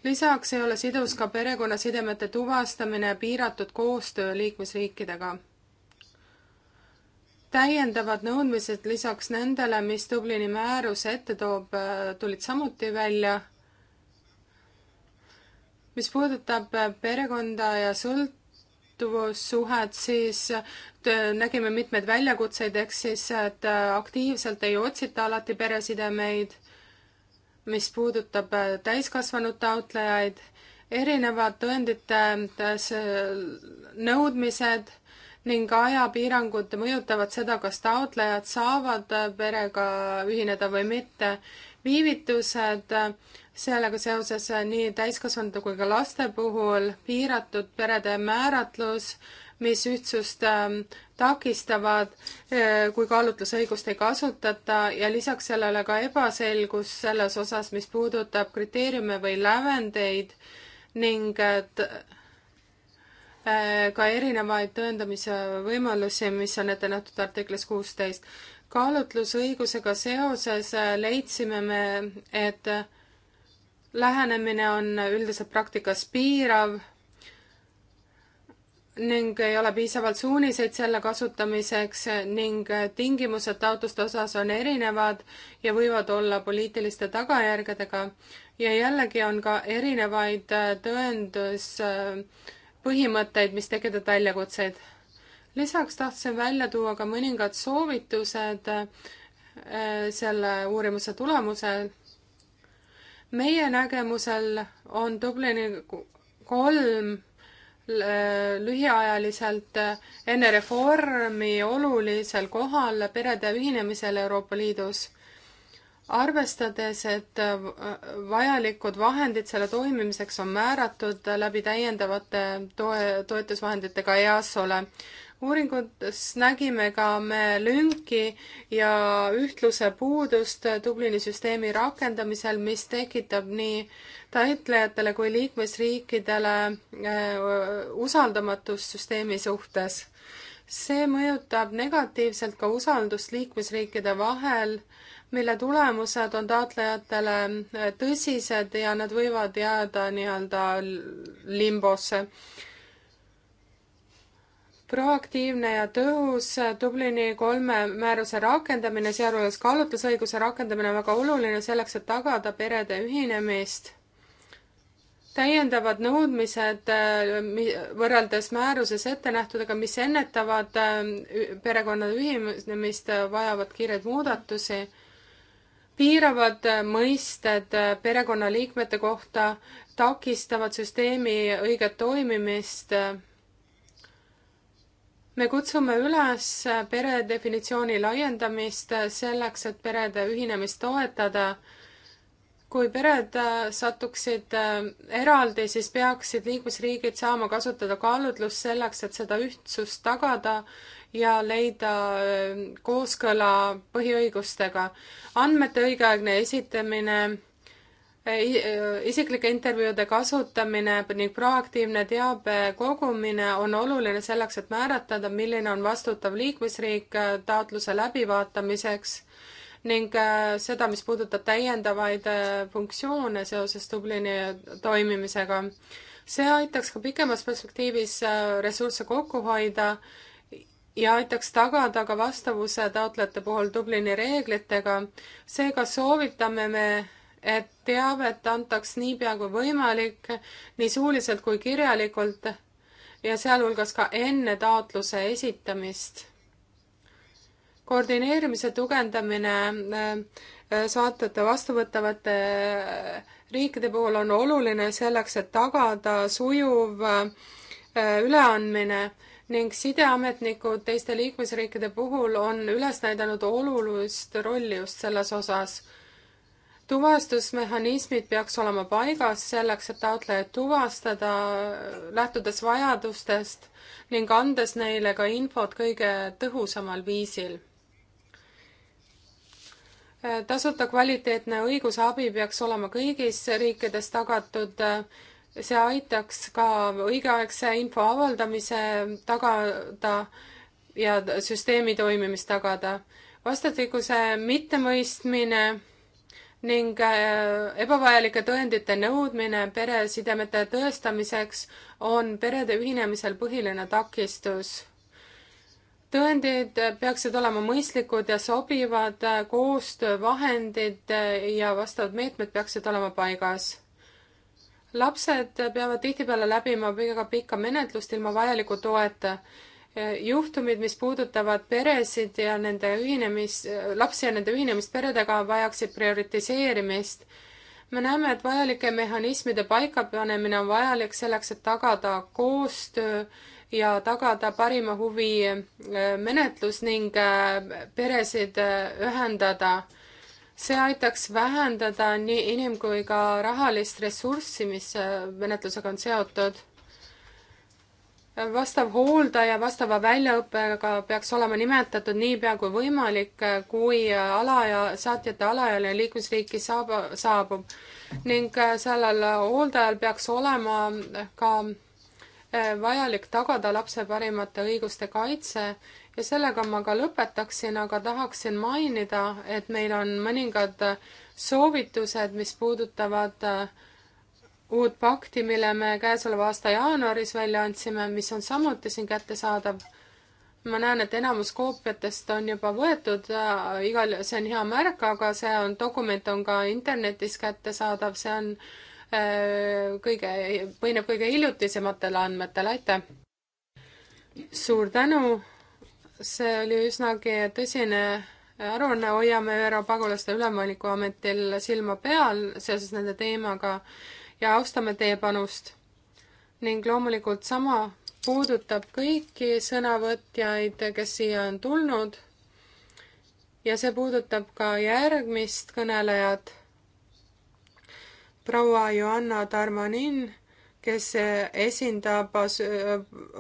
lisaks ei ole sidus ka perekonnasidemete tuvastamine piiratud koostöö liikmesriikidega. täiendavad nõudmised lisaks nendele, mis Dublini määrus ette toob, tulid samuti välja mis puudutab perekonda ja sõlt-, liituvussuhed, siis äh, nägime mitmeid väljakutseid, ehk siis, et äh, aktiivselt ei otsita alati peresidemeid, mis puudutab äh, täiskasvanud taotlejaid, erinevad tõendite nõudmised ning ajapiirangud mõjutavad seda, kas taotlejad saavad perega ühineda või mitte. viivitused sellega seoses nii täiskasvanute kui ka laste puhul piiratud perede määratlus, mis ühtsust ähm, takistavad, äh, kui kaalutlusõigust ei kasutata ja lisaks sellele ka ebaselgus selles osas, mis puudutab kriteeriume või lävendeid ning äh, ka erinevaid tõendamise võimalusi, mis on ette nähtud artiklis kuusteist. kaalutlusõigusega seoses äh, leidsime me, et lähenemine on üldiselt praktikas piirav ning ei ole piisavalt suuniseid selle kasutamiseks ning tingimused taotluste osas on erinevad ja võivad olla poliitiliste tagajärgedega ja jällegi on ka erinevaid äh, tõenduspõhimõtteid, äh, mis tekitavad väljakutseid. lisaks tahtsin välja tuua ka mõningad soovitused äh, selle uurimuse tulemusel meie nägemusel on Dublini kolm äh, lühiajaliselt äh, enne reformi olulisel kohal perede ühinemisel Euroopa Liidus. arvestades, et äh, vajalikud vahendid selle toimimiseks on määratud läbi täiendavate toe, toetusvahenditega EASO-le, uuringutes nägime ka me lünki ja ühtluse puudust Dublini süsteemi rakendamisel, mis tekitab nii taotlejatele kui liikmesriikidele eh, usaldamatust süsteemi suhtes see mõjutab negatiivselt ka usaldust liikmesriikide vahel, mille tulemused on taotlejatele eh, tõsised ja nad võivad jääda nii-öelda limbosse proaktiivne ja tõhus Dublini kolme määruse rakendamine, sealhulgas kaalutlusõiguse rakendamine, väga oluline selleks, et tagada perede ühinemist. täiendavad nõudmised äh, võrreldes määruses ettenähtudega, mis ennetavad äh, perekonnade ühinemist, äh, vajavad kiireid muudatusi piiravad mõisted perekonnaliikmete kohta, takistavad süsteemi õiget toimimist me kutsume üles pere definitsiooni laiendamist selleks, et perede ühinemist toetada. kui pered satuksid äh, eraldi, siis peaksid liikmesriigid saama kasutada kaalutlust selleks, et seda ühtsust tagada ja leida äh, kooskõla põhiõigustega. andmete õigeaegne esitamine E, isiklike intervjuude kasutamine ning proaktiivne teabe kogumine on oluline selleks, et määratleda, milline on vastutav liikmesriik e, taotluse läbivaatamiseks ning e, seda, mis puudutab täiendavaid funktsioone seoses Dublini toimimisega. see aitaks ka pikemas perspektiivis ressursse kokku hoida ja aitaks tagada ka vastavuse taotlejate puhul Dublini reeglitega. seega soovitame me et teavet antaks niipea kui võimalik, nii suuliselt kui kirjalikult ja sealhulgas ka enne taotluse esitamist. koordineerimise tugevdamine äh, saatjate vastuvõtavate äh, riikide puhul on oluline selleks, et tagada sujuv äh, üleandmine ning sideametnikud teiste liikmesriikide puhul on üles näidanud olulist rolli just selles osas tuvastusmehhanismid peaks olema paigas selleks, et taotlejaid tuvastada, lähtudes vajadustest ning andes neile ka infot kõige tõhusamal viisil. tasuta kvaliteetne õigusabi peaks olema kõigis riikides tagatud. see aitaks ka õigeaegse info avaldamise tagada ja süsteemi toimimist tagada. vastastikuse mittemõistmine ning äh, ebavajalike tõendite nõudmine peresidemete tõestamiseks on perede ühinemisel põhiline takistus. tõendid peaksid olema mõistlikud ja sobivad, äh, koostöövahendid äh, ja vastavad meetmed peaksid olema paigas. lapsed peavad tihtipeale läbima väga pika menetlust ilma vajaliku toeta juhtumid, mis puudutavad peresid ja nende ühinemist, lapsi ja nende ühinemist peredega, vajaksid prioritiseerimist. me näeme, et vajalike mehhanismide paikapanemine on vajalik selleks, et tagada koostöö ja tagada parima huvi äh, menetlus ning äh, peresid äh, ühendada. see aitaks vähendada nii inim- kui ka rahalist ressurssi, mis menetlusega on seotud vastav hooldaja vastava väljaõppega peaks olema nimetatud niipea kui võimalik, kui alaja, saatjate alaealine liikmesriiki saab, saabub. ning äh, sellel hooldajal peaks olema ka äh, vajalik tagada lapse parimate õiguste kaitse ja sellega ma ka lõpetaksin, aga tahaksin mainida, et meil on mõningad soovitused, mis puudutavad äh, uut pakti, mille me käesoleva aasta jaanuaris välja andsime, mis on samuti siin kättesaadav. ma näen, et enamus koopiatest on juba võetud, igal, see on hea märk, aga see on, dokument on ka internetis kättesaadav, see on äh, kõige, põhineb kõige hiljutisematel andmetel, aitäh! suur tänu, see oli üsnagi tõsine aruanne, hoiame ÜRO pagulaste ülemvoliniku ametil silma peal seoses nende teemaga ja austame teie panust. ning loomulikult sama puudutab kõiki sõnavõtjaid, kes siia on tulnud. ja see puudutab ka järgmist kõnelejat, proua Johanna Tarmanin, kes esindab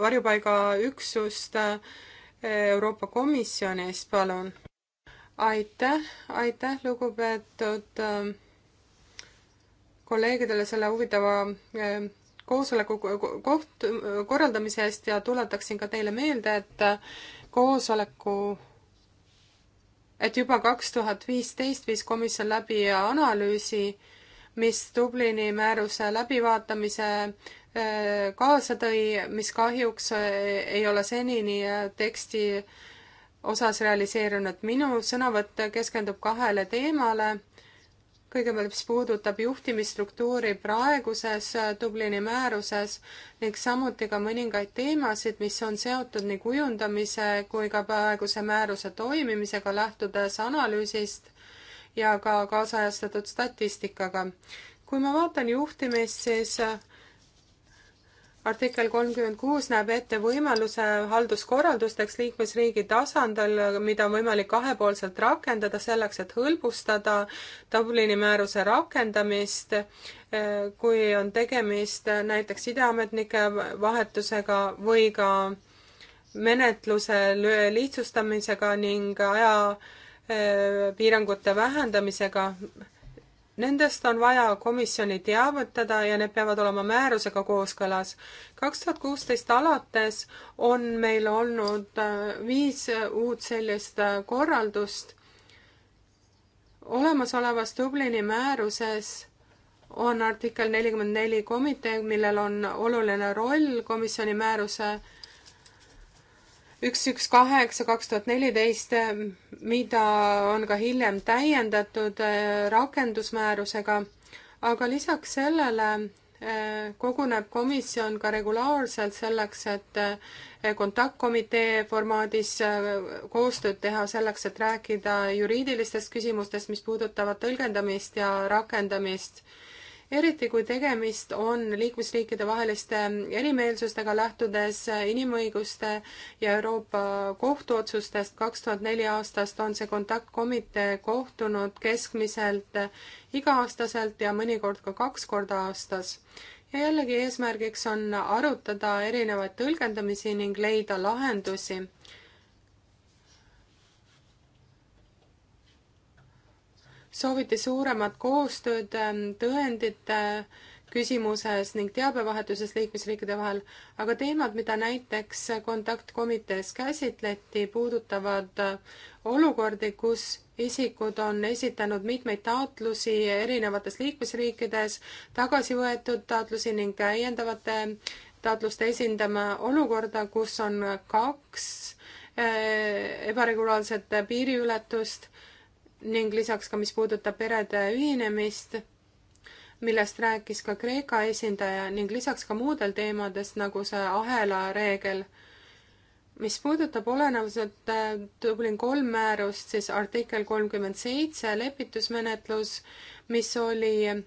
varjupaigaüksust äh, Euroopa Komisjonis, palun. aitäh, aitäh, lugupeetud äh, kolleegidele selle huvitava eh, koosoleku koht, korraldamise eest ja tuletaksin ka teile meelde, et eh, koosoleku, et juba kaks tuhat viisteist viis komisjon läbi analüüsi, mis Dublini määruse läbivaatamise eh, kaasa tõi, mis kahjuks ei ole senini teksti osas realiseerunud. minu sõnavõtt keskendub kahele teemale kõigepealt, mis puudutab juhtimisstruktuuri praeguses äh, Dublini määruses ning samuti ka mõningaid teemasid, mis on seotud nii kujundamise kui ka praeguse määruse toimimisega, lähtudes analüüsist ja ka kaasajastatud statistikaga. kui ma vaatan juhtimist, siis äh, artikkel kolmkümmend kuus näeb ette võimaluse halduskorraldusteks liikmesriigi tasandil, mida on võimalik kahepoolselt rakendada selleks, et hõlbustada Dublini määruse rakendamist, eh, kui on tegemist näiteks sideametnike vahetusega või ka menetluse lihtsustamisega ning ajapiirangute eh, vähendamisega Nendest on vaja komisjoni teavitada ja need peavad olema määrusega kooskõlas. kaks tuhat kuusteist alates on meil olnud äh, viis uut sellist äh, korraldust. olemasolevas Dublini määruses on artikkel nelikümmend neli komitee, millel on oluline roll komisjoni määruse üks, üks, kaheksa, kaks tuhat neliteist, mida on ka hiljem täiendatud äh, rakendusmäärusega, aga lisaks sellele äh, koguneb komisjon ka regulaarselt selleks, et äh, kontaktkomitee formaadis koostööd teha, selleks et rääkida juriidilistest küsimustest, mis puudutavad tõlgendamist ja rakendamist eriti kui tegemist on liikmesriikide vaheliste erimeelsustega, lähtudes inimõiguste ja Euroopa kohtuotsustest kaks tuhat neli aastast on see kontaktkomitee kohtunud keskmiselt iga-aastaselt ja mõnikord ka kaks korda aastas. ja jällegi eesmärgiks on arutada erinevaid tõlgendamisi ning leida lahendusi sooviti suuremat koostööd ähm, tõendite küsimuses ning teabevahetuses liikmesriikide vahel, aga teemad, mida näiteks kontaktkomitees käsitleti, puudutavad äh, olukordi, kus isikud on esitanud mitmeid taotlusi erinevates liikmesriikides, tagasi võetud taotlusi ning täiendavate taotluste esindama olukorda, kus on kaks äh, ebaregulaarset piiriületust ning lisaks ka, mis puudutab perede ühinemist, millest rääkis ka Kreeka esindaja ning lisaks ka muudel teemadest, nagu see ahela reegel. mis puudutab olenevalt Dublin äh, kolm määrust, siis artikkel kolmkümmend seitse lepitusmenetlus, mis oli äh,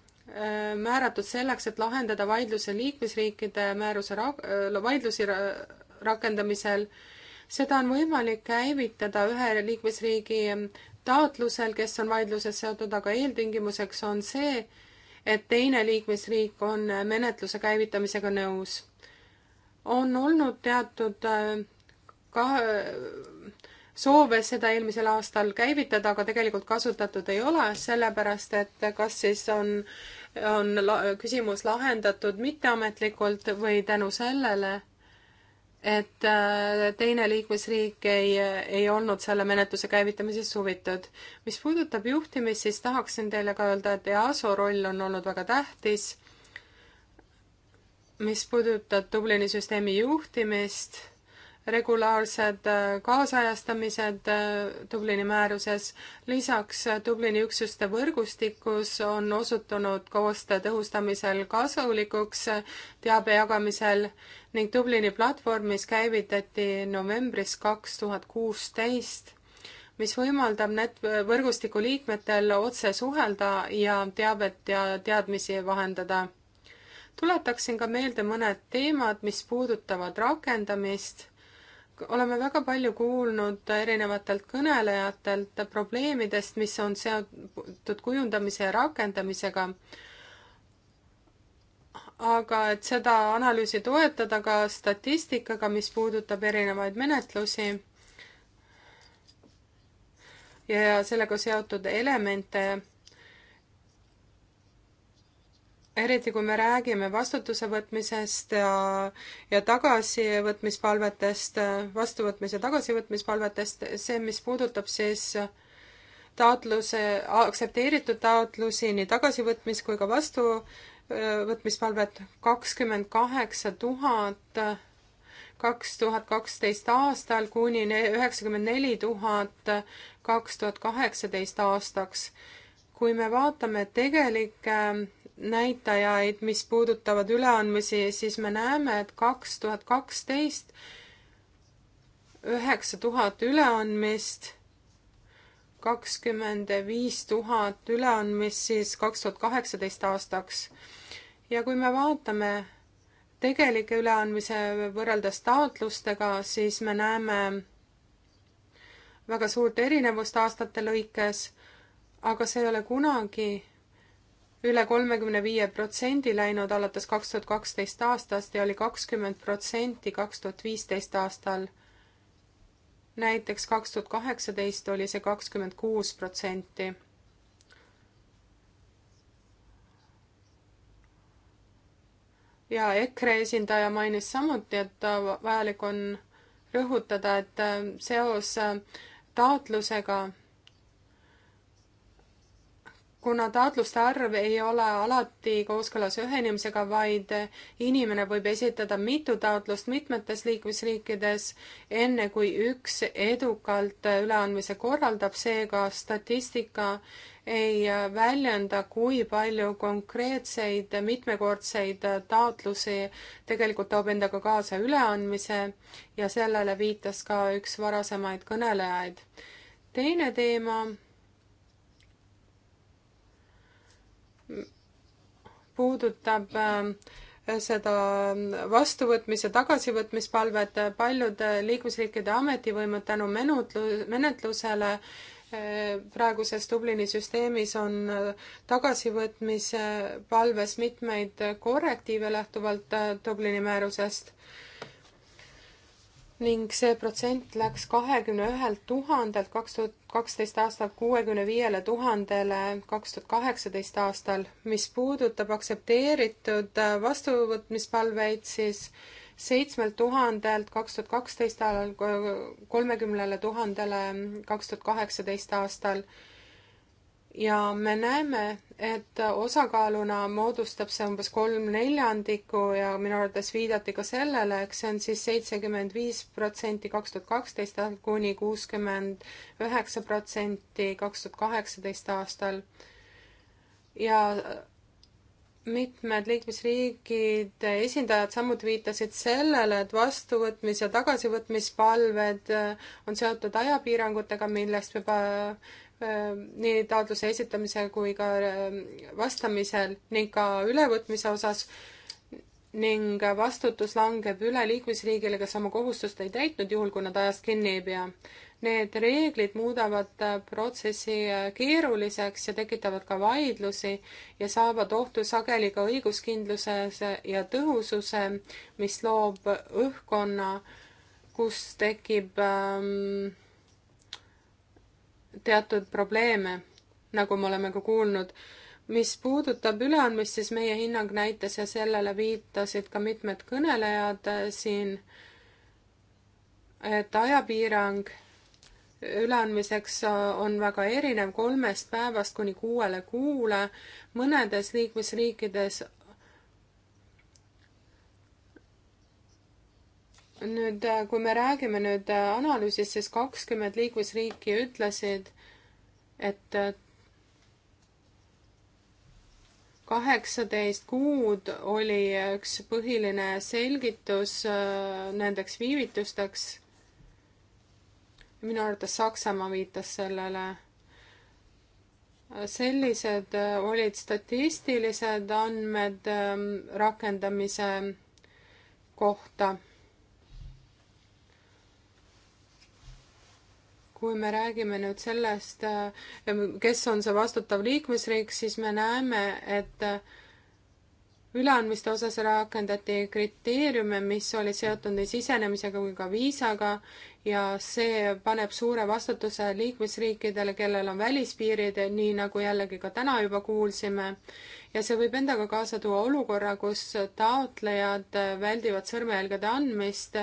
määratud selleks, et lahendada vaidluse liikmesriikide määruse ra-, äh, vaidlusi ra rakendamisel, seda on võimalik käivitada ühe liikmesriigi taotlusel, kes on vaidluses seotud, aga eeltingimuseks on see, et teine liikmesriik on menetluse käivitamisega nõus. on olnud teatud äh, ka soove seda eelmisel aastal käivitada, aga tegelikult kasutatud ei ole, sellepärast et kas siis on, on la küsimus lahendatud mitteametlikult või tänu sellele et äh, teine liikmesriik ei, ei olnud selle menetluse käivitamisest huvitud. mis puudutab juhtimist, siis tahaksin teile ka öelda, et EASO roll on olnud väga tähtis. mis puudutab Dublini süsteemi juhtimist regulaarsed äh, kaasajastamised äh, Dublini määruses. lisaks äh, Dublini üksuste võrgustikus on osutunud koostöö tõhustamisel kasulikuks teabe jagamisel ning Dublini platvormis käivitati novembris kaks tuhat kuusteist, mis võimaldab net-, võrgustiku liikmetel otse suhelda ja teavet ja teadmisi vahendada tuletaksin ka meelde mõned teemad, mis puudutavad rakendamist oleme väga palju kuulnud erinevatelt kõnelejatelt probleemidest, mis on seotud kujundamise ja rakendamisega. aga et seda analüüsi toetada ka statistikaga, mis puudutab erinevaid menetlusi ja sellega seotud elemente eriti kui me räägime vastutuse võtmisest ja, ja tagasivõtmispalvetest, vastuvõtmise tagasivõtmispalvetest, see, mis puudutab siis taotluse, aktsepteeritud taotlusi, nii tagasivõtmis- kui ka vastuvõtmispalvet, kakskümmend kaheksa tuhat kaks tuhat kaksteist aastal kuni üheksakümmend neli tuhat kaks tuhat kaheksateist aastaks. kui me vaatame tegelikke näitajaid, mis puudutavad üleandmisi, siis me näeme, et kaks tuhat kaksteist üheksa tuhat üleandmist, kakskümmend viis tuhat üleandmist siis kaks tuhat kaheksateist aastaks. ja kui me vaatame tegelikke üleandmise võrreldes taotlustega, siis me näeme väga suurt erinevust aastate lõikes, aga see ei ole kunagi üle kolmekümne viie protsendi läinud alates kaks tuhat kaksteist aastast ja oli kakskümmend protsenti kaks tuhat viisteist aastal. näiteks kaks tuhat kaheksateist oli see kakskümmend kuus protsenti. ja EKRE esindaja mainis samuti, et vajalik on rõhutada, et seos taotlusega kuna taotluste arv ei ole alati kooskõlas ühenemisega, vaid inimene võib esitada mitu taotlust mitmetes liikmesriikides, enne kui üks edukalt üleandmise korraldab, seega statistika ei väljenda, kui palju konkreetseid mitmekordseid taotlusi tegelikult toob endaga kaasa üleandmise ja sellele viitas ka üks varasemaid kõnelejaid. teine teema puudutab äh, seda vastuvõtmise, tagasivõtmispalvet, paljud liikmesriikide ametivõimud tänu menutlu-, menetlusele äh, praeguses Dublini süsteemis on äh, tagasivõtmise palves mitmeid korrektiive lähtuvalt Dublini määrusest ning see protsent läks kahekümne ühelt tuhandelt kaks tuhat kaksteist aastal kuuekümne viiele tuhandele kaks tuhat kaheksateist aastal. mis puudutab aktsepteeritud äh, vastuvõtmispalveid, siis seitsmelt tuhandelt kaks tuhat kaksteist aastal kolmekümnele tuhandele kaks tuhat kaheksateist aastal ja me näeme, et osakaaluna moodustab see umbes kolm neljandikku ja minu arvates viidati ka sellele, eks see on siis seitsekümmend viis protsenti kaks tuhat kaksteist aastal kuni kuuskümmend üheksa protsenti kaks tuhat kaheksateist aastal. ja mitmed liikmesriigid esindajad samuti viitasid sellele, et vastuvõtmis- ja tagasivõtmispalved on seotud ajapiirangutega, millest peab Ähm, nii taotluse esitamise kui ka ähm, vastamisel ning ka ülevõtmise osas ning vastutus langeb üle liikmesriigile, kes oma kohustust ei täitnud, juhul kui nad ajast kinni ei pea. Need reeglid muudavad äh, protsessi äh, keeruliseks ja tekitavad ka vaidlusi ja saavad ohtu sageli ka õiguskindluse ja tõhususe, mis loob õhkkonna, kus tekib ähm, teatud probleeme, nagu me oleme ka kuulnud. mis puudutab üleandmist, siis meie hinnang näitas ja sellele viitasid ka mitmed kõnelejad äh, siin, et ajapiirang üleandmiseks äh, on väga erinev kolmest päevast kuni kuuele kuule. mõnedes liikmesriikides nüüd, äh, kui me räägime nüüd äh, analüüsist, siis kakskümmend liikmesriiki ütlesid, et äh, kaheksateist kuud oli üks põhiline selgitus nendeks viivitusteks. minu arvates Saksamaa viitas sellele. sellised olid statistilised andmed ähm, rakendamise kohta kui me räägime nüüd sellest, äh, kes on see vastutav liikmesriik, siis me näeme, et äh, üleandmiste osas rakendati kriteeriume, mis olid seotud nii sisenemisega kui ka viisaga ja see paneb suure vastutuse liikmesriikidele, kellel on välispiirid, nii nagu jällegi ka täna juba kuulsime. ja see võib endaga kaasa tuua olukorra, kus taotlejad väldivad sõrmejälgede andmist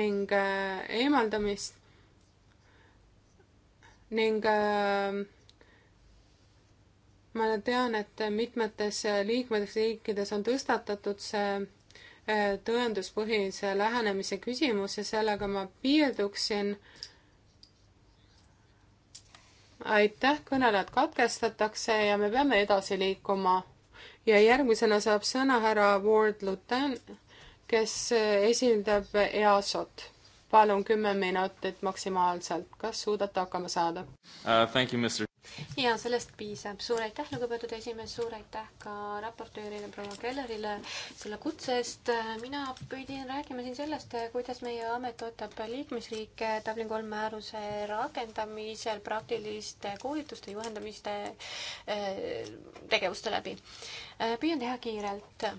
ning äh, eemaldamist ning äh, ma tean, et mitmetes liikmesriikides on tõstatatud see äh, tõenduspõhise lähenemise küsimus ja sellega ma piirduksin. aitäh, kõnelejad katkestatakse ja me peame edasi liikuma. ja järgmisena saab sõna härra Ward Lutten, kes äh, esindab EASO-t palun kümme minutit maksimaalselt, kas suudate hakkama saada uh,? Thank you, Mr. ja sellest piisab. suur aitäh, lugupeetud esimees, suur aitäh ka raportöörile proua Kellerile selle kutse eest. mina pidin rääkima siin sellest, kuidas meie amet ootab liikmesriike Dublin kolm määruse rakendamisel praktiliste koolituste juhendamiste eh, tegevuste läbi. Eh, püüan teha kiirelt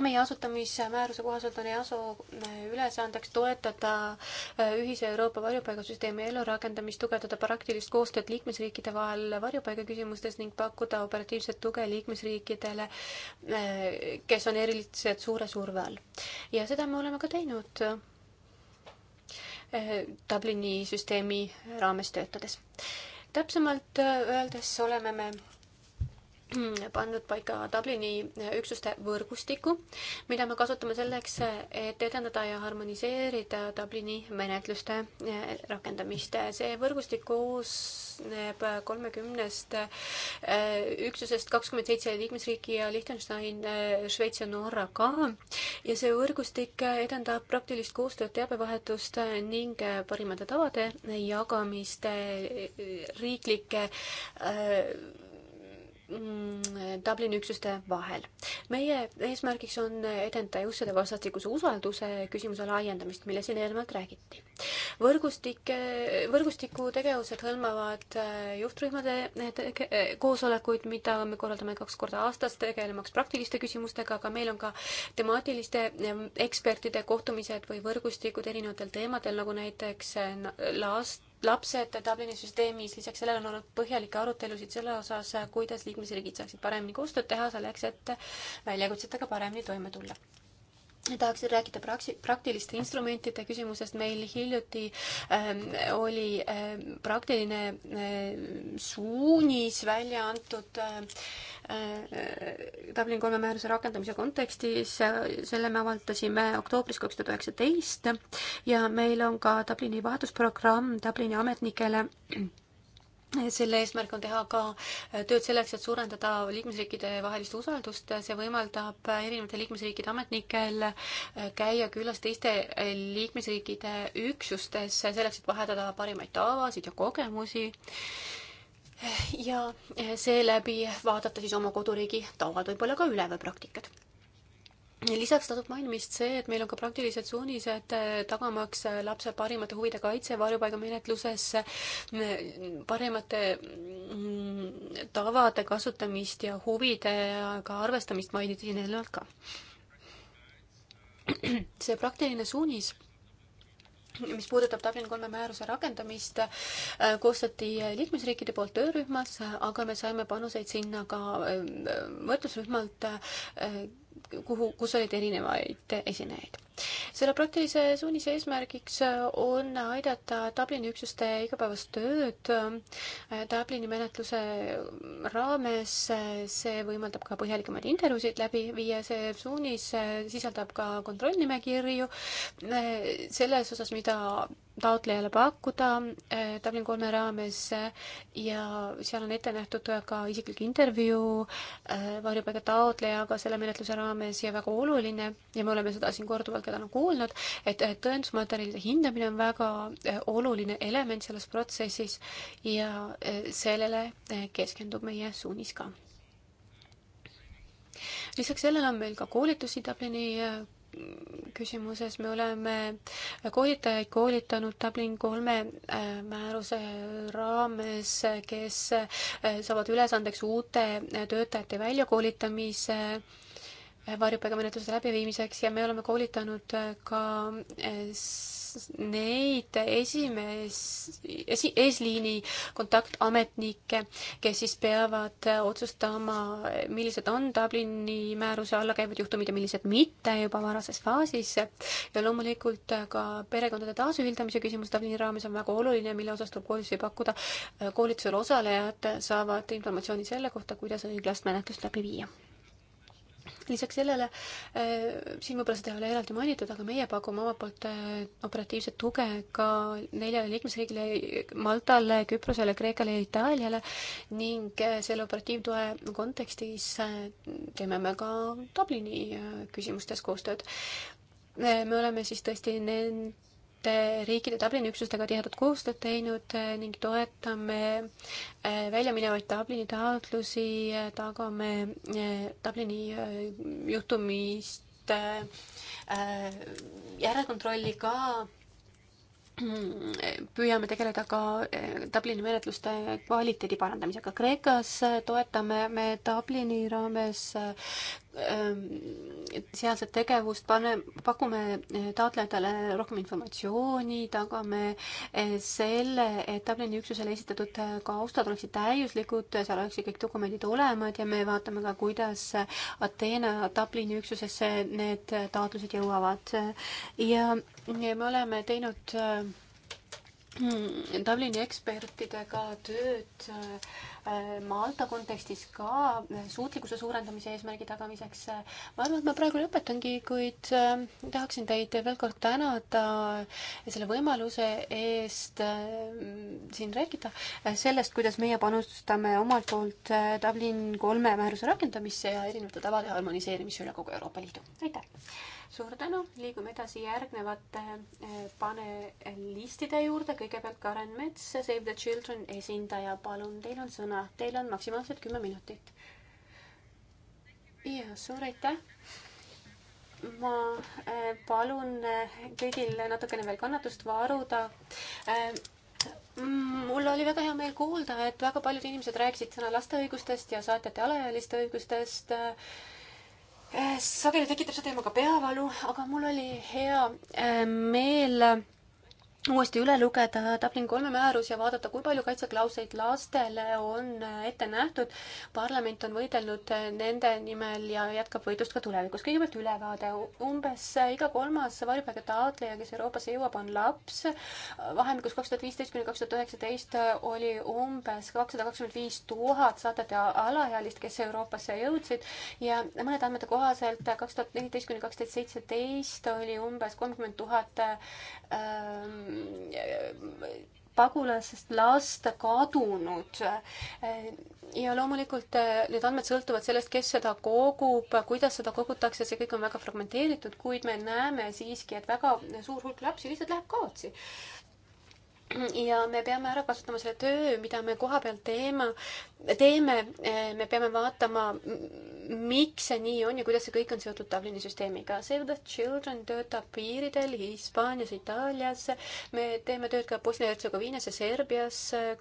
meie asutamismääruse kohaselt on EASO äh, ülesandeks toetada äh, ühise Euroopa varjupaigasüsteemi ellurakendamist, tugevdada praktilist koostööd liikmesriikide vahel varjupaigaküsimustes ning pakkuda operatiivset tuge liikmesriikidele, äh, kes on eriliselt suure surve all. ja seda me oleme ka teinud Dublini süsteemi raames töötades täpsemalt öeldes oleme me pandud paika Dublini üksuste võrgustiku, mida me kasutame selleks, et edendada ja harmoniseerida Dublini menetluste eh, rakendamist. see võrgustik koosneb kolmekümnest eh, üksusest, kakskümmend seitse liikmesriiki ja Liechtenstein, eh, Šveits ja Norra ka. ja see võrgustik edendab praktilist koostööd, teabevahetust ning parimate tavade jagamist riiklike Mm, Dublini üksuste vahel. meie eesmärgiks on edendada just selle vastastikuse usalduse küsimuse laiendamist, millest siin eelnevalt räägiti. võrgustik, võrgustiku tegevused hõlmavad äh, juhtrühmade äh, äh, koosolekuid, mida me korraldame kaks korda aastas, tegelemaks praktiliste küsimustega, aga meil on ka temaatiliste ekspertide kohtumised või võrgustikud erinevatel teemadel, nagu näiteks last, lapsed Dublini süsteemis, lisaks sellele on olnud põhjalikke arutelusid selle osas, kuidas liikmesriigid saaksid paremini koostööd teha selleks, et väljakutsetega paremini toime tulla tahaksin rääkida praksi-, praktiliste instrumentide küsimusest, meil hiljuti ähm, oli ähm, praktiline äh, suunis välja antud äh, äh, Dublin kolme määruse rakendamise kontekstis, selle me avaldasime oktoobris kaks tuhat üheksateist ja meil on ka Dublini vahetusprogramm Dublini ametnikele äh, selle eesmärk on teha ka äh, tööd selleks, et suurendada liikmesriikide vahelist usaldust, see võimaldab erinevate liikmesriikide ametnikel äh, käia külas teiste äh, liikmesriikide üksustes, selleks et vahetada parimaid tavasid ja kogemusi ja seeläbi vaadata siis oma koduriigi tavad võib-olla ka üle või praktikad lisaks tasub mainimist see, et meil on ka praktilised suunised eh, tagamaks eh, lapse parimate huvide kaitse varjupaigamenetluses, mm, paremate mm, tavade kasutamist ja huvidega arvestamist mainiti siin eelnevalt ka. see praktiline suunis mis puudutab Dublin kolme määruse rakendamist, eh, koostati liikmesriikide poolt töörühmas, aga me saime panuseid sinna ka võrdlusrühmalt kuhu, kus olid erinevaid esinejaid selle praktilise suunise eesmärgiks äh, on aidata Dublini üksuste igapäevast tööd äh, Dublini menetluse raames. Äh, see võimaldab ka põhjalikumaid intervjuusid läbi viia, see suunis sisaldab ka kontrollnimekirju selles osas, mida taotlejale pakkuda Dublin kolme raames ja seal on ette nähtud ka isiklik intervjuu varjupaiga taotlejaga selle menetluse raames ja väga oluline ja me oleme seda siin korduvalt ka seda olen nagu kuulnud, et tõendusmaterjalide hindamine on väga eh, oluline element selles protsessis ja eh, sellele eh, keskendub meie suunis ka. lisaks sellele on meil ka koolitusdistsipliini küsimuses me oleme koolitajaid koolitanud Dublin kolme määruse raames, kes saavad ülesandeks uute töötajate väljakoolitamise varjupaigamenetluse läbiviimiseks ja me oleme koolitanud äh, ka äh, neid esimees, esi-, eesliini kontaktametnikke, kes siis peavad äh, otsustama, millised on Dublini määruse alla käivad juhtumid ja millised mitte juba varases faasis. ja loomulikult ka perekondade taasühildamise küsimus Dublini raames on väga oluline, mille osas tuleb koolitusi pakkuda. koolitusel osalejad saavad informatsiooni selle kohta, kuidas õiglast menetlust läbi viia lisaks sellele, äh, siin võib-olla seda ei ole eraldi mainitud, aga meie pakume omalt poolt äh, operatiivset tuge ka neljale liikmesriigile, Maltale, Küprosele, Kreekale ja Itaaliale ning äh, selle operatiivtoe kontekstis teeme me ka Dublini küsimustes koostööd. me oleme siis tõesti nende Eh, riikide Dublini üksustega tihedat koostööd teinud eh, ning toetame eh, väljaminevaid Dublini taotlusi, tagame Dublini juhtumist järelkontrolli ka püüame tegeleda ka Dublini menetluste kvaliteedi parandamisega. Kreekas toetame me Dublini raames Ähm, sealset tegevust, pane, pakume äh, taotlejatele rohkem informatsiooni, tagame äh, selle, et Dublini üksusele esitatud äh, kaustad oleksid täiuslikud, seal oleksid kõik dokumendid olemas ja me vaatame ka, kuidas Ateena Dublini üksusesse need taotlused jõuavad. ja me oleme teinud mm, Dublini ekspertidega tööd äh, Äh, Malta kontekstis ka äh, suutlikkuse suurendamise eesmärgi tagamiseks. Äh, ma arvan, et ma praegu lõpetangi, kuid tahaksin teid veel kord tänada selle võimaluse eest siin rääkida sellest, kuidas meie panustame omalt poolt Dublin kolme määruse rakendamisse ja erinevate tavade harmoniseerimisse üle kogu Euroopa Liidu. aitäh! suur tänu, liigume edasi järgnevate eh, panelistide juurde, kõigepealt Karen Mets, Save the Children esindaja, palun, teil on sõna, teil on maksimaalselt kümme minutit. ja suur aitäh ma eh, palun eh, kõigil natukene veel kannatust varuda. Mm, mul oli väga hea meel kuulda, et väga paljud inimesed rääkisid sõna laste õigustest ja saatjate alaealiste õigustest Äh, sageli tekitab see teema ka peavalu, aga mul oli hea äh, meel uuesti üle lugeda Dublin kolme määrus ja vaadata, kui palju kaitseklauseid lastele on ette nähtud. parlament on võidelnud nende nimel ja jätkab võitlust ka tulevikus. kõigepealt ülevaade. umbes iga kolmas varjupaiga taotleja, kes Euroopasse jõuab, on laps. vahemikus kaks tuhat viisteist kuni kaks tuhat üheksateist oli umbes kakssada kakskümmend viis tuhat saadet alaealist, kes Euroopasse jõudsid ja mõnede andmete kohaselt kaks tuhat neliteist kuni kaks tuhat seitseteist oli umbes kolmkümmend tuhat ähm, pagulastest last kadunud. ja loomulikult eh, need andmed sõltuvad sellest, kes seda kogub, kuidas seda kogutakse, see kõik on väga fragmenteeritud, kuid me näeme siiski, et väga suur hulk lapsi lihtsalt läheb kaotsi ja me peame ära kasutama selle töö, mida me kohapeal teeme, teeme, me peame vaatama, miks see nii on ja kuidas see kõik on seotud Dublini süsteemiga. Save the Children töötab piiridel Hispaanias, Itaalias, me teeme tööd ka Bosnia-Hertsegoviinas ja Serbias,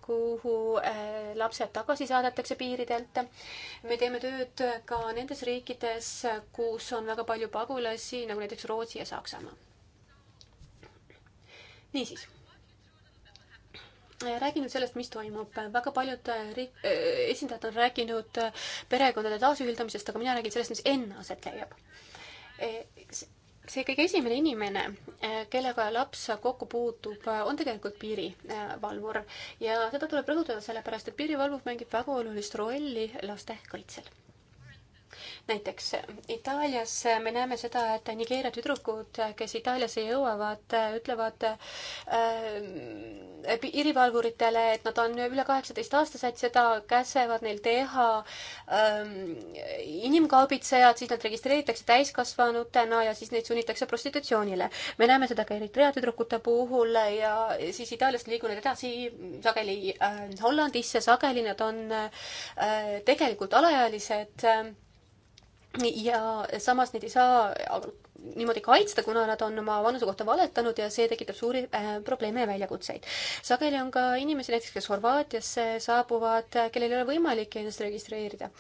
kuhu eh, lapsed tagasi saadetakse piiridelt. me teeme tööd ka nendes riikides, kus on väga palju pagulasi, nagu näiteks Rootsi ja Saksamaa. niisiis räägin nüüd sellest, mis toimub. väga paljud äh, riik, äh, esindajad on rääkinud äh, perekondade taasühildamisest, aga mina räägin sellest, mis enne aset leiab. E, see kõige esimene inimene, e, kellega laps kokku puutub, on tegelikult piirivalvur ja seda tuleb rõhutada, sellepärast et piirivalvur mängib väga olulist rolli laste kaitsel näiteks Itaalias me näeme seda, et Nigeeria tüdrukud, kes Itaaliasse jõuavad, ütlevad äh, piirivalvuritele, et nad on üle kaheksateistaastased, seda käsevad neil teha äh, inimkaubitsejad, siis nad registreeritakse täiskasvanutena ja siis neid sunnitakse prostitutsioonile. me näeme seda ka Eritrea tüdrukute puhul ja siis Itaaliast liiguvad edasi sageli äh, Hollandisse, sageli nad on äh, tegelikult alaealised äh, ja samas neid ei saa niimoodi kaitsta, kuna nad on oma vanuse kohta valetanud ja see tekitab suuri äh, probleeme ja väljakutseid. sageli on ka inimesi näiteks, kes Horvaatiasse saabuvad, kellel ei ole võimalik ennast registreerida.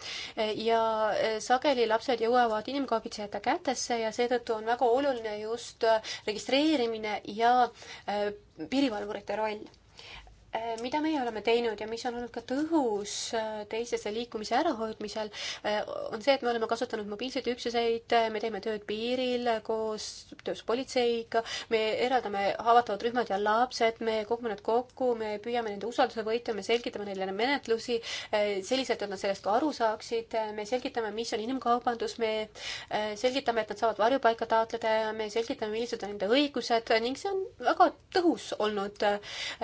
ja äh, sageli lapsed jõuavad inimkaubitsejate kätesse ja seetõttu on väga oluline just registreerimine ja äh, piirivalvurite roll Äh, mida meie oleme teinud ja mis on olnud ka tõhus äh, teisese liikumise ärahoidmisel, äh, on see, et me oleme kasutanud mobiilseid üksuseid, me teeme tööd piiril koostöös politseiga, me eraldame haavatavad rühmad ja lapsed, me kogume nad kokku, me püüame nende usalduse võita, me selgitame neile menetlusi selliselt, et nad sellest ka aru saaksid, me selgitame, mis on inimkaubandus, me selgitame, et nad saavad varjupaika taotleda ja me selgitame, millised on nende õigused ning see on väga tõhus olnud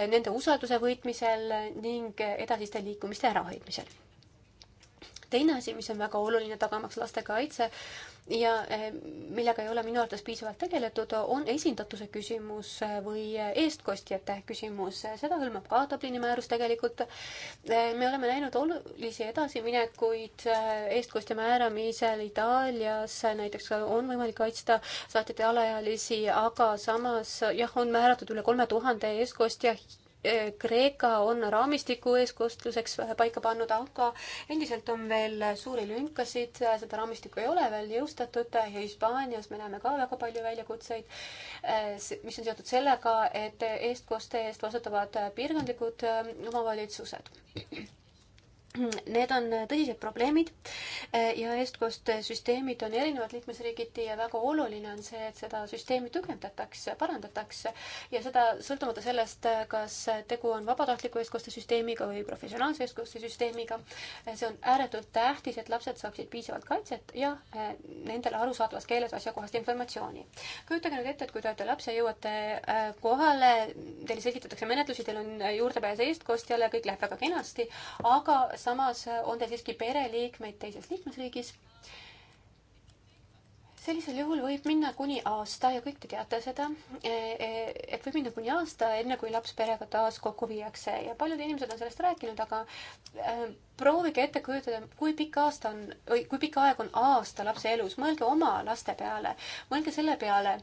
nende usalduse ülevõitmisel ning edasiste liikumiste ärahoidmisel. teine asi, mis on väga oluline tagamaks lastekaitse ja eh, millega ei ole minu arvates piisavalt tegeletud, on esindatuse küsimus või eestkostjate küsimus. seda hõlmab ka Dublini määrus tegelikult. Eh, me oleme näinud olulisi edasiminekuid eh, eestkostja määramisel Itaalias, näiteks on võimalik kaitsta saatjate alaealisi, aga samas jah, on määratud üle kolme tuhande eestkostja Kreeka on raamistiku eeskostluseks paika pannud, aga endiselt on veel suuri lünkasid, seda raamistikku ei ole veel jõustatud ja Hispaanias me näeme ka väga palju väljakutseid, mis on seotud sellega, et eestkoste eest vastutavad piirkondlikud omavalitsused Need on tõsised probleemid eh, ja eestkostsüsteemid on erinevad liikmesriigiti ja väga oluline on see, et seda süsteemi tugevdatakse, parandatakse ja seda sõltumata sellest, kas tegu on vabatahtliku eestkostesüsteemiga või professionaalse eestkostesüsteemiga. Eh, see on ääretult tähtis, et lapsed saaksid piisavalt kaitset ja eh, nendele arusaadavas keeles asjakohast informatsiooni. kujutage nüüd ette, et kui te olete laps ja jõuate kohale, teile selgitatakse menetlusi, teil on juurdepääs eestkostjale, kõik läheb väga kenasti, aga samas on teil siiski pereliikmeid teises liikmesriigis. sellisel juhul võib minna kuni aasta ja kõik te teate seda, et võib minna kuni aasta, enne kui laps perega taas kokku viiakse ja paljud inimesed on sellest rääkinud, aga äh, proovige ette kujutada, kui pikk aasta on või kui pikk aeg on aasta lapse elus, mõelge oma laste peale, mõelge selle peale,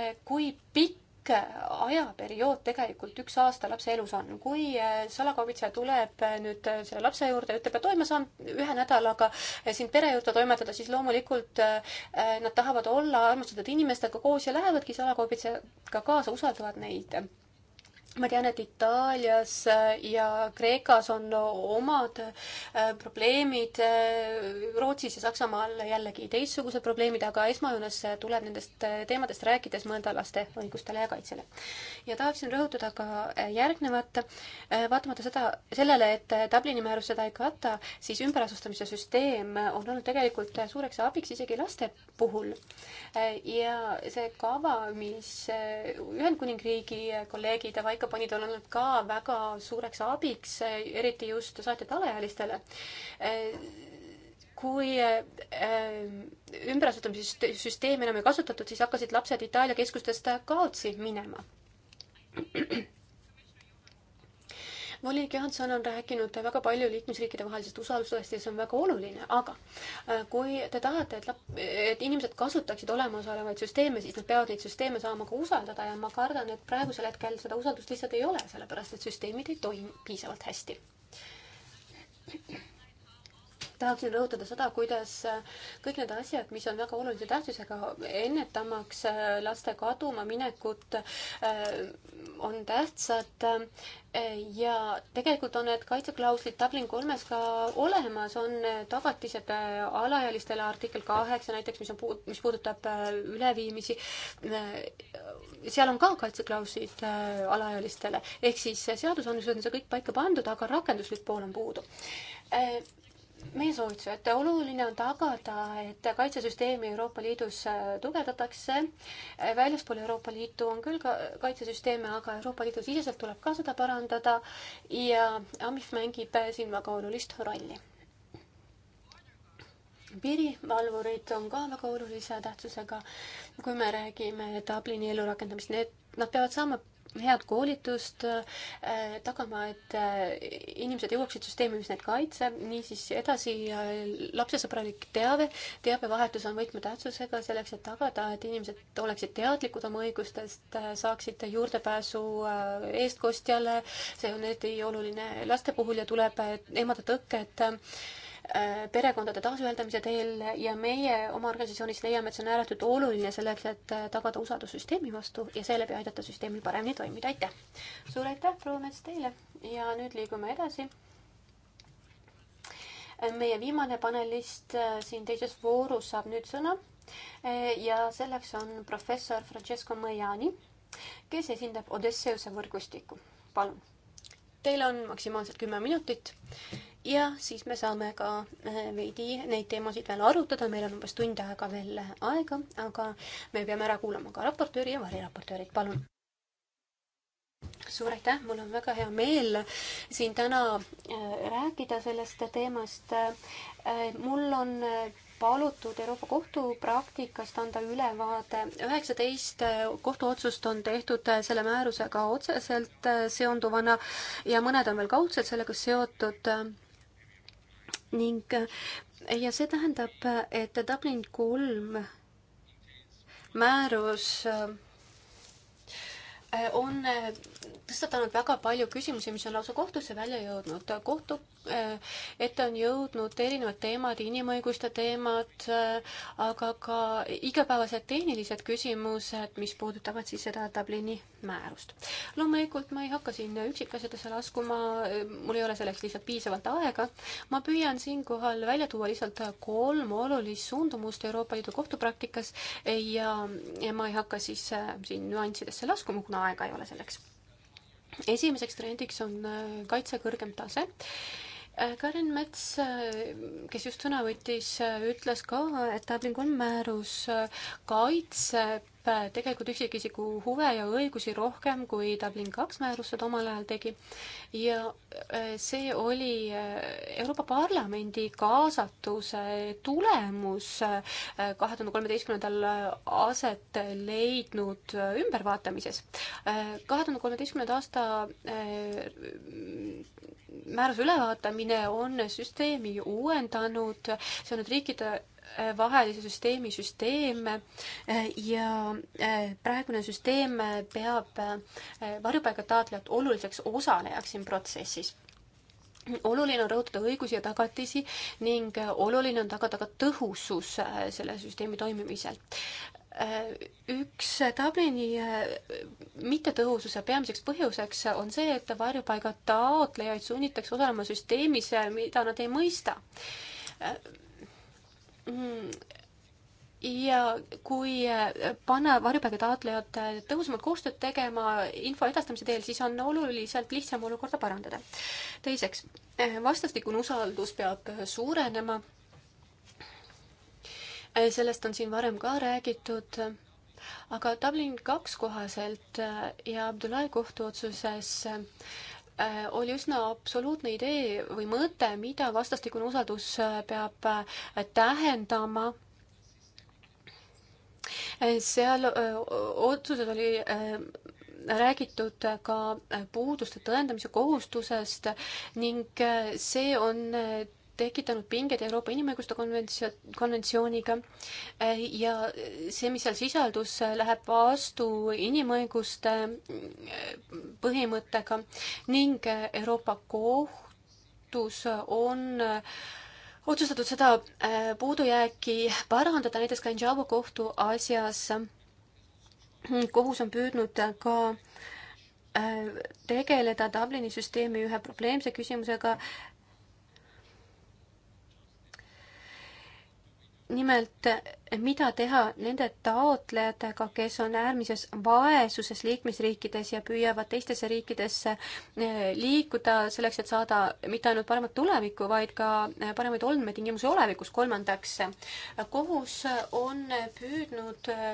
äh, kui pikk pikk äh, ajaperiood tegelikult üks aasta lapse elus on. kui äh, salakaubitseja tuleb äh, nüüd selle lapse juurde ja ütleb, et oi, ma saan ühe nädalaga sind pere juurde toimetada, siis loomulikult nad tahavad olla armastatud inimestega koos ja lähevadki salakaubitsejaga kaasa, usaldavad neid ma tean, et Itaalias äh, ja Kreekas on omad äh, probleemid, äh, Rootsis ja Saksamaal jällegi teistsugused probleemid, aga esmajoones tuleb nendest teemadest rääkides mõelda laste õigustele ja kaitsele. ja tahaksin rõhutada ka järgnevat, vaatamata seda, sellele, et Dublini määrus seda ei kata, siis ümberasustamise süsteem on olnud tegelikult suureks abiks isegi laste puhul. ja see kava, mis Ühendkuningriigi kolleegid paika paikapanid on olnud ka väga suureks abiks, eriti just saatjate alaealistele. kui eh, ümberasutamisüsteemi enam ei kasutatud, siis hakkasid lapsed Itaalia keskustest kaotsi minema volinik Johanson on rääkinud väga palju liikmesriikide vahelisest usaldusest ja see on väga oluline, aga äh, kui te tahate, et, et inimesed kasutaksid olemasolevaid süsteeme, siis nad peavad neid süsteeme saama ka usaldada ja ma kardan, et praegusel hetkel seda usaldust lihtsalt ei ole, sellepärast et süsteemid ei toimi piisavalt hästi tahaksin rõhutada seda, kuidas äh, kõik need asjad, mis on väga olulise tähtsusega, ennetamaks äh, laste kaduma minekut, äh, on tähtsad. ja tegelikult on need kaitseklauslid Dublin kolmes ka olemas, on tagatised alaealistele artikkel kaheksa näiteks, mis on puud-, mis puudutab üleviimisi. seal on ka kaitseklauslid alaealistele, ehk siis seadusandluses on see kõik paika pandud, aga rakenduslik pool on puudu meie soovitus, et oluline on tagada, et kaitsesüsteemi Euroopa Liidus äh, tugevdatakse. Äh, väljaspool Euroopa Liitu on küll ka kaitsesüsteeme, aga Euroopa Liidu siseselt tuleb ka seda parandada ja AMIF mängib äh, siin väga olulist rolli. piirivalvurid on ka väga olulise tähtsusega, kui me räägime Dublini ellurakendamist, need, nad peavad saama head koolitust, äh, tagama, et äh, inimesed jõuaksid süsteemi, mis neid kaitseb, niisiis edasi äh, lapsesõbralik teave, teabevahetus on võtmetähtsusega selleks, et tagada, et inimesed oleksid teadlikud oma õigustest, saaksid juurdepääsu eestkostjale, see on eriti oluline laste puhul ja tuleb eemaldada tõkked Äh, perekondade taasühendamise teel ja meie oma organisatsioonis leiame, et see on ääretult oluline selleks, et äh, tagada usaldus süsteemi vastu ja seeläbi aidata süsteemil paremini toimida. aitäh! suur aitäh, proua Mets teile ja nüüd liigume edasi äh, meie viimane panelist siin teises voorus saab nüüd sõna ja selleks on professor Francesco Maiani, kes esindab Odesseuse võrgustikku. palun, teil on maksimaalselt kümme minutit ja siis me saame ka eh, veidi neid teemasid veel arutada, meil on umbes tund aega veel aega, aga me peame ära kuulama ka raportööri ja variraportöörid, palun. suur aitäh, mul on väga hea meel siin täna eh, rääkida sellest teemast. Eh, mul on palutud Euroopa Kohtu praktikast anda ülevaade. üheksateist kohtuotsust on tehtud selle määrusega otseselt seonduvana ja mõned on veel kaudselt sellega seotud ning ja see tähendab, et Dublin kolm määrus äh, on äh, tõstatanud väga palju küsimusi, mis on lausa kohtusse välja jõudnud. kohtu äh, ette on jõudnud erinevad teemad, inimõiguste teemad, äh, aga ka igapäevased tehnilised küsimused, mis puudutavad siis seda Dublini määrust. loomulikult ma ei hakka siin üksikasjadesse laskuma, mul ei ole selleks lihtsalt piisavalt aega. ma püüan siinkohal välja tuua lihtsalt kolm olulist suundumust Euroopa Liidu kohtupraktikas ja, ja ma ei hakka siis siin nüanssidesse laskuma, kuna kuna aega ei ole selleks. esimeseks trendiks on äh, kaitse kõrgem tase. Äh, Karin Mets, äh, kes just sõna võttis, ütles ka, et Dublin kolm määrus kaitseb Äh, tegelikult üksikisiku huve ja õigusi rohkem, kui Dublin kaks määrus seda omal ajal tegi. ja äh, see oli äh, Euroopa Parlamendi kaasatuse tulemus kahe tuhande kolmeteistkümnendal aset leidnud ümbervaatamises. kahe tuhande kolmeteistkümnenda aasta määruse ülevaatamine on süsteemi uuendanud, see on nüüd riikide vahelise süsteemi süsteem eh, ja eh, praegune süsteem peab eh, varjupaigataotlejat oluliseks osalejaks siin protsessis oluline on rõhutada õigusi ja tagatisi ning oluline on tagada ka tõhusus selle süsteemi toimimisel. Üks Dublini mittetõhususe peamiseks põhjuseks on see, et varjupaiga taotlejaid sunnitakse osalema süsteemis, mida nad ei mõista Mm. ja kui äh, panna varjupaiga taotlejad äh, tõhusamalt koostööd tegema info edastamise teel, siis on oluliselt lihtsam olukorda parandada. teiseks, äh, vastastikune usaldus peab suurenema. sellest on siin varem ka räägitud aga Dublin kaks kohaselt ja Abdullahi kohtuotsuses Äh, oli üsna absoluutne idee või mõte, mida vastastikune usaldus äh, peab äh, tähendama. seal otsuses oli räägitud ka puuduste tõendamise kohustusest ning see on tekitanud pinged Euroopa Inimõiguste konventsioon, konventsiooniga äh, ja see, mis seal sisaldus, läheb vastu inimõiguste äh, põhimõttega ning äh, Euroopa Kohtus on otsustatud seda puudujääki parandada, näiteks ka Njavo kohtu asjas kohus on püüdnud ka tegeleda Dublini süsteemi ühe probleemse küsimusega nimelt mida teha nende taotlejatega, kes on äärmises vaesuses liikmesriikides ja püüavad teistesse riikidesse eh, liikuda selleks, et saada mitte ainult paremat tulevikku, vaid ka eh, paremaid olmetingimusi olevikus. kolmandaks, kohus on püüdnud eh,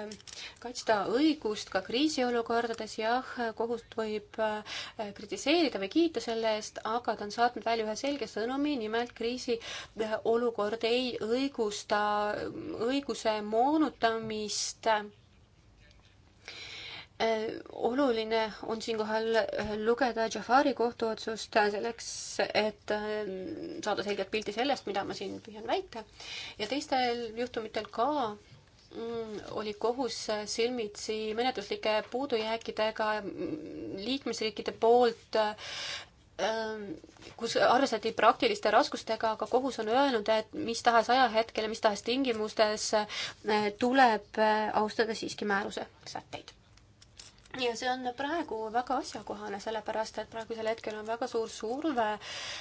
kaitsta õigust ka kriisiolukordades, jah, kohut võib kritiseerida või kiita selle eest, aga ta on saatnud välja ühe selge sõnumi, nimelt kriisiolukord ei õigusta õiguse tegevuse moonutamist. oluline on siinkohal lugeda Jafari kohtuotsust selleks, et ähm, saada selget pilti sellest, mida ma siin püüan väita ja teistel juhtumitel ka mm, oli kohus silmitsi menetluslike puudujääkidega mm, liikmesriikide poolt Ehm, kus arvestati praktiliste raskustega, aga kohus on öelnud, et mis tahes ajahetkel ja mis tahes tingimustes eh, tuleb eh, austada siiski määruse sätteid ja see on praegu väga asjakohane, sellepärast et praegusel hetkel on väga suur surve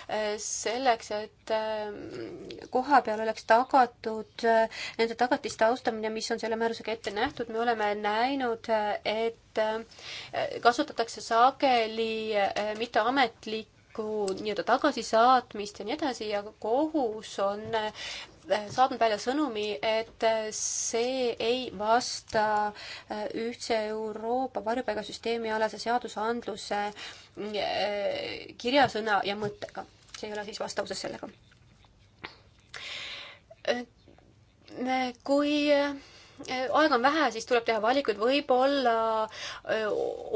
eh, selleks, et eh, kohapeal oleks tagatud eh, nende tagatiste austamine, mis on selle määrusega ette nähtud, me oleme näinud, et kasutatakse sageli mitteametlikke isiku nii-öelda tagasisaatmist ja nii edasi ja kohus on saatnud välja sõnumi, et see ei vasta äh, ühtse Euroopa varjupaigasüsteemi alase seadusandluse äh, kirjasõna ja mõttega. see ei ole siis vastavuses sellega. Äh, kui aega on vähe, siis tuleb teha valikuid, võib-olla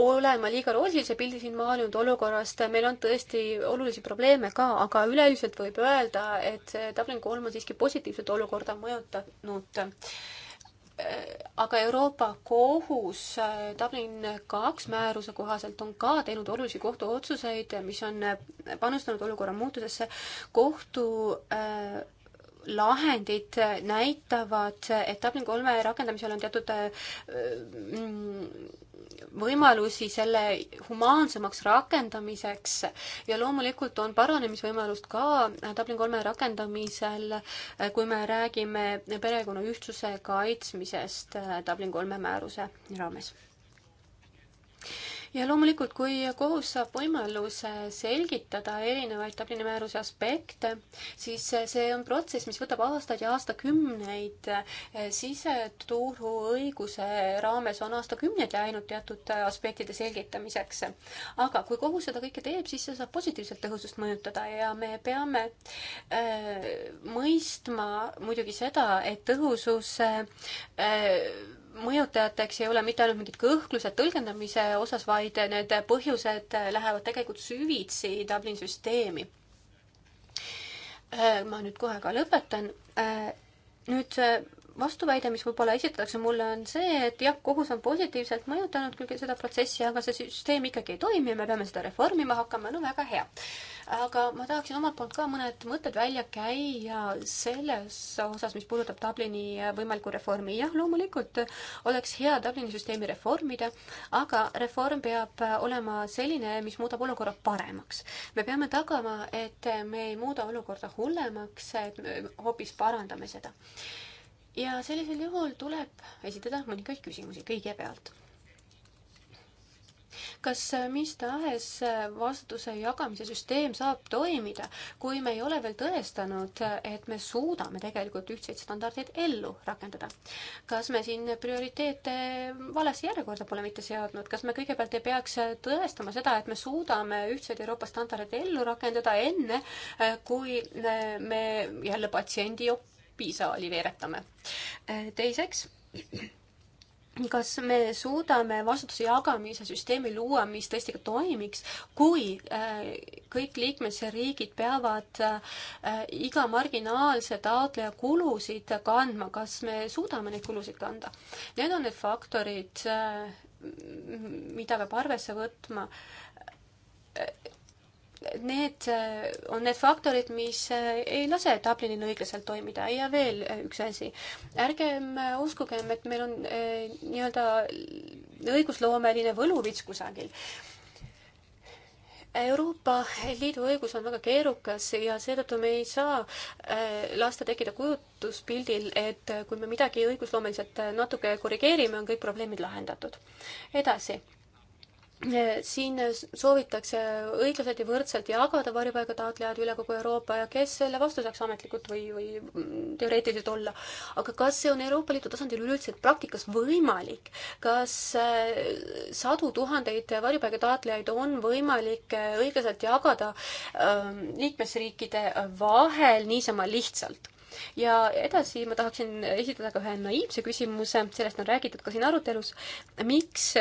olema liiga roosilise pildi siin maalinud olukorrast, meil on tõesti olulisi probleeme ka, aga üleüldiselt võib öelda, et see Dublin kolm on siiski positiivset olukorda mõjutanud aga Euroopa Kohus Dublin kaks määruse kohaselt on ka teinud olulisi kohtuotsuseid, mis on panustanud olukorra muutusesse. kohtu äh, lahendid näitavad, et Dublin kolme rakendamisel on teatud mm, võimalusi selle humaansemaks rakendamiseks ja loomulikult on paranemisvõimalust ka Dublin kolme rakendamisel, kui me räägime perekonna ühtsuse kaitsmisest Dublin kolme määruse raames ja loomulikult, kui kohus saab võimaluse selgitada erinevaid Dublini määruse aspekte, siis see on protsess, mis võtab aastaid ja aastakümneid. siseturu õiguse raames on aastakümneid läinud teatud aspektide selgitamiseks. aga kui kohus seda kõike teeb, siis see saab positiivselt tõhusust mõjutada ja me peame äh, mõistma muidugi seda, et tõhusus äh, mõjutajateks ei ole mitte ainult mingid kõhklused tõlgendamise osas, vaid need põhjused lähevad tegelikult süvitsi Dublini süsteemi. Äh, ma nüüd kohe ka lõpetan. Äh, nüüd äh, vastuväide, mis võib-olla esitatakse mulle, on see, et jah, kohus on positiivselt mõjutanud küll seda protsessi, aga see süsteem ikkagi ei toimi ja me peame seda reformima hakkama, no väga hea. aga ma tahaksin omalt poolt ka mõned mõtted välja käia selles osas, mis puudutab Dublini võimalikku reformi. jah, loomulikult oleks hea Dublini süsteemi reformida, aga reform peab olema selline, mis muudab olukorra paremaks. me peame tagama, et me ei muuda olukorda hullemaks, et me hoopis parandame seda ja sellisel juhul tuleb esitada mõningaid küsimusi kõigepealt. kas mis tahes vastutuse jagamise süsteem saab toimida, kui me ei ole veel tõestanud, et me suudame tegelikult ühtseid standardeid ellu rakendada? kas me siin prioriteete valesse järjekorda pole mitte seadnud, kas me kõigepealt ei peaks tõestama seda, et me suudame ühtseid Euroopa standardeid ellu rakendada enne, kui me jälle patsiendi piisaali veeretame. Äh, teiseks, kas me suudame vastutuse jagamise süsteemi luua, mis tõesti ka toimiks, kui äh, kõik liikmesriigid peavad äh, iga marginaalse taotleja kulusid kandma, kas me suudame neid kulusid kanda? Need on need faktorid, mida peab arvesse võtma need on need faktorid, mis eh, ei lase Dublinil õiglaselt toimida ja veel eh, üks asi, ärgem eh, uskugem, et meil on eh, nii-öelda õigusloomeline võluvits kusagil. Euroopa Liidu õigus on väga keerukas ja seetõttu me ei saa eh, lasta tekkida kujutluspildil, et kui me midagi õigusloomeliselt natuke korrigeerime, on kõik probleemid lahendatud. edasi siin soovitakse õiglaselt ja võrdselt jagada varjupaigataotlejad üle kogu Euroopa ja kes selle vastu saaks ametlikult või, või teoreetiliselt olla. aga kas see on Euroopa Liidu tasandil üleüldse praktikas võimalik? kas äh, sadu tuhandeid varjupaigataotlejaid on võimalik äh, õiglaselt jagada ähm, liikmesriikide vahel niisama lihtsalt? ja edasi ma tahaksin esitada ka ühe naiivse küsimuse, sellest on räägitud ka siin arutelus. miks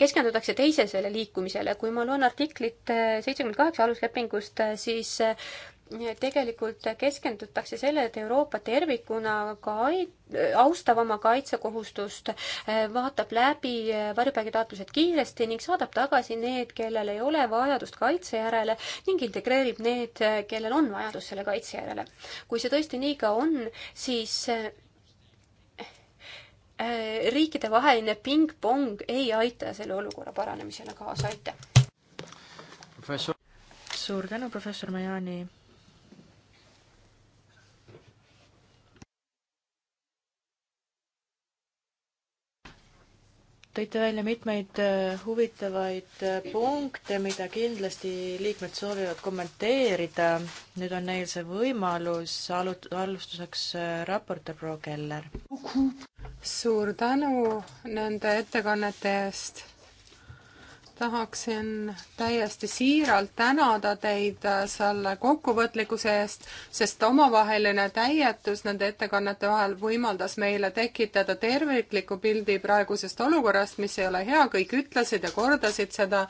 keskendutakse teisesele liikumisele, kui ma loen artiklit äh, seitsekümmend kaheksa aluslepingust, äh, siis äh, tegelikult keskendutakse sellele, et Euroopa tervikuna kait-, austab oma kaitsekohustust, vaatab läbi varjupaigataotlused kiiresti ning saadab tagasi need, kellel ei ole vajadust kaitse järele ning integreerib need, kellel on vajadus selle kaitse järele. kui see tõesti nii ka on, siis Äh, riikidevaheline pingpong ei aita selle olukorra paranemisele kaasa, aitäh! suur tänu, professor Majani! tõite välja mitmeid äh, huvitavaid äh, punkte, mida kindlasti liikmed soovivad kommenteerida. nüüd on neil see võimalus, alu-, alustuseks äh, raportöör proua Keller. suur tänu nende ettekannete eest tahaksin täiesti siiralt tänada teid äh, selle kokkuvõtlikkuse eest, sest omavaheline täietus nende ettekannete vahel võimaldas meile tekitada tervikliku pildi praegusest olukorrast, mis ei ole hea, kõik ütlesid ja kordasid seda,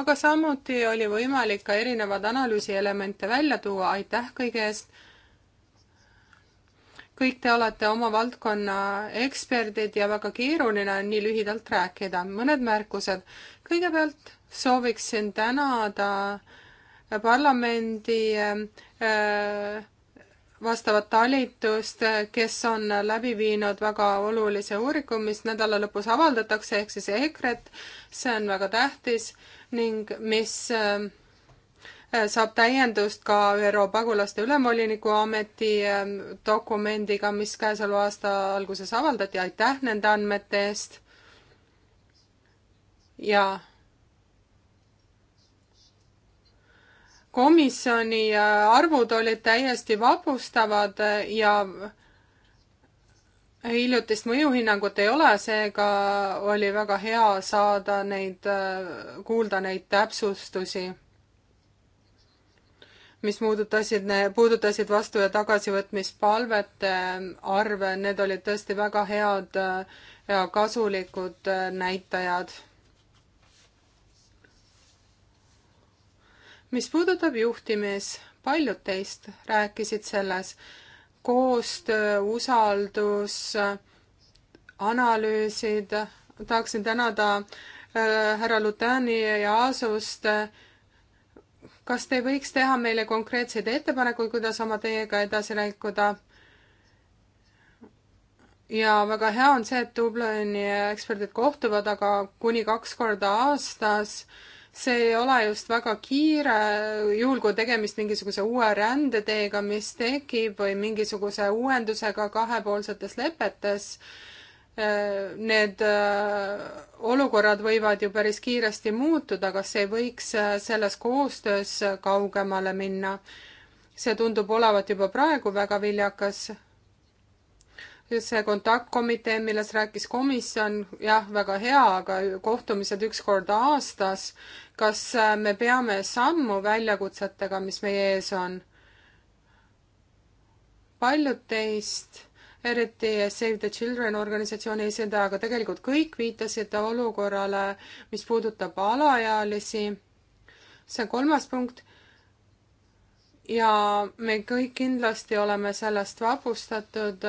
aga samuti oli võimalik ka erinevad analüüsielemente välja tuua, aitäh kõige eest! kõik te olete oma valdkonna eksperdid ja väga keeruline on nii lühidalt rääkida. mõned märkused kõigepealt sooviksin tänada parlamendi äh, vastavat talitust, kes on läbi viinud väga olulise uuringu, mis nädala lõpus avaldatakse, ehk siis EKRE-t, see on väga tähtis ning mis äh, saab täiendust ka ÜRO pagulaste ülemvoliniku ameti äh, dokumendiga, mis käesoleva aasta alguses avaldati, aitäh nende andmete eest ja komisjoni äh, arvud olid täiesti vapustavad äh, ja hiljutist mõjuhinnangut ei ole, seega oli väga hea saada neid, äh, kuulda neid täpsustusi, mis puudutasid, puudutasid vastu- ja tagasivõtmispalvete arve, need olid tõesti väga head ja kasulikud näitajad mis puudutab juhtimis, paljud teist rääkisid selles, koostöö, usaldus, analüüsid, tahaksin tänada äh, härra Lutani ja Aasust. kas te võiks teha meile konkreetseid ettepanekuid, kuidas oma teiega edasi liikuda? ja väga hea on see, et Dublini eksperdid kohtuvad, aga kuni kaks korda aastas äh, see ei ole just väga kiire, juhul kui tegemist mingisuguse uue rändeteega, mis tekib või mingisuguse uuendusega kahepoolsetes lepetes. Need äh, olukorrad võivad ju päris kiiresti muutuda, kas ei võiks äh, selles koostöös kaugemale minna? see tundub olevat juba praegu väga viljakas see kontaktkomitee, millest rääkis komisjon, jah, väga hea, aga kohtumised üks kord aastas. kas äh, me peame sammu väljakutsetega, mis meie ees on? paljud teist, eriti Save the Children organisatsiooni esindaja, aga tegelikult kõik viitasid olukorrale, mis puudutab alaealisi. see kolmas punkt ja me kõik kindlasti oleme sellest vapustatud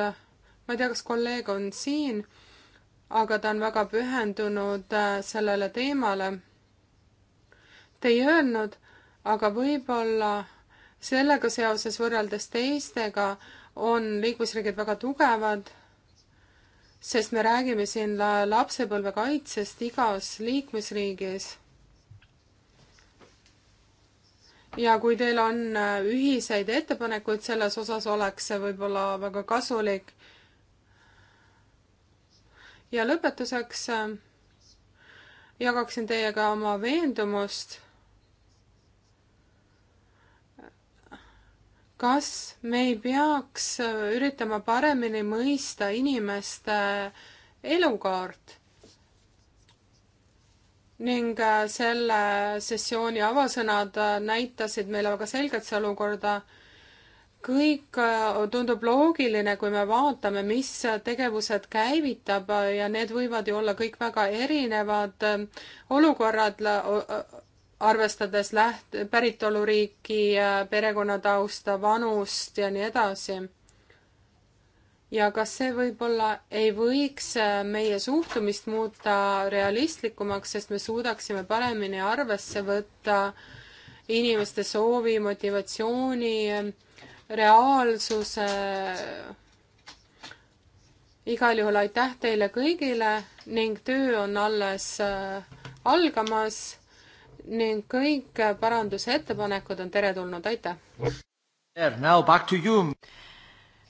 ma ei tea, kas kolleeg on siin, aga ta on väga pühendunud äh, sellele teemale. Te ei öelnud, aga võib-olla sellega seoses võrreldes teistega on liikmesriigid väga tugevad, sest me räägime siin lapsepõlve kaitsest igas liikmesriigis. ja kui teil on äh, ühiseid ettepanekuid selles osas, oleks see võib-olla väga kasulik ja lõpetuseks äh, jagaksin teiega oma veendumust. kas me ei peaks äh, üritama paremini mõista inimeste elukaart? ning äh, selle sessiooni avasõnad näitasid meile väga selgelt see olukorda kõik äh, tundub loogiline, kui me vaatame, mis tegevused käivitab äh, ja need võivad ju olla kõik väga erinevad äh, olukorrad, arvestades läht-, päritoluriiki, perekonnatausta, vanust ja nii edasi. ja kas see võib-olla ei võiks meie suhtumist muuta realistlikumaks, sest me suudaksime paremini arvesse võtta inimeste soovi, motivatsiooni, reaalsuse igal juhul aitäh teile kõigile ning töö on alles äh, algamas ning kõik parandusettepanekud on teretulnud, aitäh!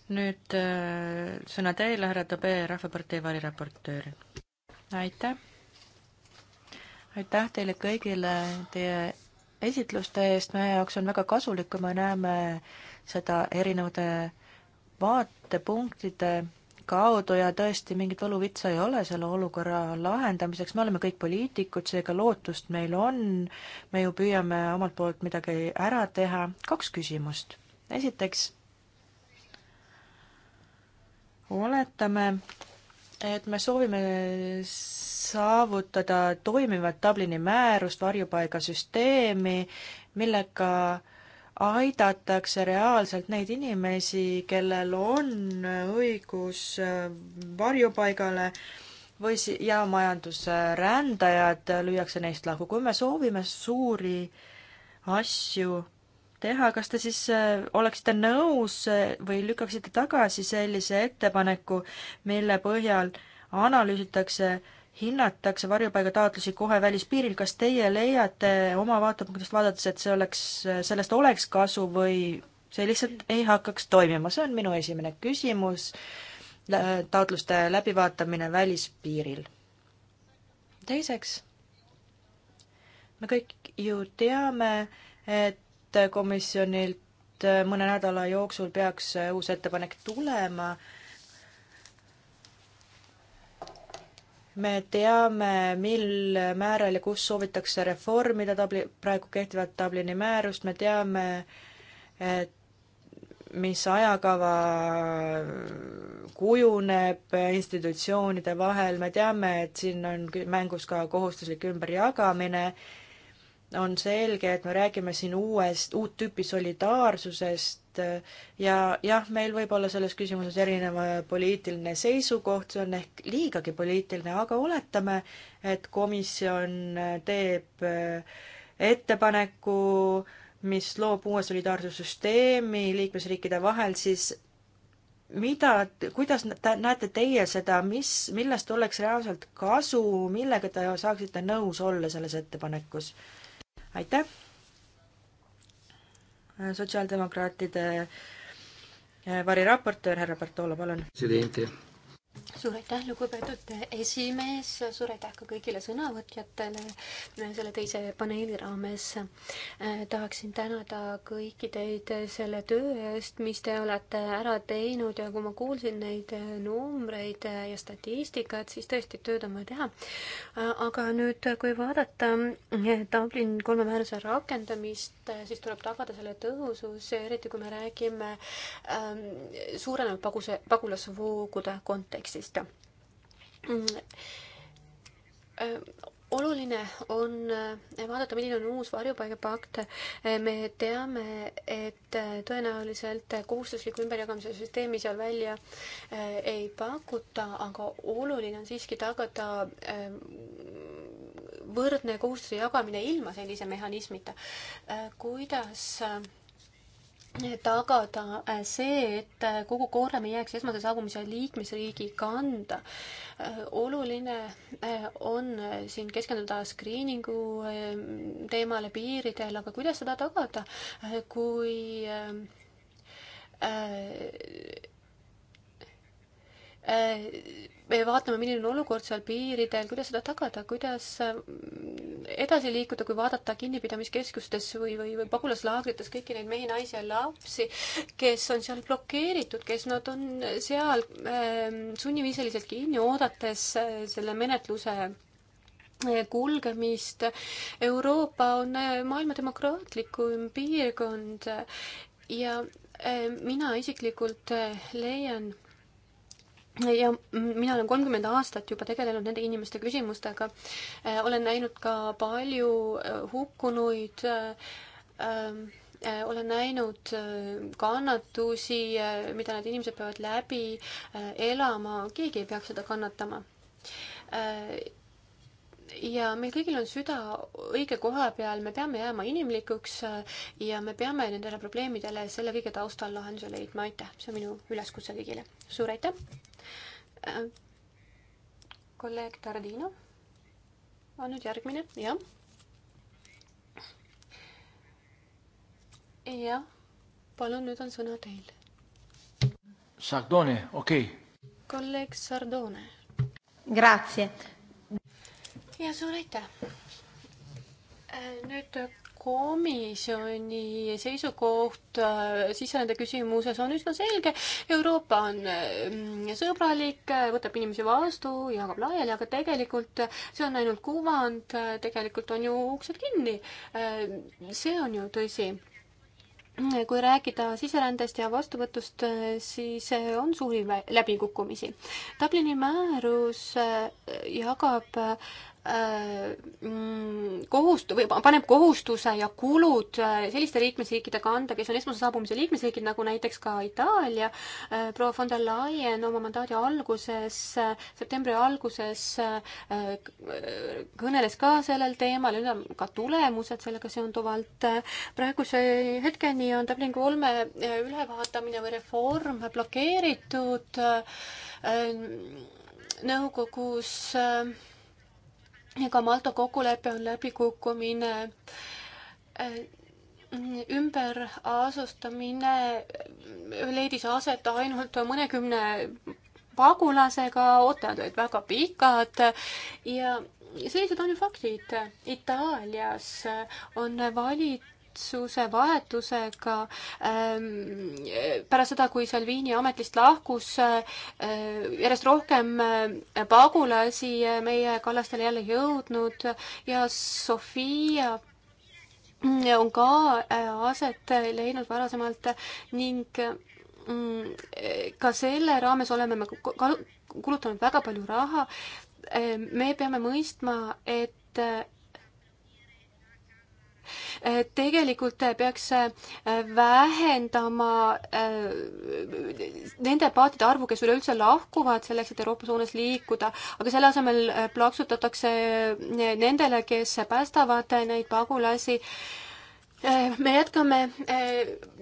nüüd äh, sõna teile, härra Tobe, Rahvapartei variraportöör. aitäh! aitäh teile kõigile teie esitluste eest, meie jaoks on väga kasulik, kui me näeme seda erinevate vaatepunktide kaudu ja tõesti mingit võluvitsa ei ole selle olukorra lahendamiseks, me oleme kõik poliitikud, seega lootust meil on, me ju püüame omalt poolt midagi ära teha. kaks küsimust. esiteks, oletame, et me soovime saavutada toimivat Dublini määrust, varjupaigasüsteemi, millega äh, aidatakse reaalselt neid inimesi, kellel on õigus äh, varjupaigale või si-, ja majandusrändajad lüüakse neist lahku. kui me soovime suuri asju teha, kas te siis äh, oleksite nõus äh, või lükkaksite tagasi sellise ettepaneku, mille põhjal analüüsitakse äh, hinnatakse varjupaigataotlusi kohe välispiiril, kas teie leiate oma vaatepunktist vaadates, et see oleks, sellest oleks kasu või see lihtsalt ei hakkaks toimima, see on minu esimene küsimus, taotluste läbivaatamine välispiiril. teiseks, me kõik ju teame, et komisjonilt mõne nädala jooksul peaks uus ettepanek tulema me teame, mil määral ja kus soovitakse reformida tabli-, praegu kehtivat Dublini määrust, me teame, et mis ajakava kujuneb institutsioonide vahel, me teame, et siin on mängus ka kohustuslik ümberjagamine, on selge, et me räägime siin uuest, uut tüüpi solidaarsusest, et äh, ja jah, meil võib olla selles küsimuses erinev äh, poliitiline seisukoht, see on ehk liigagi poliitiline, aga oletame, et komisjon äh, teeb ettepaneku, mis loob uue solidaarsussüsteemi liikmesriikide vahel, siis mida, kuidas näete teie seda, mis, millest oleks reaalselt kasu, millega te saaksite nõus olla selles ettepanekus? aitäh! Äh, sotsiaaldemokraatide äh, variraportöör härra Bartolo, palun suur aitäh, lugupeetud esimees, suur aitäh ka kõigile sõnavõtjatele selle teise paneeli raames. Äh, tahaksin tänada kõiki teid selle töö eest, mis te olete ära teinud ja kui ma kuulsin neid äh, numbreid äh, ja statistikat, siis tõesti tööd on vaja teha. aga nüüd, kui vaadata Dublin kolme määruse rakendamist, siis tuleb tagada selle tõhusus, eriti kui me räägime ähm, suurenenud paguse, pagulasvoogude kontekstis kontekstist. oluline on eh, vaadata, milline on uus varjupaigapakt. Eh, me teame, et eh, tõenäoliselt kohustusliku ümberjagamise süsteemi seal välja ei pakuta, aga oluline on siiski tagada võrdne kohustuse jagamine ilma sellise mehhanismita. kuidas tagada äh, see, et äh, kogu koorem ei jääks esmase saabumise liikmesriigi kanda. Äh, oluline on siin keskenduda screening'u teemale piiridel, aga kuidas seda tagada, kui Äh, me vaatame, milline on olukord seal piiridel, kuidas seda tagada, kuidas äh, edasi liikuda, kui vaadata kinnipidamiskeskustes või, või, või pagulaslaagrites kõiki neid mehi, naisi ja lapsi, kes on seal blokeeritud, kes nad on seal äh, sunniviisiliselt kinni, oodates äh, selle menetluse äh, kulgemist. Euroopa on maailma demokraatlikum piirkond ja mina isiklikult leian, ja mina olen kolmkümmend aastat juba tegelenud nende inimeste küsimustega. Äh, olen näinud ka palju äh, hukkunuid. Äh, ähm, olen näinud kannatusi, mida need inimesed peavad läbi elama, keegi ei peaks seda kannatama ja meil kõigil on süda õige koha peal, me peame jääma inimlikuks ja me peame nendele probleemidele selle kõige taustal lahenduse leidma, aitäh, see on minu üleskutse kõigile. suur aitäh! kolleeg Tardino on nüüd järgmine, jah. jah, palun, nüüd on sõna teil. Sardone, okei okay.. kolleeg Sardone. Grazie. ja suur aitäh. Äh, nüüd komisjoni seisukoht äh, sisserände küsimuses on üsna selge. Euroopa on äh, sõbralik, äh, võtab inimesi vastu, jagab laiali, aga tegelikult see on ainult kuvand, tegelikult on ju uksed kinni. see on ju tõsi kui rääkida siserändest ja vastuvõtust, siis on suuri läbikukkumisi. Dublini määrus jagab Äh, mm, kohust- või paneb kohustuse ja kulud äh, selliste liikmesriikide kanda, kes on esmase saabumise liikmesriigid, nagu näiteks ka Itaalia. Äh, proua von der Leyen oma mandaadi alguses, septembri alguses kõneles ka sellel teemal, nüüd on ka tulemused sellega seonduvalt. praeguse hetkeni on Dublin kolme ülevaatamine või reform blokeeritud nõukogus ka Malta kokkulepe on läbikukkumine. ümberasustamine leidis aset ainult mõnekümne pagulasega, ootajad olid väga pikad ja sellised on ju faktid. Itaalias on valitud valitsuse vahetusega ähm, pärast seda, kui Salvini ametist lahkus, äh, järjest rohkem äh, pagulasi äh, meie kallastele jälle jõudnud ja Sofia mm, on ka aset leidnud varasemalt ning mm, ka selle raames oleme me kulutanud väga palju raha. me peame mõistma, et tegelikult peaks äh, vähendama äh, nende paatide arvu, kes üleüldse lahkuvad selleks, et Euroopa suunas liikuda, aga selle asemel äh, plaksutatakse nendele, kes päästavad neid pagulasi me jätkame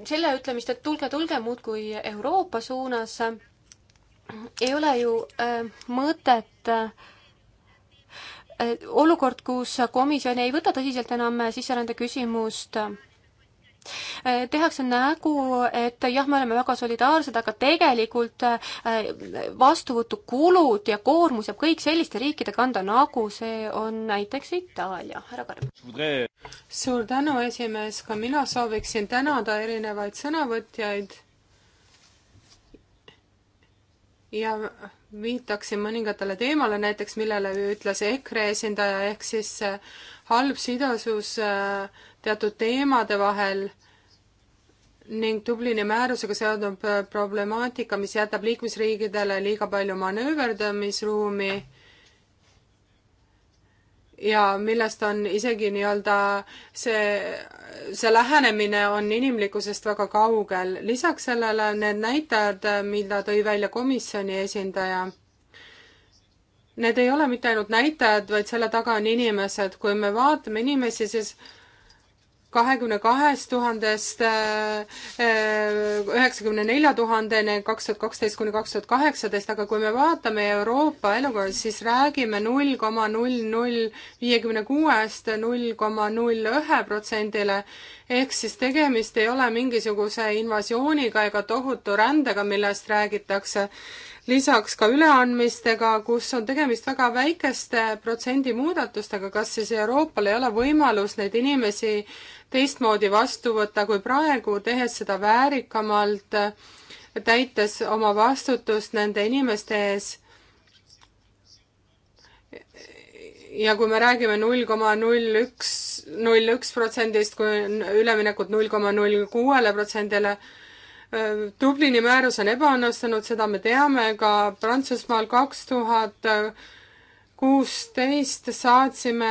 selle ütlemist, et tulge, tulge muudkui Euroopa suunas. ei ole ju mõtet äh, Äh, olukord, kus komisjon ei võta tõsiselt enam sisserände küsimust äh, tehakse nägu, et jah, me oleme väga solidaarsed, aga tegelikult äh, vastuvõtukulud ja koormus jääb kõik selliste riikide kanda, nagu see on näiteks Itaalia. härra Karm. suur tänu, esimees, ka mina sooviksin tänada erinevaid sõnavõtjaid ja viitaksin mõningatele teemale näiteks, millele ütles EKRE esindaja, ehk siis äh, halb sidusus äh, teatud teemade vahel ning Dublini määrusega seonduv problemaatika, mis jätab liikmesriigidele liiga palju manööverdamisruumi ja millest on isegi nii-öelda see, see lähenemine on inimlikkusest väga kaugel. lisaks sellele need näitajad, mida tõi välja komisjoni esindaja, need ei ole mitte ainult näitajad, vaid selle taga on inimesed. kui me vaatame inimesi, siis kahekümne kahest tuhandest äh, üheksakümne nelja tuhandeni kaks tuhat kaksteist kuni kaks tuhat kaheksateist, aga kui me vaatame Euroopa elukorras, siis räägime null koma null null viiekümne kuuest null koma null ühe protsendile, ehk siis tegemist ei ole mingisuguse invasiooniga ega tohutu rändega, millest räägitakse lisaks ka üleandmistega, kus on tegemist väga väikeste protsendi muudatustega, kas siis Euroopal ei ole võimalus neid inimesi teistmoodi vastu võtta kui praegu, tehes seda väärikamalt, täites oma vastutust nende inimeste ees ja kui me räägime null koma null üks, null üks protsendist, kui üleminekut null koma null kuuele protsendile, Dublini määrus on ebaõnnestunud, seda me teame, ka Prantsusmaal kaks tuhat kuusteist saatsime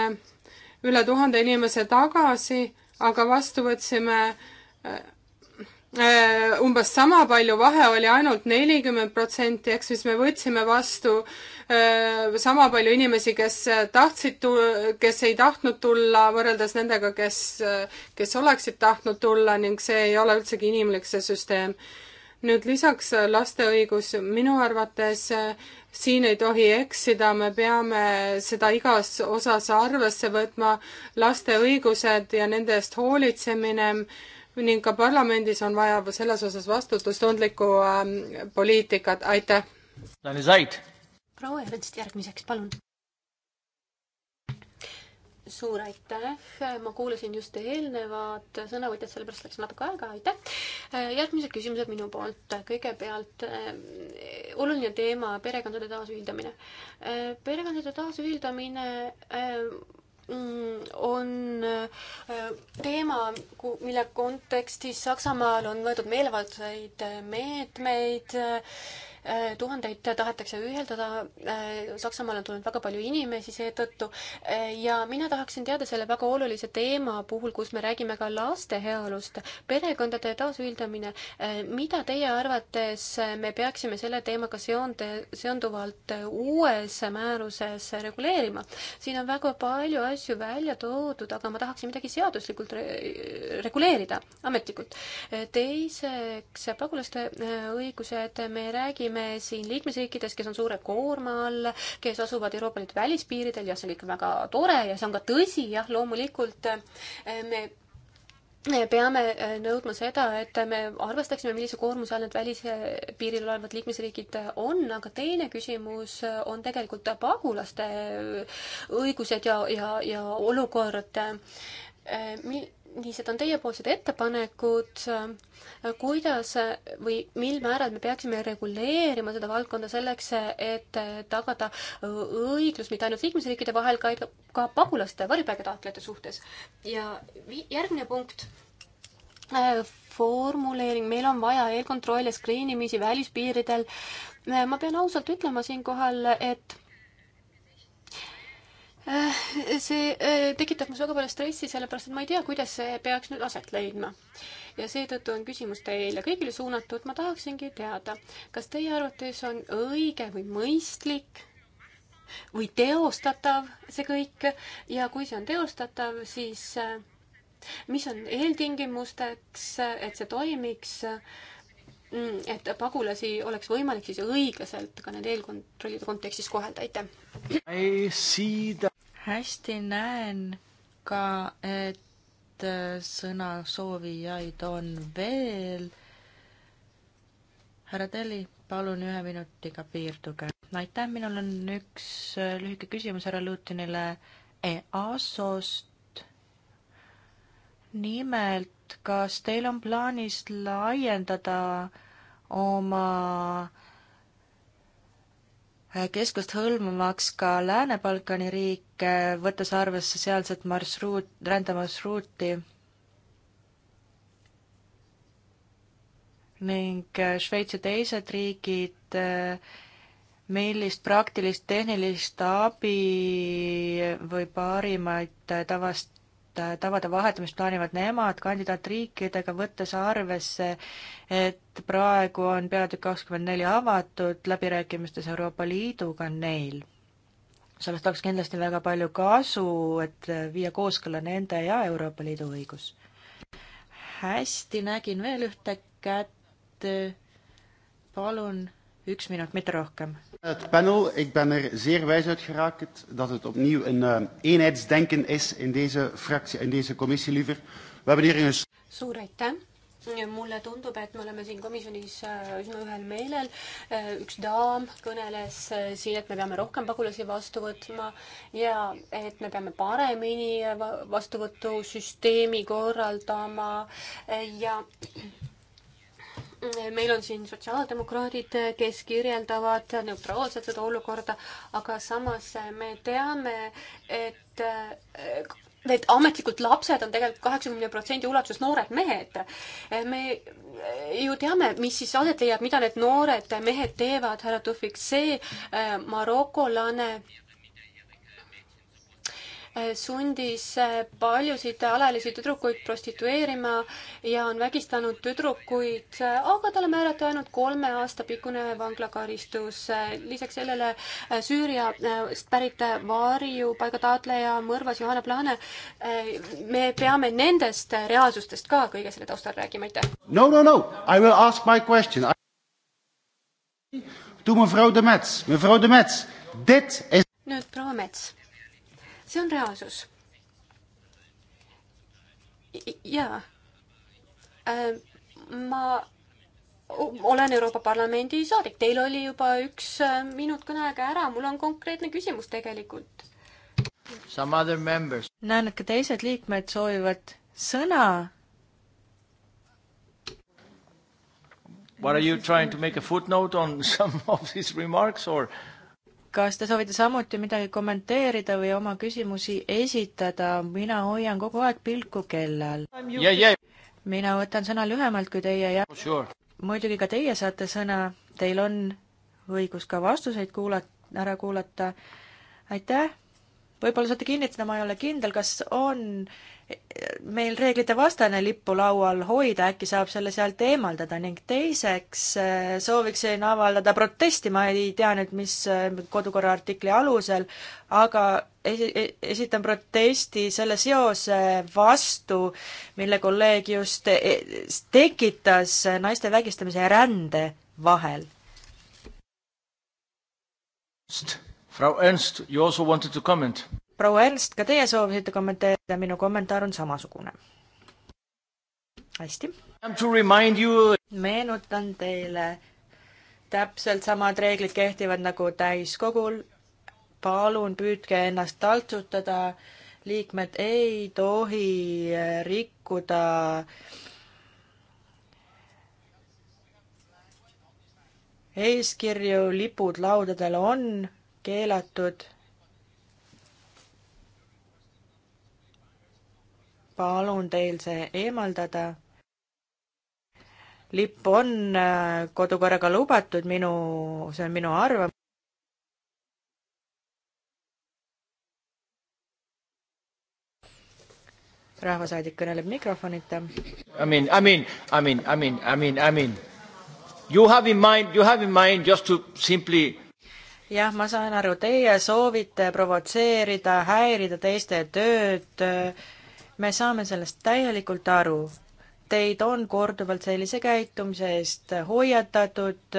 üle tuhande inimese tagasi, aga vastu võtsime Äh, umbes sama palju, vahe oli ainult nelikümmend protsenti, ehk siis me võtsime vastu äh, sama palju inimesi, kes äh, tahtsid, kes ei tahtnud tulla, võrreldes nendega, kes, kes oleksid tahtnud tulla ning see ei ole üldsegi inimlik, see süsteem. nüüd lisaks laste õigus, minu arvates siin ei tohi eksida, me peame seda igas osas arvesse võtma, laste õigused ja nende eest hoolitsemine ning ka parlamendis on vaja selles osas vastutustundlikku ähm, poliitikat, aitäh! proua Ernst järgmiseks, palun! suur aitäh, ma kuulasin just eelnevad sõnavõtjad, sellepärast läks natuke aega, aitäh. järgmised küsimused minu poolt. kõigepealt äh, oluline teema, perekondade taasühildamine. Äh, perekondade taasühildamine äh, Mm, on äh, teema, mille kontekstis Saksamaal on võetud meelevaldseid meetmeid meet, äh, tuhandeid tahetakse ühildada, äh, Saksamaale on tulnud väga palju inimesi seetõttu äh, ja mina tahaksin teada selle väga olulise teema puhul, kus me räägime ka laste heaolust, perekondade taasühildamine, äh, mida teie arvates me peaksime selle teemaga seonde, seonduvalt uues määruses reguleerima? siin on väga palju asju välja toodud, aga ma tahaksin midagi seaduslikult re reguleerida, ametlikult. teiseks, pagulaste õigused, me räägime me siin liikmesriikides, kes on suure koorma all, kes asuvad Euroopa Liidu välispiiridel ja see on kõik väga tore ja see on ka tõsi, jah, loomulikult äh, me peame äh, nõudma seda, et me arvestaksime, millise koormuse all need välispiiril olevad liikmesriigid on, aga teine küsimus on tegelikult pagulaste õigused ja, ja, ja olukord. Äh, mi-, millised on teiepoolsed ettepanekud, äh, kuidas äh, või mil määral me peaksime reguleerima seda valdkonda selleks, et äh, tagada õiglus mitte ainult liikmesriikide vahel, vaid ka pagulaste, varjupaigataotlejate suhtes. ja järgmine punkt formuleering, meil on vaja eelkontrolle, skriinimisi välispiiridel. ma pean ausalt ütlema siinkohal, et Äh, see äh, tekitab minus väga palju stressi, sellepärast et ma ei tea, kuidas see peaks nüüd aset leidma. ja seetõttu on küsimus teile kõigile suunatud, ma tahaksingi teada, kas teie arvates on õige või mõistlik või teostatav see kõik ja kui see on teostatav, siis äh, mis on eeltingimusteks, et see toimiks, mm, et pagulasi oleks võimalik siis õiglaselt ka nende eelkontrollide kontekstis kohelda, aitäh! hästi näen ka, et äh, sõna soovijaid on veel. härra Teli, palun ühe minutiga piirduge. aitäh, minul on üks äh, lühike küsimus härra Lutinile EASO-st. nimelt, kas teil on plaanis laiendada oma äh, Äh, keskust hõlmamaks ka Lääne-Balkani riike, võttes arvesse sealset marsruut, rändemarsruuti ning äh, Šveits ja teised riigid, äh, millist praktilist tehnilist abi või parimaid tavast Äh, tavade vahetamist plaanivad nemad kandidaatriikidega, võttes arvesse, et praegu on peatükk kakskümmend neli avatud läbirääkimistes Euroopa Liiduga neil. sellest oleks kindlasti väga palju kasu, et äh, viia kooskõlla nende ja Euroopa Liidu õigus. hästi, nägin veel ühte kätt. palun üks minut, mitte rohkem. Het panel, ik ben er zeer wijs uit geraakt dat het opnieuw een uh, eenheidsdenken is in deze fractie, in deze commissie liever. We hebben hier een... Suur aitäh! mulle tundub, et me oleme siin komisjonis eh, üsna ühel meelel. Eh, üks daam kõneles siin, et me peame rohkem pagulasi vastu võtma ja et me peame paremini vastuvõtusüsteemi korraldama ja meil on siin sotsiaaldemokraadid, kes kirjeldavad neutraalselt seda olukorda, aga samas me teame, et need ametlikult lapsed on tegelikult kaheksakümne protsendi ulatuses noored mehed. me ju teame, mis siis aset leiab, mida need noored mehed teevad, härra Tufik, see eh, marokolane Äh, sundis äh, paljusid alaealisi tüdrukuid prostitueerima ja on vägistanud tüdrukuid, äh, aga talle määrati ainult kolme aasta pikkune vanglakaristus. lisaks sellele Süüriast pärit varjupaiga taotleja mõrvas Johanna Plane. me peame nendest reaalsustest ka kõige selle taustal rääkima, aitäh. no no no, I will ask my question I to mevrouw de Mets. Mevrouw de Mets, dit is... Nüüd proua Mets see on reaalsus. jaa. Äh, ma olen Euroopa Parlamendi saadik, teil oli juba üks äh, minut kõneaega ära, mul on konkreetne küsimus tegelikult. näen, et ka teised liikmed soovivad sõna. What are you trying to make a footnote on some of these remarks or? kas te soovite samuti midagi kommenteerida või oma küsimusi esitada? mina hoian kogu aeg pilku kellal yeah,. Yeah. mina võtan sõna lühemalt kui teie ja oh, sure. muidugi ka teie saate sõna, teil on õigus ka vastuseid kuulata, ära kuulata. aitäh! võib-olla saate kinnitada, ma ei ole kindel, kas on meil reeglite vastane lippu laual hoida, äkki saab selle sealt eemaldada ning teiseks äh, sooviksin avaldada protesti, ma ei tea nüüd, mis äh, kodukorra artikli alusel, aga esi-, e-, esitan protesti selle seose vastu, mille kolleeg just e-, tekitas naiste vägistamise ja rände vahel. Frau Ernst, you also wanted to comment? proua Ernst, ka teie soovisite kommenteerida, minu kommentaar on samasugune. hästi. meenutan teile, täpselt samad reeglid kehtivad nagu täiskogul. palun püüdke ennast taltsutada, liikmed ei tohi rikkuda eeskirju, lipud laudadel on keelatud palun teil see eemaldada. lipp on äh, kodukorraga lubatud, minu, see on minu arvamus. rahvasaadik kõneleb mikrofonita. I mean, I mean, I mean, I mean, I mean, I mean you have in mind, you have in mind just to simply jah, ma saan aru, teie soovite provotseerida, häirida teiste tööd äh, me saame sellest täielikult aru. Teid on korduvalt sellise käitumise eest hoiatatud,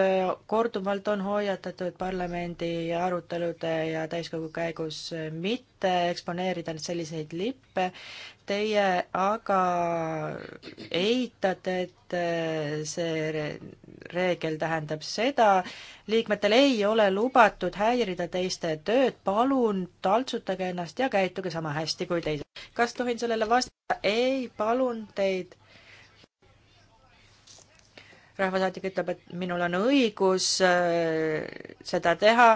korduvalt on hoiatatud parlamendi arutelude ja täiskogu käigus mitte eksponeerida selliseid lippe. Teie aga eitate, et see reegel tähendab seda, liikmetel ei ole lubatud häirida teiste tööd, palun taltsutage ennast ja käituge sama hästi kui teised. kas tohin sellele vastata? ei, palun teid. rahvasaadik ütleb, et minul on õigus äh, seda teha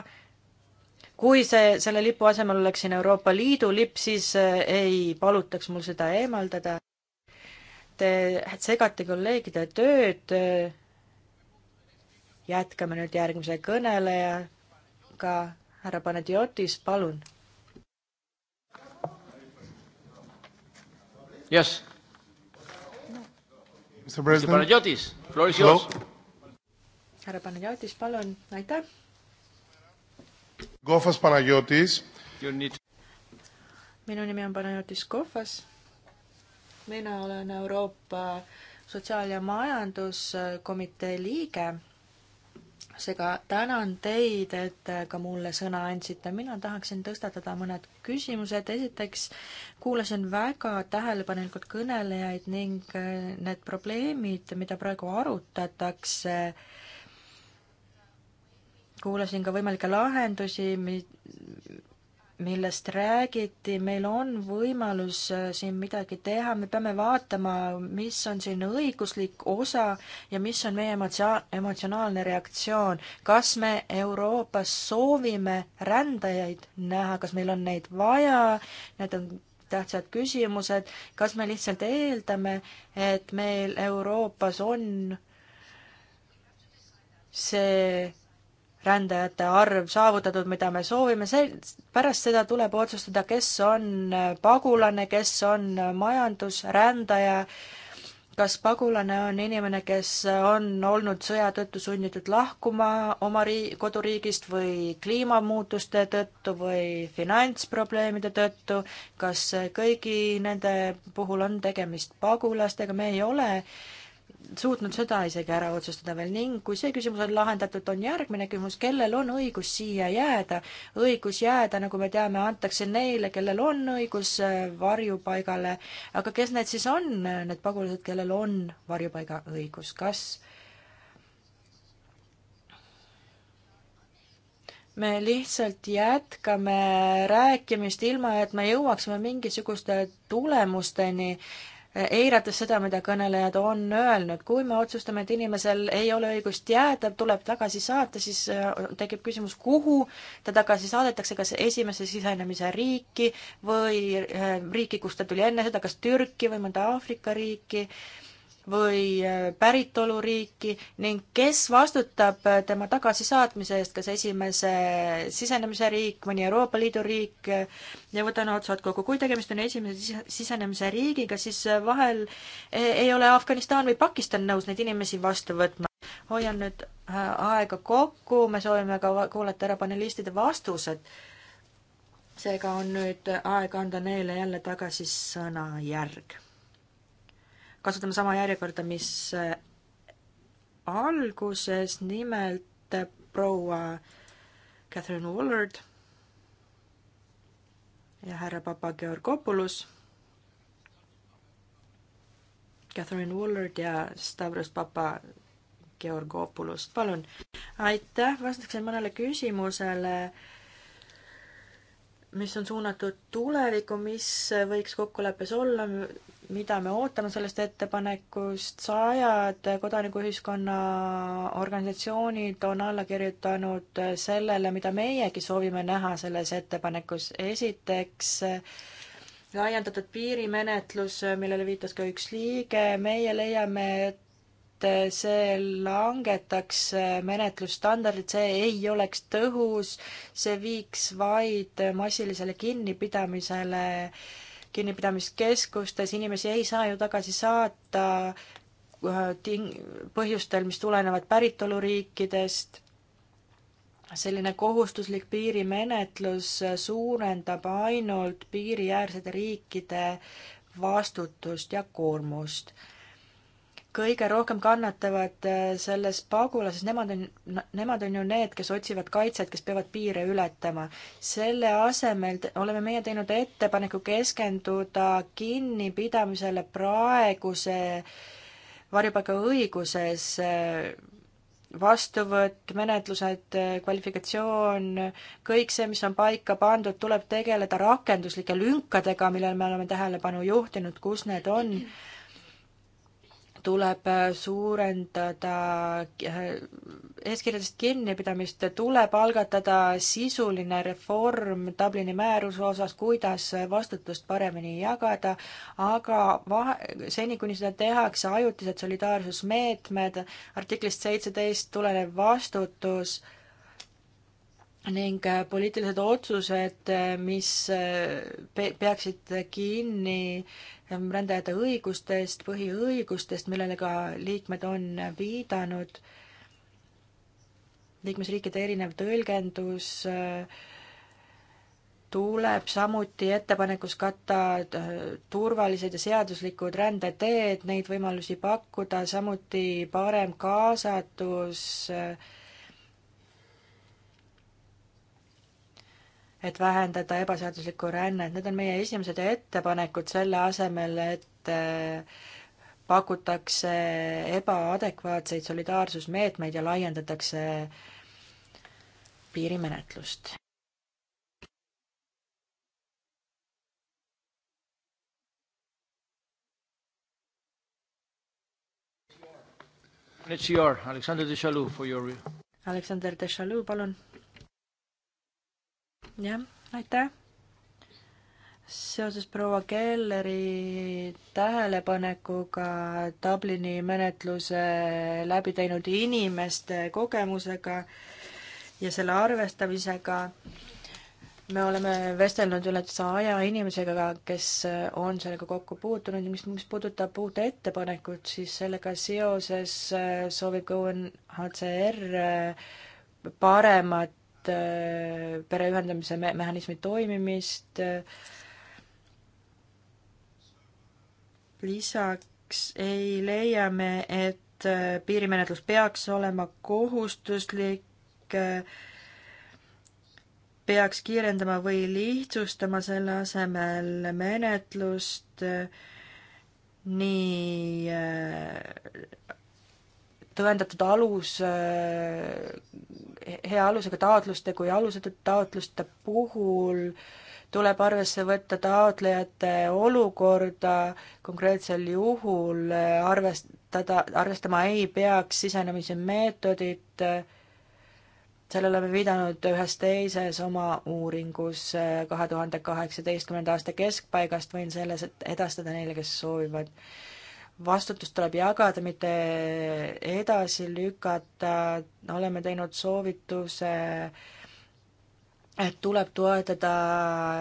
kui see, selle lipu asemel oleks siin Euroopa Liidu lipp, siis äh, ei palutaks mul seda eemaldada. Te segate kolleegide tööd, äh, jätkame nüüd järgmise kõnelejaga, härra Panagiotis, palun. Yes. Mr President. Panagiotis, floor is yours. härra Panagiotis, palun, aitäh. Kohvas Panagiotis. minu nimi on Panagiotis Kohvas. mina olen Euroopa Sotsiaal- ja Majanduskomitee liige seega tänan teid, et ka mulle sõna andsite. mina tahaksin tõstatada mõned küsimused. esiteks kuulasin väga tähelepanelikult kõnelejaid ning äh, need probleemid, mida praegu arutatakse, kuulasin ka võimalikke lahendusi, millest räägiti, meil on võimalus äh, siin midagi teha, me peame vaatama, mis on siin õiguslik osa ja mis on meie emotsia-, emotsionaalne reaktsioon. kas me Euroopas soovime rändajaid näha, kas meil on neid vaja, need on tähtsad küsimused, kas me lihtsalt eeldame, et meil Euroopas on see rändajate arv saavutatud, mida me soovime, see, pärast seda tuleb otsustada, kes on pagulane, kes on majandusrändaja, kas pagulane on inimene, kes on olnud sõja tõttu sunnitud lahkuma oma rii-, koduriigist või kliimamuutuste tõttu või finantsprobleemide tõttu, kas kõigi nende puhul on tegemist pagulastega, me ei ole äh, suutnud seda isegi ära otsustada veel ning kui see küsimus on lahendatud, on järgmine küsimus, kellel on õigus siia jääda. õigus jääda, nagu me teame, antakse neile, kellel on õigus äh, varjupaigale, aga kes need siis on, need pagulased, kellel on varjupaiga õigus, kas me lihtsalt jätkame rääkimist, ilma et me jõuaksime mingisuguste tulemusteni eirates seda, mida kõnelejad on öelnud. kui me otsustame, et inimesel ei ole õigust jääda, tuleb tagasi saata, siis äh, tekib küsimus, kuhu ta tagasi saadetakse, kas esimesse sisenemise riiki või äh, riiki, kust ta tuli enne seda, kas Türki või mõnda Aafrika riiki või äh, päritoluriiki ning kes vastutab äh, tema tagasisaatmise eest, kas esimese sisenemise riik, mõni Euroopa Liidu riik äh, ja võtan otsad kokku, kui tegemist on esimese sisenemise riigiga, siis vahel ei ole Afganistan või Pakistan nõus neid inimesi vastu võtma. hoian nüüd aega kokku, me soovime ka kuulata ära panelistide vastused seega on nüüd aeg anda neile jälle tagasi sõnajärg kasutame sama järjekorda, mis äh, alguses, nimelt äh, proua Catherine Wallard ja härra Papa Georgopoulos. Catherine Wallard ja Stavros Papa Georgopoulos, palun. aitäh, vastaksin mõnele küsimusele mis on suunatud tulevikku, mis võiks kokkuleppes olla, mida me ootame sellest ettepanekust, sajad kodanikuühiskonna organisatsioonid on alla kirjutanud sellele, mida meiegi soovime näha selles ettepanekus. esiteks laiendatud piirimenetlus, millele viitas ka üks liige, meie leiame, et see langetaks menetlusstandardid, see ei oleks tõhus, see viiks vaid massilisele kinnipidamisele, kinnipidamiskeskustes, inimesi ei saa ju tagasi saata äh, ting-, põhjustel, mis tulenevad päritoluriikidest selline kohustuslik piirimenetlus suurendab ainult piiriäärsete riikide vastutust ja koormust kõige rohkem kannatavad äh, selles pagulases, nemad on, nemad on ju need, kes otsivad kaitset, kes peavad piire ületama. selle asemel oleme meie teinud ettepaneku keskenduda kinnipidamisele praeguse varjupaigaõiguses äh, vastuvõtt, menetlused, äh, kvalifikatsioon, kõik see, mis on paika pandud, tuleb tegeleda rakenduslike lünkadega, millele me oleme tähelepanu juhtinud, kus need on mm. -hmm tuleb äh, suurendada äh, eeskirjadest kinnipidamist, tuleb algatada sisuline reform Dublini määruse osas, kuidas vastutust paremini jagada, aga vahe, seni, kuni seda tehakse, ajutised solidaarsusmeetmed, artiklist seitseteist tulenev vastutus ning äh, poliitilised otsused, mis pe-, peaksid kinni rändajate õigustest, põhiõigustest, millele ka liikmed on viidanud, liikmesriikide erinev tõlgendus äh, tuleb samuti ettepanekus katta äh, turvalised ja seaduslikud rändeteed, neid võimalusi pakkuda, samuti parem kaasatus äh, et vähendada ebaseaduslikku rännet, need on meie esimesed ettepanekud selle asemel, et äh, pakutakse ebaadekvaatseid solidaarsusmeetmeid ja laiendatakse piirimenetlust. It's your Alexander Deschalou for your. Alexander Deschalou, palun jah, aitäh. seoses proua Kelleri tähelepanekuga Dublini menetluse läbi teinud inimeste kogemusega ja selle arvestamisega me oleme vestelnud üle saja inimesega, kes on sellega kokku puutunud ja mis, mis puudutab uut ettepanekut, siis sellega seoses soovib ka UNHCR paremat Äh, pere ühendamise me-, mehhanismi toimimist, äh, lisaks ei leia me, et äh, piirimenetlus peaks olema kohustuslik, peaks kiirendama või lihtsustama selle asemel menetlust nii tõendatud alus, äh, hea alusega taotluste kui aluseta taotluste puhul tuleb arvesse võtta taotlejate olukorda konkreetsel juhul, äh, arvestada, arvestama ei peaks sisenemise meetodit, sellele me viidanud ühes teises oma uuringus äh, kahe tuhande kaheksateistkümnenda aasta keskpaigast, võin selles edastada neile, kes soovivad vastutust tuleb jagada, mitte edasi lükata, oleme teinud soovituse, et tuleb toetada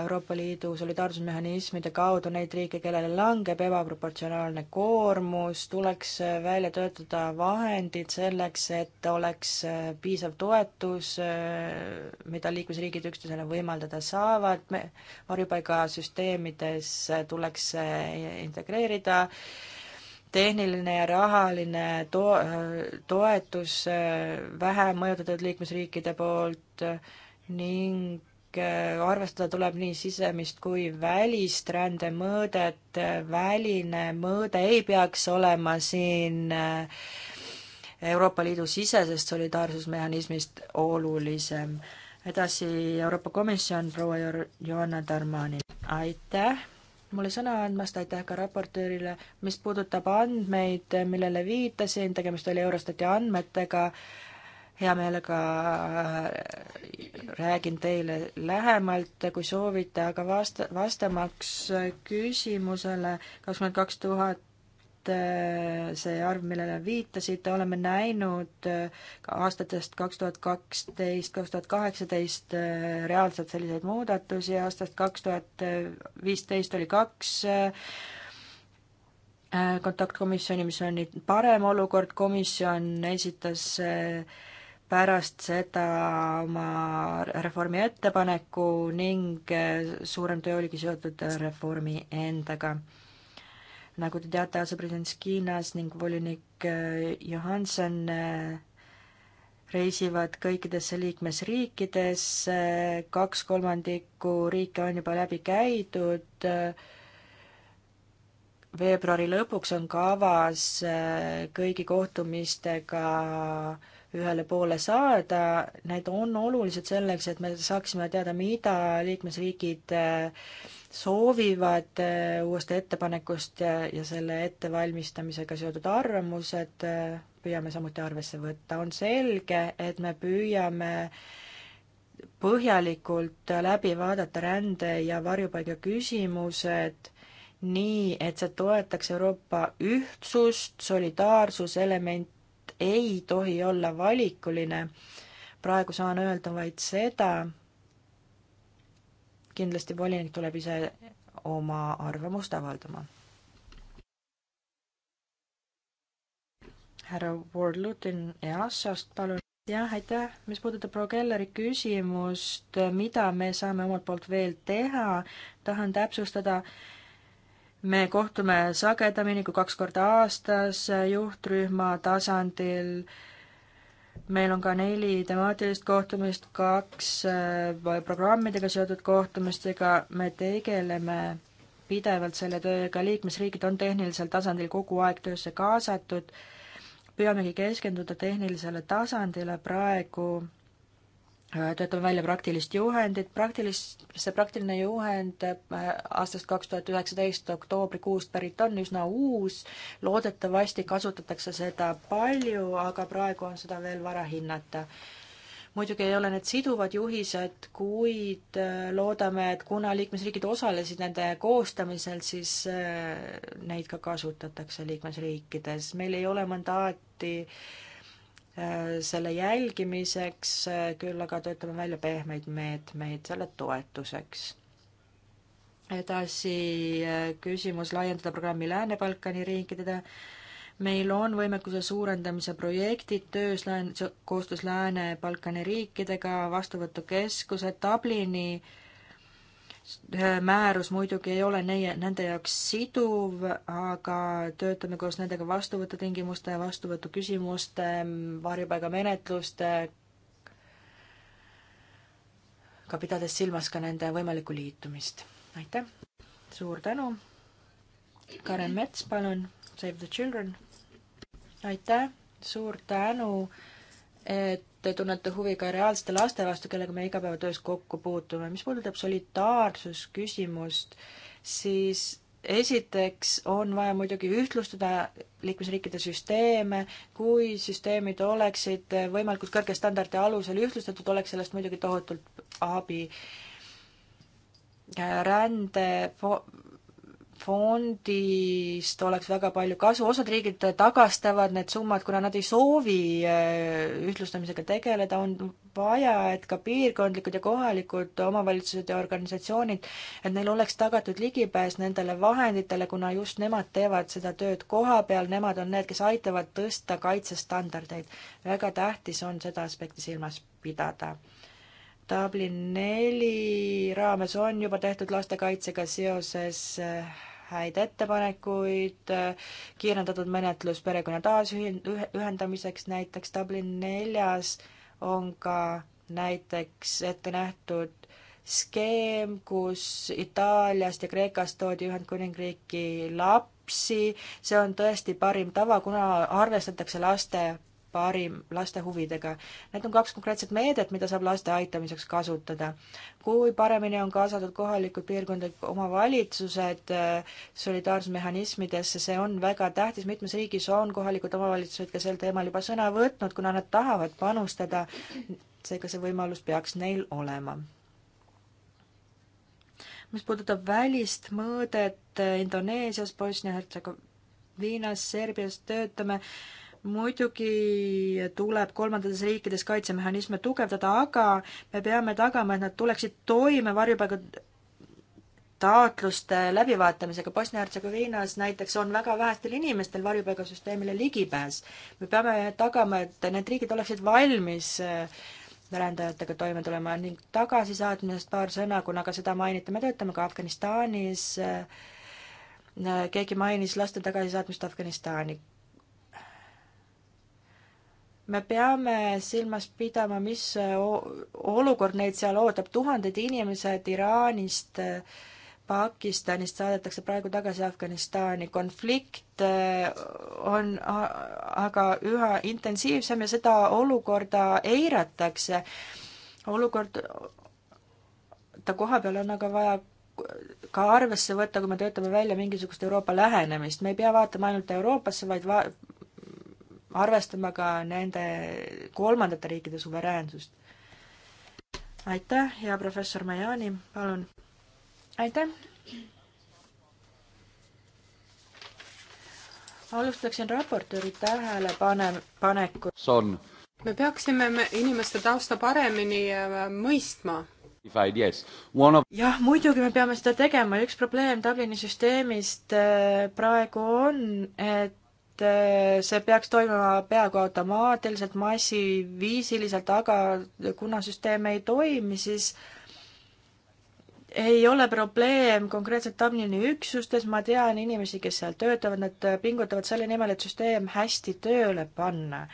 Euroopa Liidu solidaarsusmehhanismide kaudu neid riike, kellele langeb ebaproportsionaalne koormus, tuleks välja töötada vahendid selleks, et oleks piisav toetus, mida liikmesriigid üksteisele võimaldada saavad, me varjupaigasüsteemides tuleks integreerida äh, tehniline ja rahaline to-, toetus äh, vähem mõjutatud liikmesriikide poolt äh, ning äh, arvestada tuleb nii sisemist kui välist rändemõõdet, väline mõõde ei peaks olema siin Euroopa Liidu sisesest solidaarsusmehhanismist olulisem edasi Euroopa Komisjon, proua Johanna Darmani. aitäh! mulle sõna andmast, aitäh ka raportöörile, mis puudutab andmeid, millele viitasin, tegemist oli Eurostati andmetega, hea meelega äh, räägin teile lähemalt, kui soovite, aga vasta, vastamaks küsimusele kakskümmend kaks tuhat Äh, see arv, millele viitasite, oleme näinud äh, aastatest kaks tuhat kaksteist, kaks tuhat kaheksateist äh, reaalselt selliseid muudatusi, aastast kaks tuhat viisteist oli kaks kontaktkomisjoni, mis on nüüd parem olukord, komisjon esitas pärast seda oma reformi ettepaneku ning suurem töö oligi seotud reformi endaga nagu te teate, asepresident Kiinas ning volinik äh, Johanson äh, reisivad kõikidesse liikmesriikidesse, kaks kolmandikku riike on juba läbi käidud, veebruari lõpuks on kavas äh, kõigi kohtumistega ühele poole saada, need on olulised selleks, et me saaksime teada, mida liikmesriigid soovivad äh, uuest ettepanekust ja, ja selle ettevalmistamisega seotud arvamused äh, püüame samuti arvesse võtta. on selge, et me püüame põhjalikult läbi vaadata rände ja varjupaiga küsimused nii, et see toetaks Euroopa ühtsust, solidaarsuselement ei tohi olla valikuline. praegu saan öelda vaid seda, kindlasti volinik tuleb ise oma arvamust avaldama. härra Ward Lutin EASA-st, palun. jah, aitäh. mis puudutab proua Kelleri küsimust, mida me saame omalt poolt veel teha, tahan täpsustada, me kohtume sagedamini kui kaks korda aastas juhtrühma tasandil äh, meil on ka neli temaatilist kohtumist, kaks äh, programmidega seotud kohtumist, ega me tegeleme pidevalt selle tööga, liikmesriigid on tehnilisel tasandil kogu aeg töösse kaasatud, püüamegi keskenduda tehnilisele tasandile, praegu Äh, töötame välja praktilist juhendit, praktilist, see praktiline juhend äh, aastast kaks tuhat üheksateist oktoobrikuust pärit on üsna uus, loodetavasti kasutatakse seda palju, aga praegu on seda veel vara hinnata. muidugi ei ole need siduvad juhised, kuid äh, loodame, et kuna liikmesriigid osalesid nende koostamisel, siis neid ka kasutatakse liikmesriikides. meil ei ole mandaati äh, Äh, selle jälgimiseks, äh, küll aga töötame välja pehmeid meetmeid selle toetuseks. edasi äh, küsimus laiendada programmi Lääne-Balkani riikidele. meil on võimekuse suurendamise projektid töös lään-, koostöös Lääne-Balkani riikidega, vastuvõtukeskused Dublini äh, määrus muidugi ei ole neie, nende jaoks siduv, aga töötame koos nendega vastuvõtutingimuste, vastuvõtuküsimuste, varjupaigamenetluste, ka pidades silmas ka nende võimalikku liitumist. aitäh, suur tänu. Karen Mets, palun, Save the Children. aitäh, suur tänu, et te tunnete huvi ka reaalsete laste vastu, kellega me igapäevatöös kokku puutume. mis puudutab solidaarsusküsimust, siis esiteks on vaja muidugi ühtlustada liikmesriikide süsteeme, kui süsteemid oleksid võimalikult kõrge standardi alusel ühtlustatud, oleks sellest muidugi tohutult abi. rände fondist oleks väga palju kasu, osad riigid tagastavad need summad, kuna nad ei soovi äh, ühtlustamisega tegeleda, on vaja, et ka piirkondlikud ja kohalikud omavalitsused ja organisatsioonid, et neil oleks tagatud ligipääs nendele vahenditele, kuna just nemad teevad seda tööd koha peal, nemad on need, kes aitavad tõsta kaitsestandardeid. väga tähtis on seda aspekti silmas pidada Dublin neli raames on juba tehtud lastekaitsega seoses äh, häid ettepanekuid, kiirendatud menetlus perekonna taasühendamiseks, näiteks Dublin neljas on ka näiteks ette nähtud skeem, kus Itaaliast ja Kreekast toodi Ühendkuningriiki lapsi, see on tõesti parim tava, kuna arvestatakse laste parim laste huvidega. Need on kaks konkreetset meedet, mida saab laste aitamiseks kasutada. kui paremini on kaasatud kohalikud piirkondlikud omavalitsused äh, solidaarsusmehhanismidesse, see on väga tähtis, mitmes riigis on kohalikud omavalitsused ka sel teemal juba sõna võtnud, kuna nad tahavad panustada, seega see võimalus peaks neil olema mis puudutab välist mõõdet Indoneesias, Bosnia-Hertsegoviinas, Serbias töötame äh, muidugi tuleb kolmandates riikides kaitsemehhanisme tugevdada, aga me peame tagama, et nad tuleksid toime varjupaiga taotluste läbivaatamisega. Bosnia-Hertsegoviinas näiteks on väga vähestel inimestel varjupaigasüsteemile ligipääs. me peame tagama, et need riigid oleksid valmis äh, rändajatega toime tulema ning tagasisaatmisest paar sõna, kuna ka seda mainiti, me töötame ka Afganistanis, äh, äh, keegi mainis laste tagasisaatmist Afganistani me peame silmas pidama, mis olukord neid seal ootab, tuhanded inimesed Iraanist Pakistanist saadetakse praegu tagasi Afganistani. konflikt eh, on aga üha intensiivsem ja seda olukorda eiratakse. olukord ta koha peal on aga vaja ka arvesse võtta, kui me töötame välja mingisugust Euroopa lähenemist. me ei pea vaatama ainult Euroopasse, vaid va-, arvestama ka nende kolmandate riikide suveräänsust. aitäh, hea professor Majani, palun. aitäh. alustaksin raportööri tähelepaneku. me peaksime me inimeste tausta paremini äh, mõistma jah, muidugi me peame seda tegema ja üks probleem Dublini süsteemist äh, praegu on, et Äh, see peaks toimuma peaaegu automaatiliselt, massiviisiliselt, aga kuna süsteem ei toimi, siis ei ole probleem konkreetselt Dublini üksustes, ma tean inimesi, kes seal töötavad, nad pingutavad selle nimel, et süsteem hästi tööle panna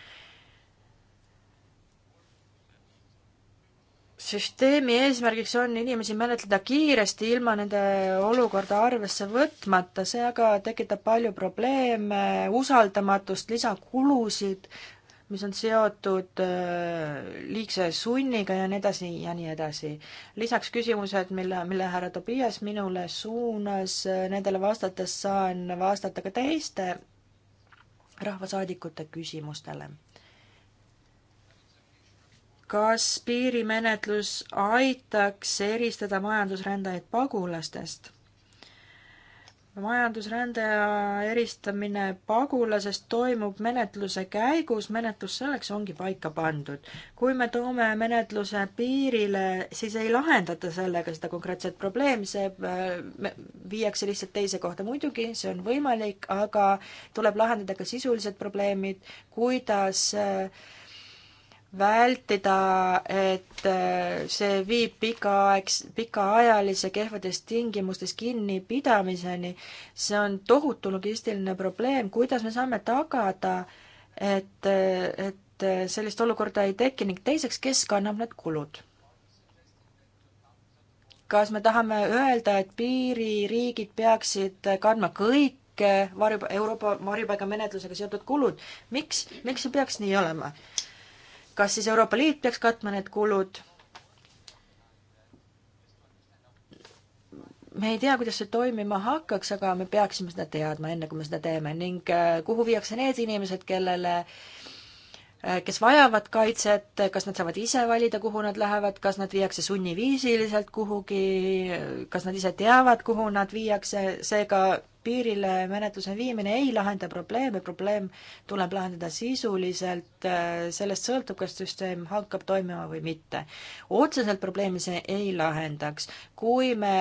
süsteemi eesmärgiks on inimesi menetleda kiiresti, ilma nende olukorda arvesse võtmata, see aga tekitab palju probleeme, usaldamatust, lisakulusid, mis on seotud äh, liigse sunniga ja nii edasi ja nii edasi. lisaks küsimused, mille, mille härra Tobias minule suunas, äh, nendele vastates saan vastata ka teiste rahvasaadikute küsimustele kas piirimenetlus aitaks eristada majandusrändajaid pagulastest? majandusrändaja eristamine pagulasest toimub menetluse käigus, menetlus selleks ongi paika pandud. kui me toome menetluse piirile, siis ei lahendata sellega seda konkreetset probleemi, see äh, viiakse lihtsalt teise kohta. muidugi see on võimalik, aga tuleb lahendada ka sisulised probleemid, kuidas äh, vältida, et äh, see viib pikaaegs, pikaajalise kehvades tingimustes kinnipidamiseni. see on tohutu logistiline probleem, kuidas me saame tagada, et, et sellist olukorda ei teki ning teiseks, kes kannab need kulud? kas me tahame öelda, et piiririigid peaksid kandma kõik varjupa-, Euroopa varjupaigamenetlusega seotud kulud? miks, miks see peaks nii olema? kas siis Euroopa Liit peaks katma need kulud? me ei tea, kuidas see toimima hakkaks, aga me peaksime seda teadma, enne kui me seda teeme ning äh, kuhu viiakse need inimesed, kellele äh, Äh, kes vajavad kaitset, kas nad saavad ise valida, kuhu nad lähevad, kas nad viiakse sunniviisiliselt kuhugi, kas nad ise teavad, kuhu nad viiakse, seega piirile menetluse viimine ei lahenda probleeme, probleem tuleb lahendada sisuliselt, äh, sellest sõltub, kas süsteem hakkab toimima või mitte. otseselt probleemi see ei lahendaks. kui me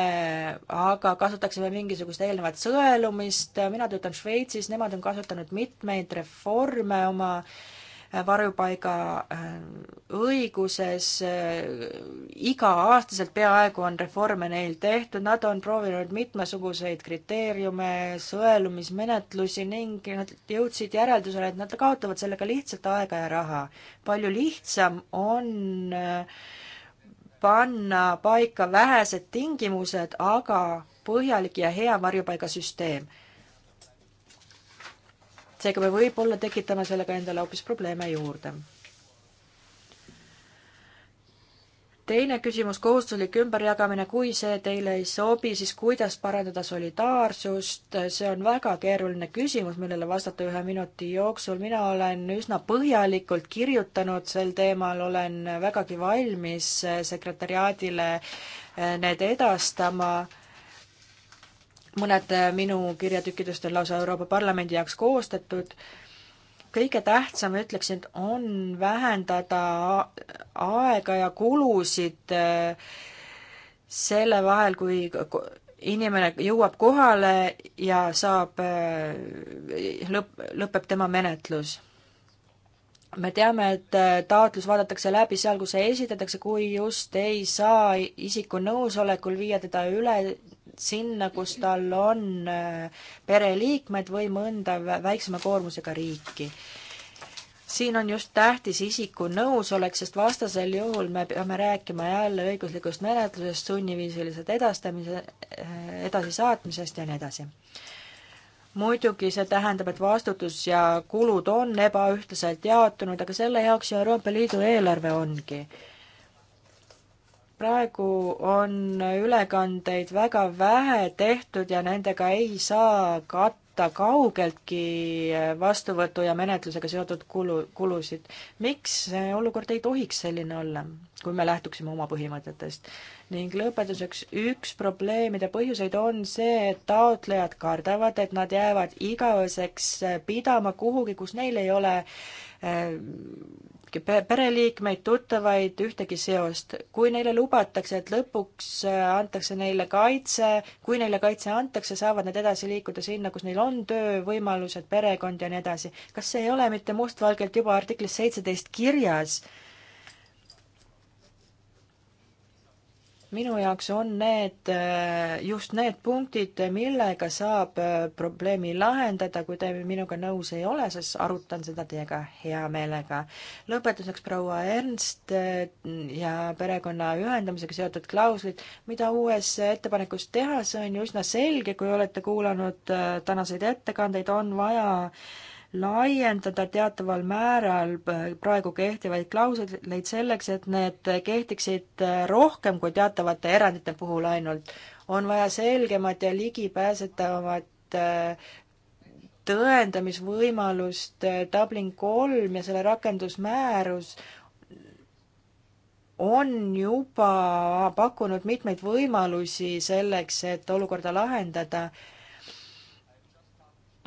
aga kasutaksime mingisugust eelnevat sõelumist, mina töötan Šveitsis, nemad on kasutanud mitmeid reforme oma äh, varjupaiga äh, õiguses. Äh, iga-aastaselt peaaegu on reforme neil tehtud, nad on proovinud mitmesuguseid kriteeriume, sõelumismenetlusi ning nad jõudsid järeldusele, et nad kaotavad sellega lihtsalt aega ja raha. palju lihtsam on äh, panna paika vähesed tingimused, aga põhjalik ja hea varjupaigasüsteem seega me võib-olla tekitame sellega endale hoopis probleeme juurde. teine küsimus, kohustuslik ümberjagamine, kui see teile ei sobi, siis kuidas parandada solidaarsust, see on väga keeruline küsimus, millele vastata ühe minuti jooksul, mina olen üsna põhjalikult kirjutanud sel teemal, olen vägagi valmis sekretäriaadile need edastama mõned äh, minu kirjatükkidest on lausa Euroopa Parlamendi jaoks koostatud, kõige tähtsam, ma ütleksin, et on vähendada aega ja kulusid äh, selle vahel, kui inimene jõuab kohale ja saab, äh, lõpp, lõpeb tema menetlus me teame, et taotlus vaadatakse läbi seal, kus see esitatakse, kui just ei saa isiku nõusolekul viia teda üle sinna, kus tal on äh, pereliikmed või mõnda väiksema koormusega riiki. siin on just tähtis isiku nõusolek, sest vastasel juhul me peame rääkima jälle õiguslikust menetlusest, sunniviisiliselt edastamise, äh, edasisaatmisest ja nii edasi muidugi see tähendab, et vastutus ja kulud on ebaühtlaselt jaotunud, aga selle jaoks ju Euroopa Liidu eelarve ongi praegu on ülekandeid väga vähe tehtud ja nendega ei saa katta kaugeltki vastuvõtu ja menetlusega seotud kulu, kulusid. miks see olukord ei tohiks selline olla, kui me lähtuksime oma põhimõtetest? ning lõpetuseks, üks probleemide põhjuseid on see, et taotlejad kardavad, et nad jäävad igaveseks pidama kuhugi, kus neil ei ole eh, ühtki pereliikmeid, tuttavaid, ühtegi seost. kui neile lubatakse, et lõpuks äh, antakse neile kaitse, kui neile kaitse antakse, saavad nad edasi liikuda sinna, kus neil on töövõimalused, perekond ja nii edasi. kas see ei ole mitte mustvalgelt juba artiklis seitseteist kirjas, minu jaoks on need äh, just need punktid, millega saab äh, probleemi lahendada, kui te minuga nõus ei ole, siis arutan seda teiega hea meelega. lõpetuseks proua Ernst äh, ja perekonna ühendamisega seotud klauslid, mida uues ettepanekus teha, see on ju üsna selge, kui olete kuulanud tänaseid ettekandeid, on vaja laiendada teataval määral äh, praegu kehtivaid klausleid selleks, et need kehtiksid äh, rohkem kui teatavate erandite puhul ainult. on vaja selgemat ja ligipääsetavat äh, tõendamisvõimalust Dublin kolm ja selle rakendusmäärus on juba pakkunud mitmeid võimalusi selleks, et olukorda lahendada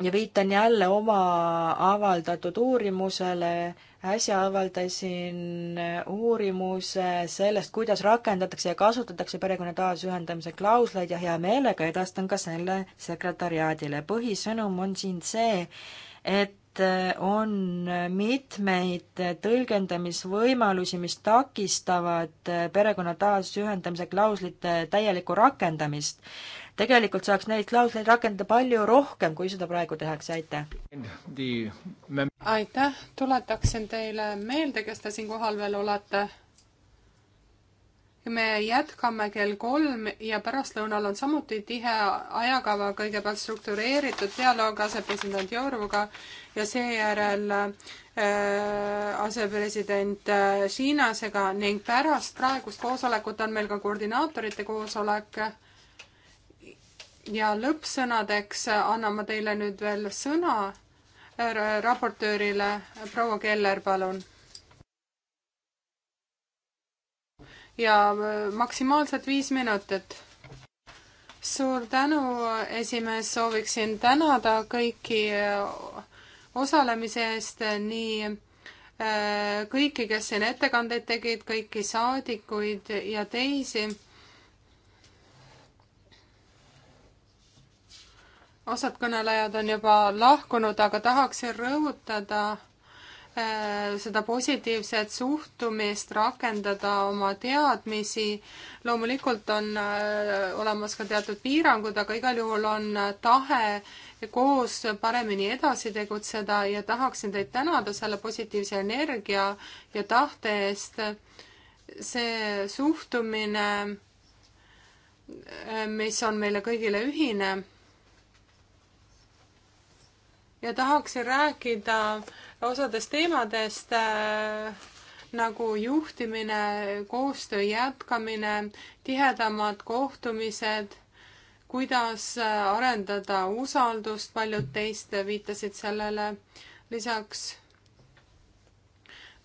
ja viitan jälle oma avaldatud uurimusele, äsja avaldasin uurimuse sellest, kuidas rakendatakse ja kasutatakse perekonna taasühendamise klausleid ja hea meelega edastan ka selle sekretariaadile. põhisõnum on siin see, et on mitmeid tõlgendamisvõimalusi, mis takistavad perekonna taasühendamise klauslite täielikku rakendamist tegelikult saaks neid klausleid rakendada palju rohkem, kui seda praegu tehakse, aitäh! aitäh, tuletaksin teile meelde, kes te siin kohal veel olete. me jätkame kell kolm ja pärastlõunal on samuti tihe ajakava, kõigepealt struktureeritud dialoog asepresident Jouruga ja seejärel äh, asepresident äh, Hiinasega ning pärast praegust koosolekut on meil ka koordinaatorite koosolek ja lõppsõnadeks annan ma teile nüüd veel sõna raportöörile. proua Keller, palun. ja äh, maksimaalselt viis minutit. suur tänu, esimees, sooviksin tänada kõiki äh, osalemise eest, äh, nii kõiki, kes siin ettekandeid tegid, kõiki saadikuid ja teisi osad kõnelejad on juba lahkunud, aga tahaksin rõhutada eh, seda positiivset suhtumist, rakendada oma teadmisi. loomulikult on eh, olemas ka teatud piirangud, aga igal juhul on tahe koos paremini edasi tegutseda ja tahaksin teid tänada selle positiivse energia ja tahte eest. see suhtumine, eh, mis on meile kõigile ühine ja tahaksin rääkida osadest teemadest äh, nagu juhtimine, koostöö jätkamine, tihedamad kohtumised, kuidas äh, arendada usaldust, paljud teist viitasid sellele. lisaks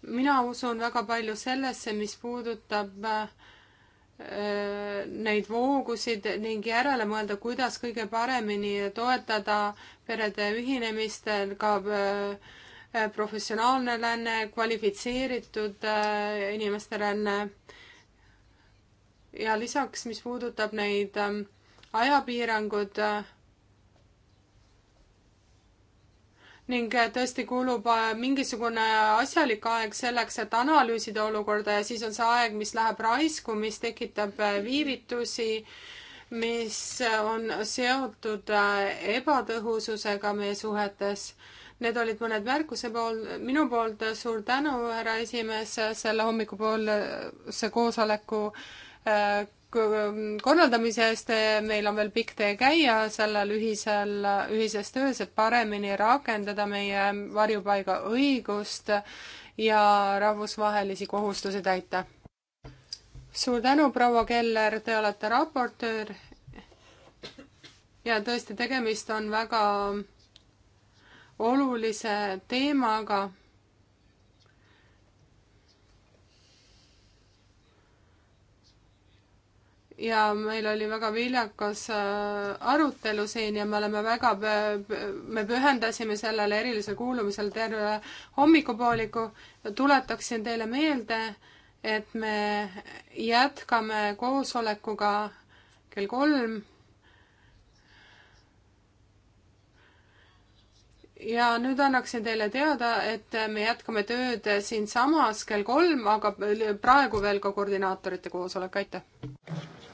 mina usun väga palju sellesse, mis puudutab äh, Äh, neid voogusid ning järele mõelda, kuidas kõige paremini toetada perede ühinemist ka äh, professionaalne ränne, kvalifitseeritud äh, inimeste ränne. ja lisaks, mis puudutab neid ajapiirangud, ning äh, tõesti kulub äh, mingisugune asjalik aeg selleks, et analüüsida olukorda ja siis on see aeg, mis läheb raisku, mis tekitab äh, viivitusi, mis on seotud ebatõhususega meie suhetes. Need olid mõned märkuse pool, minu poolt suur tänu, härra esimees, selle hommikupoolse koosoleku korraldamise eest, meil on veel pikk tee käia sellel ühisel, ühises töös, et paremini rakendada meie varjupaiga õigust ja rahvusvahelisi kohustusi täita. suur tänu, proua Keller, te olete raportöör. ja tõesti, tegemist on väga olulise teemaga ja meil oli väga viljakas äh, arutelu siin ja me oleme väga, me pühendasime sellele erilisele kuulumisele terve hommikupooliku. tuletaksin teile meelde, et me jätkame koosolekuga kell kolm. ja nüüd annaksin teile teada, et me jätkame tööd siinsamas kell kolm, aga praegu veel ka koordinaatorite koosolek, aitäh!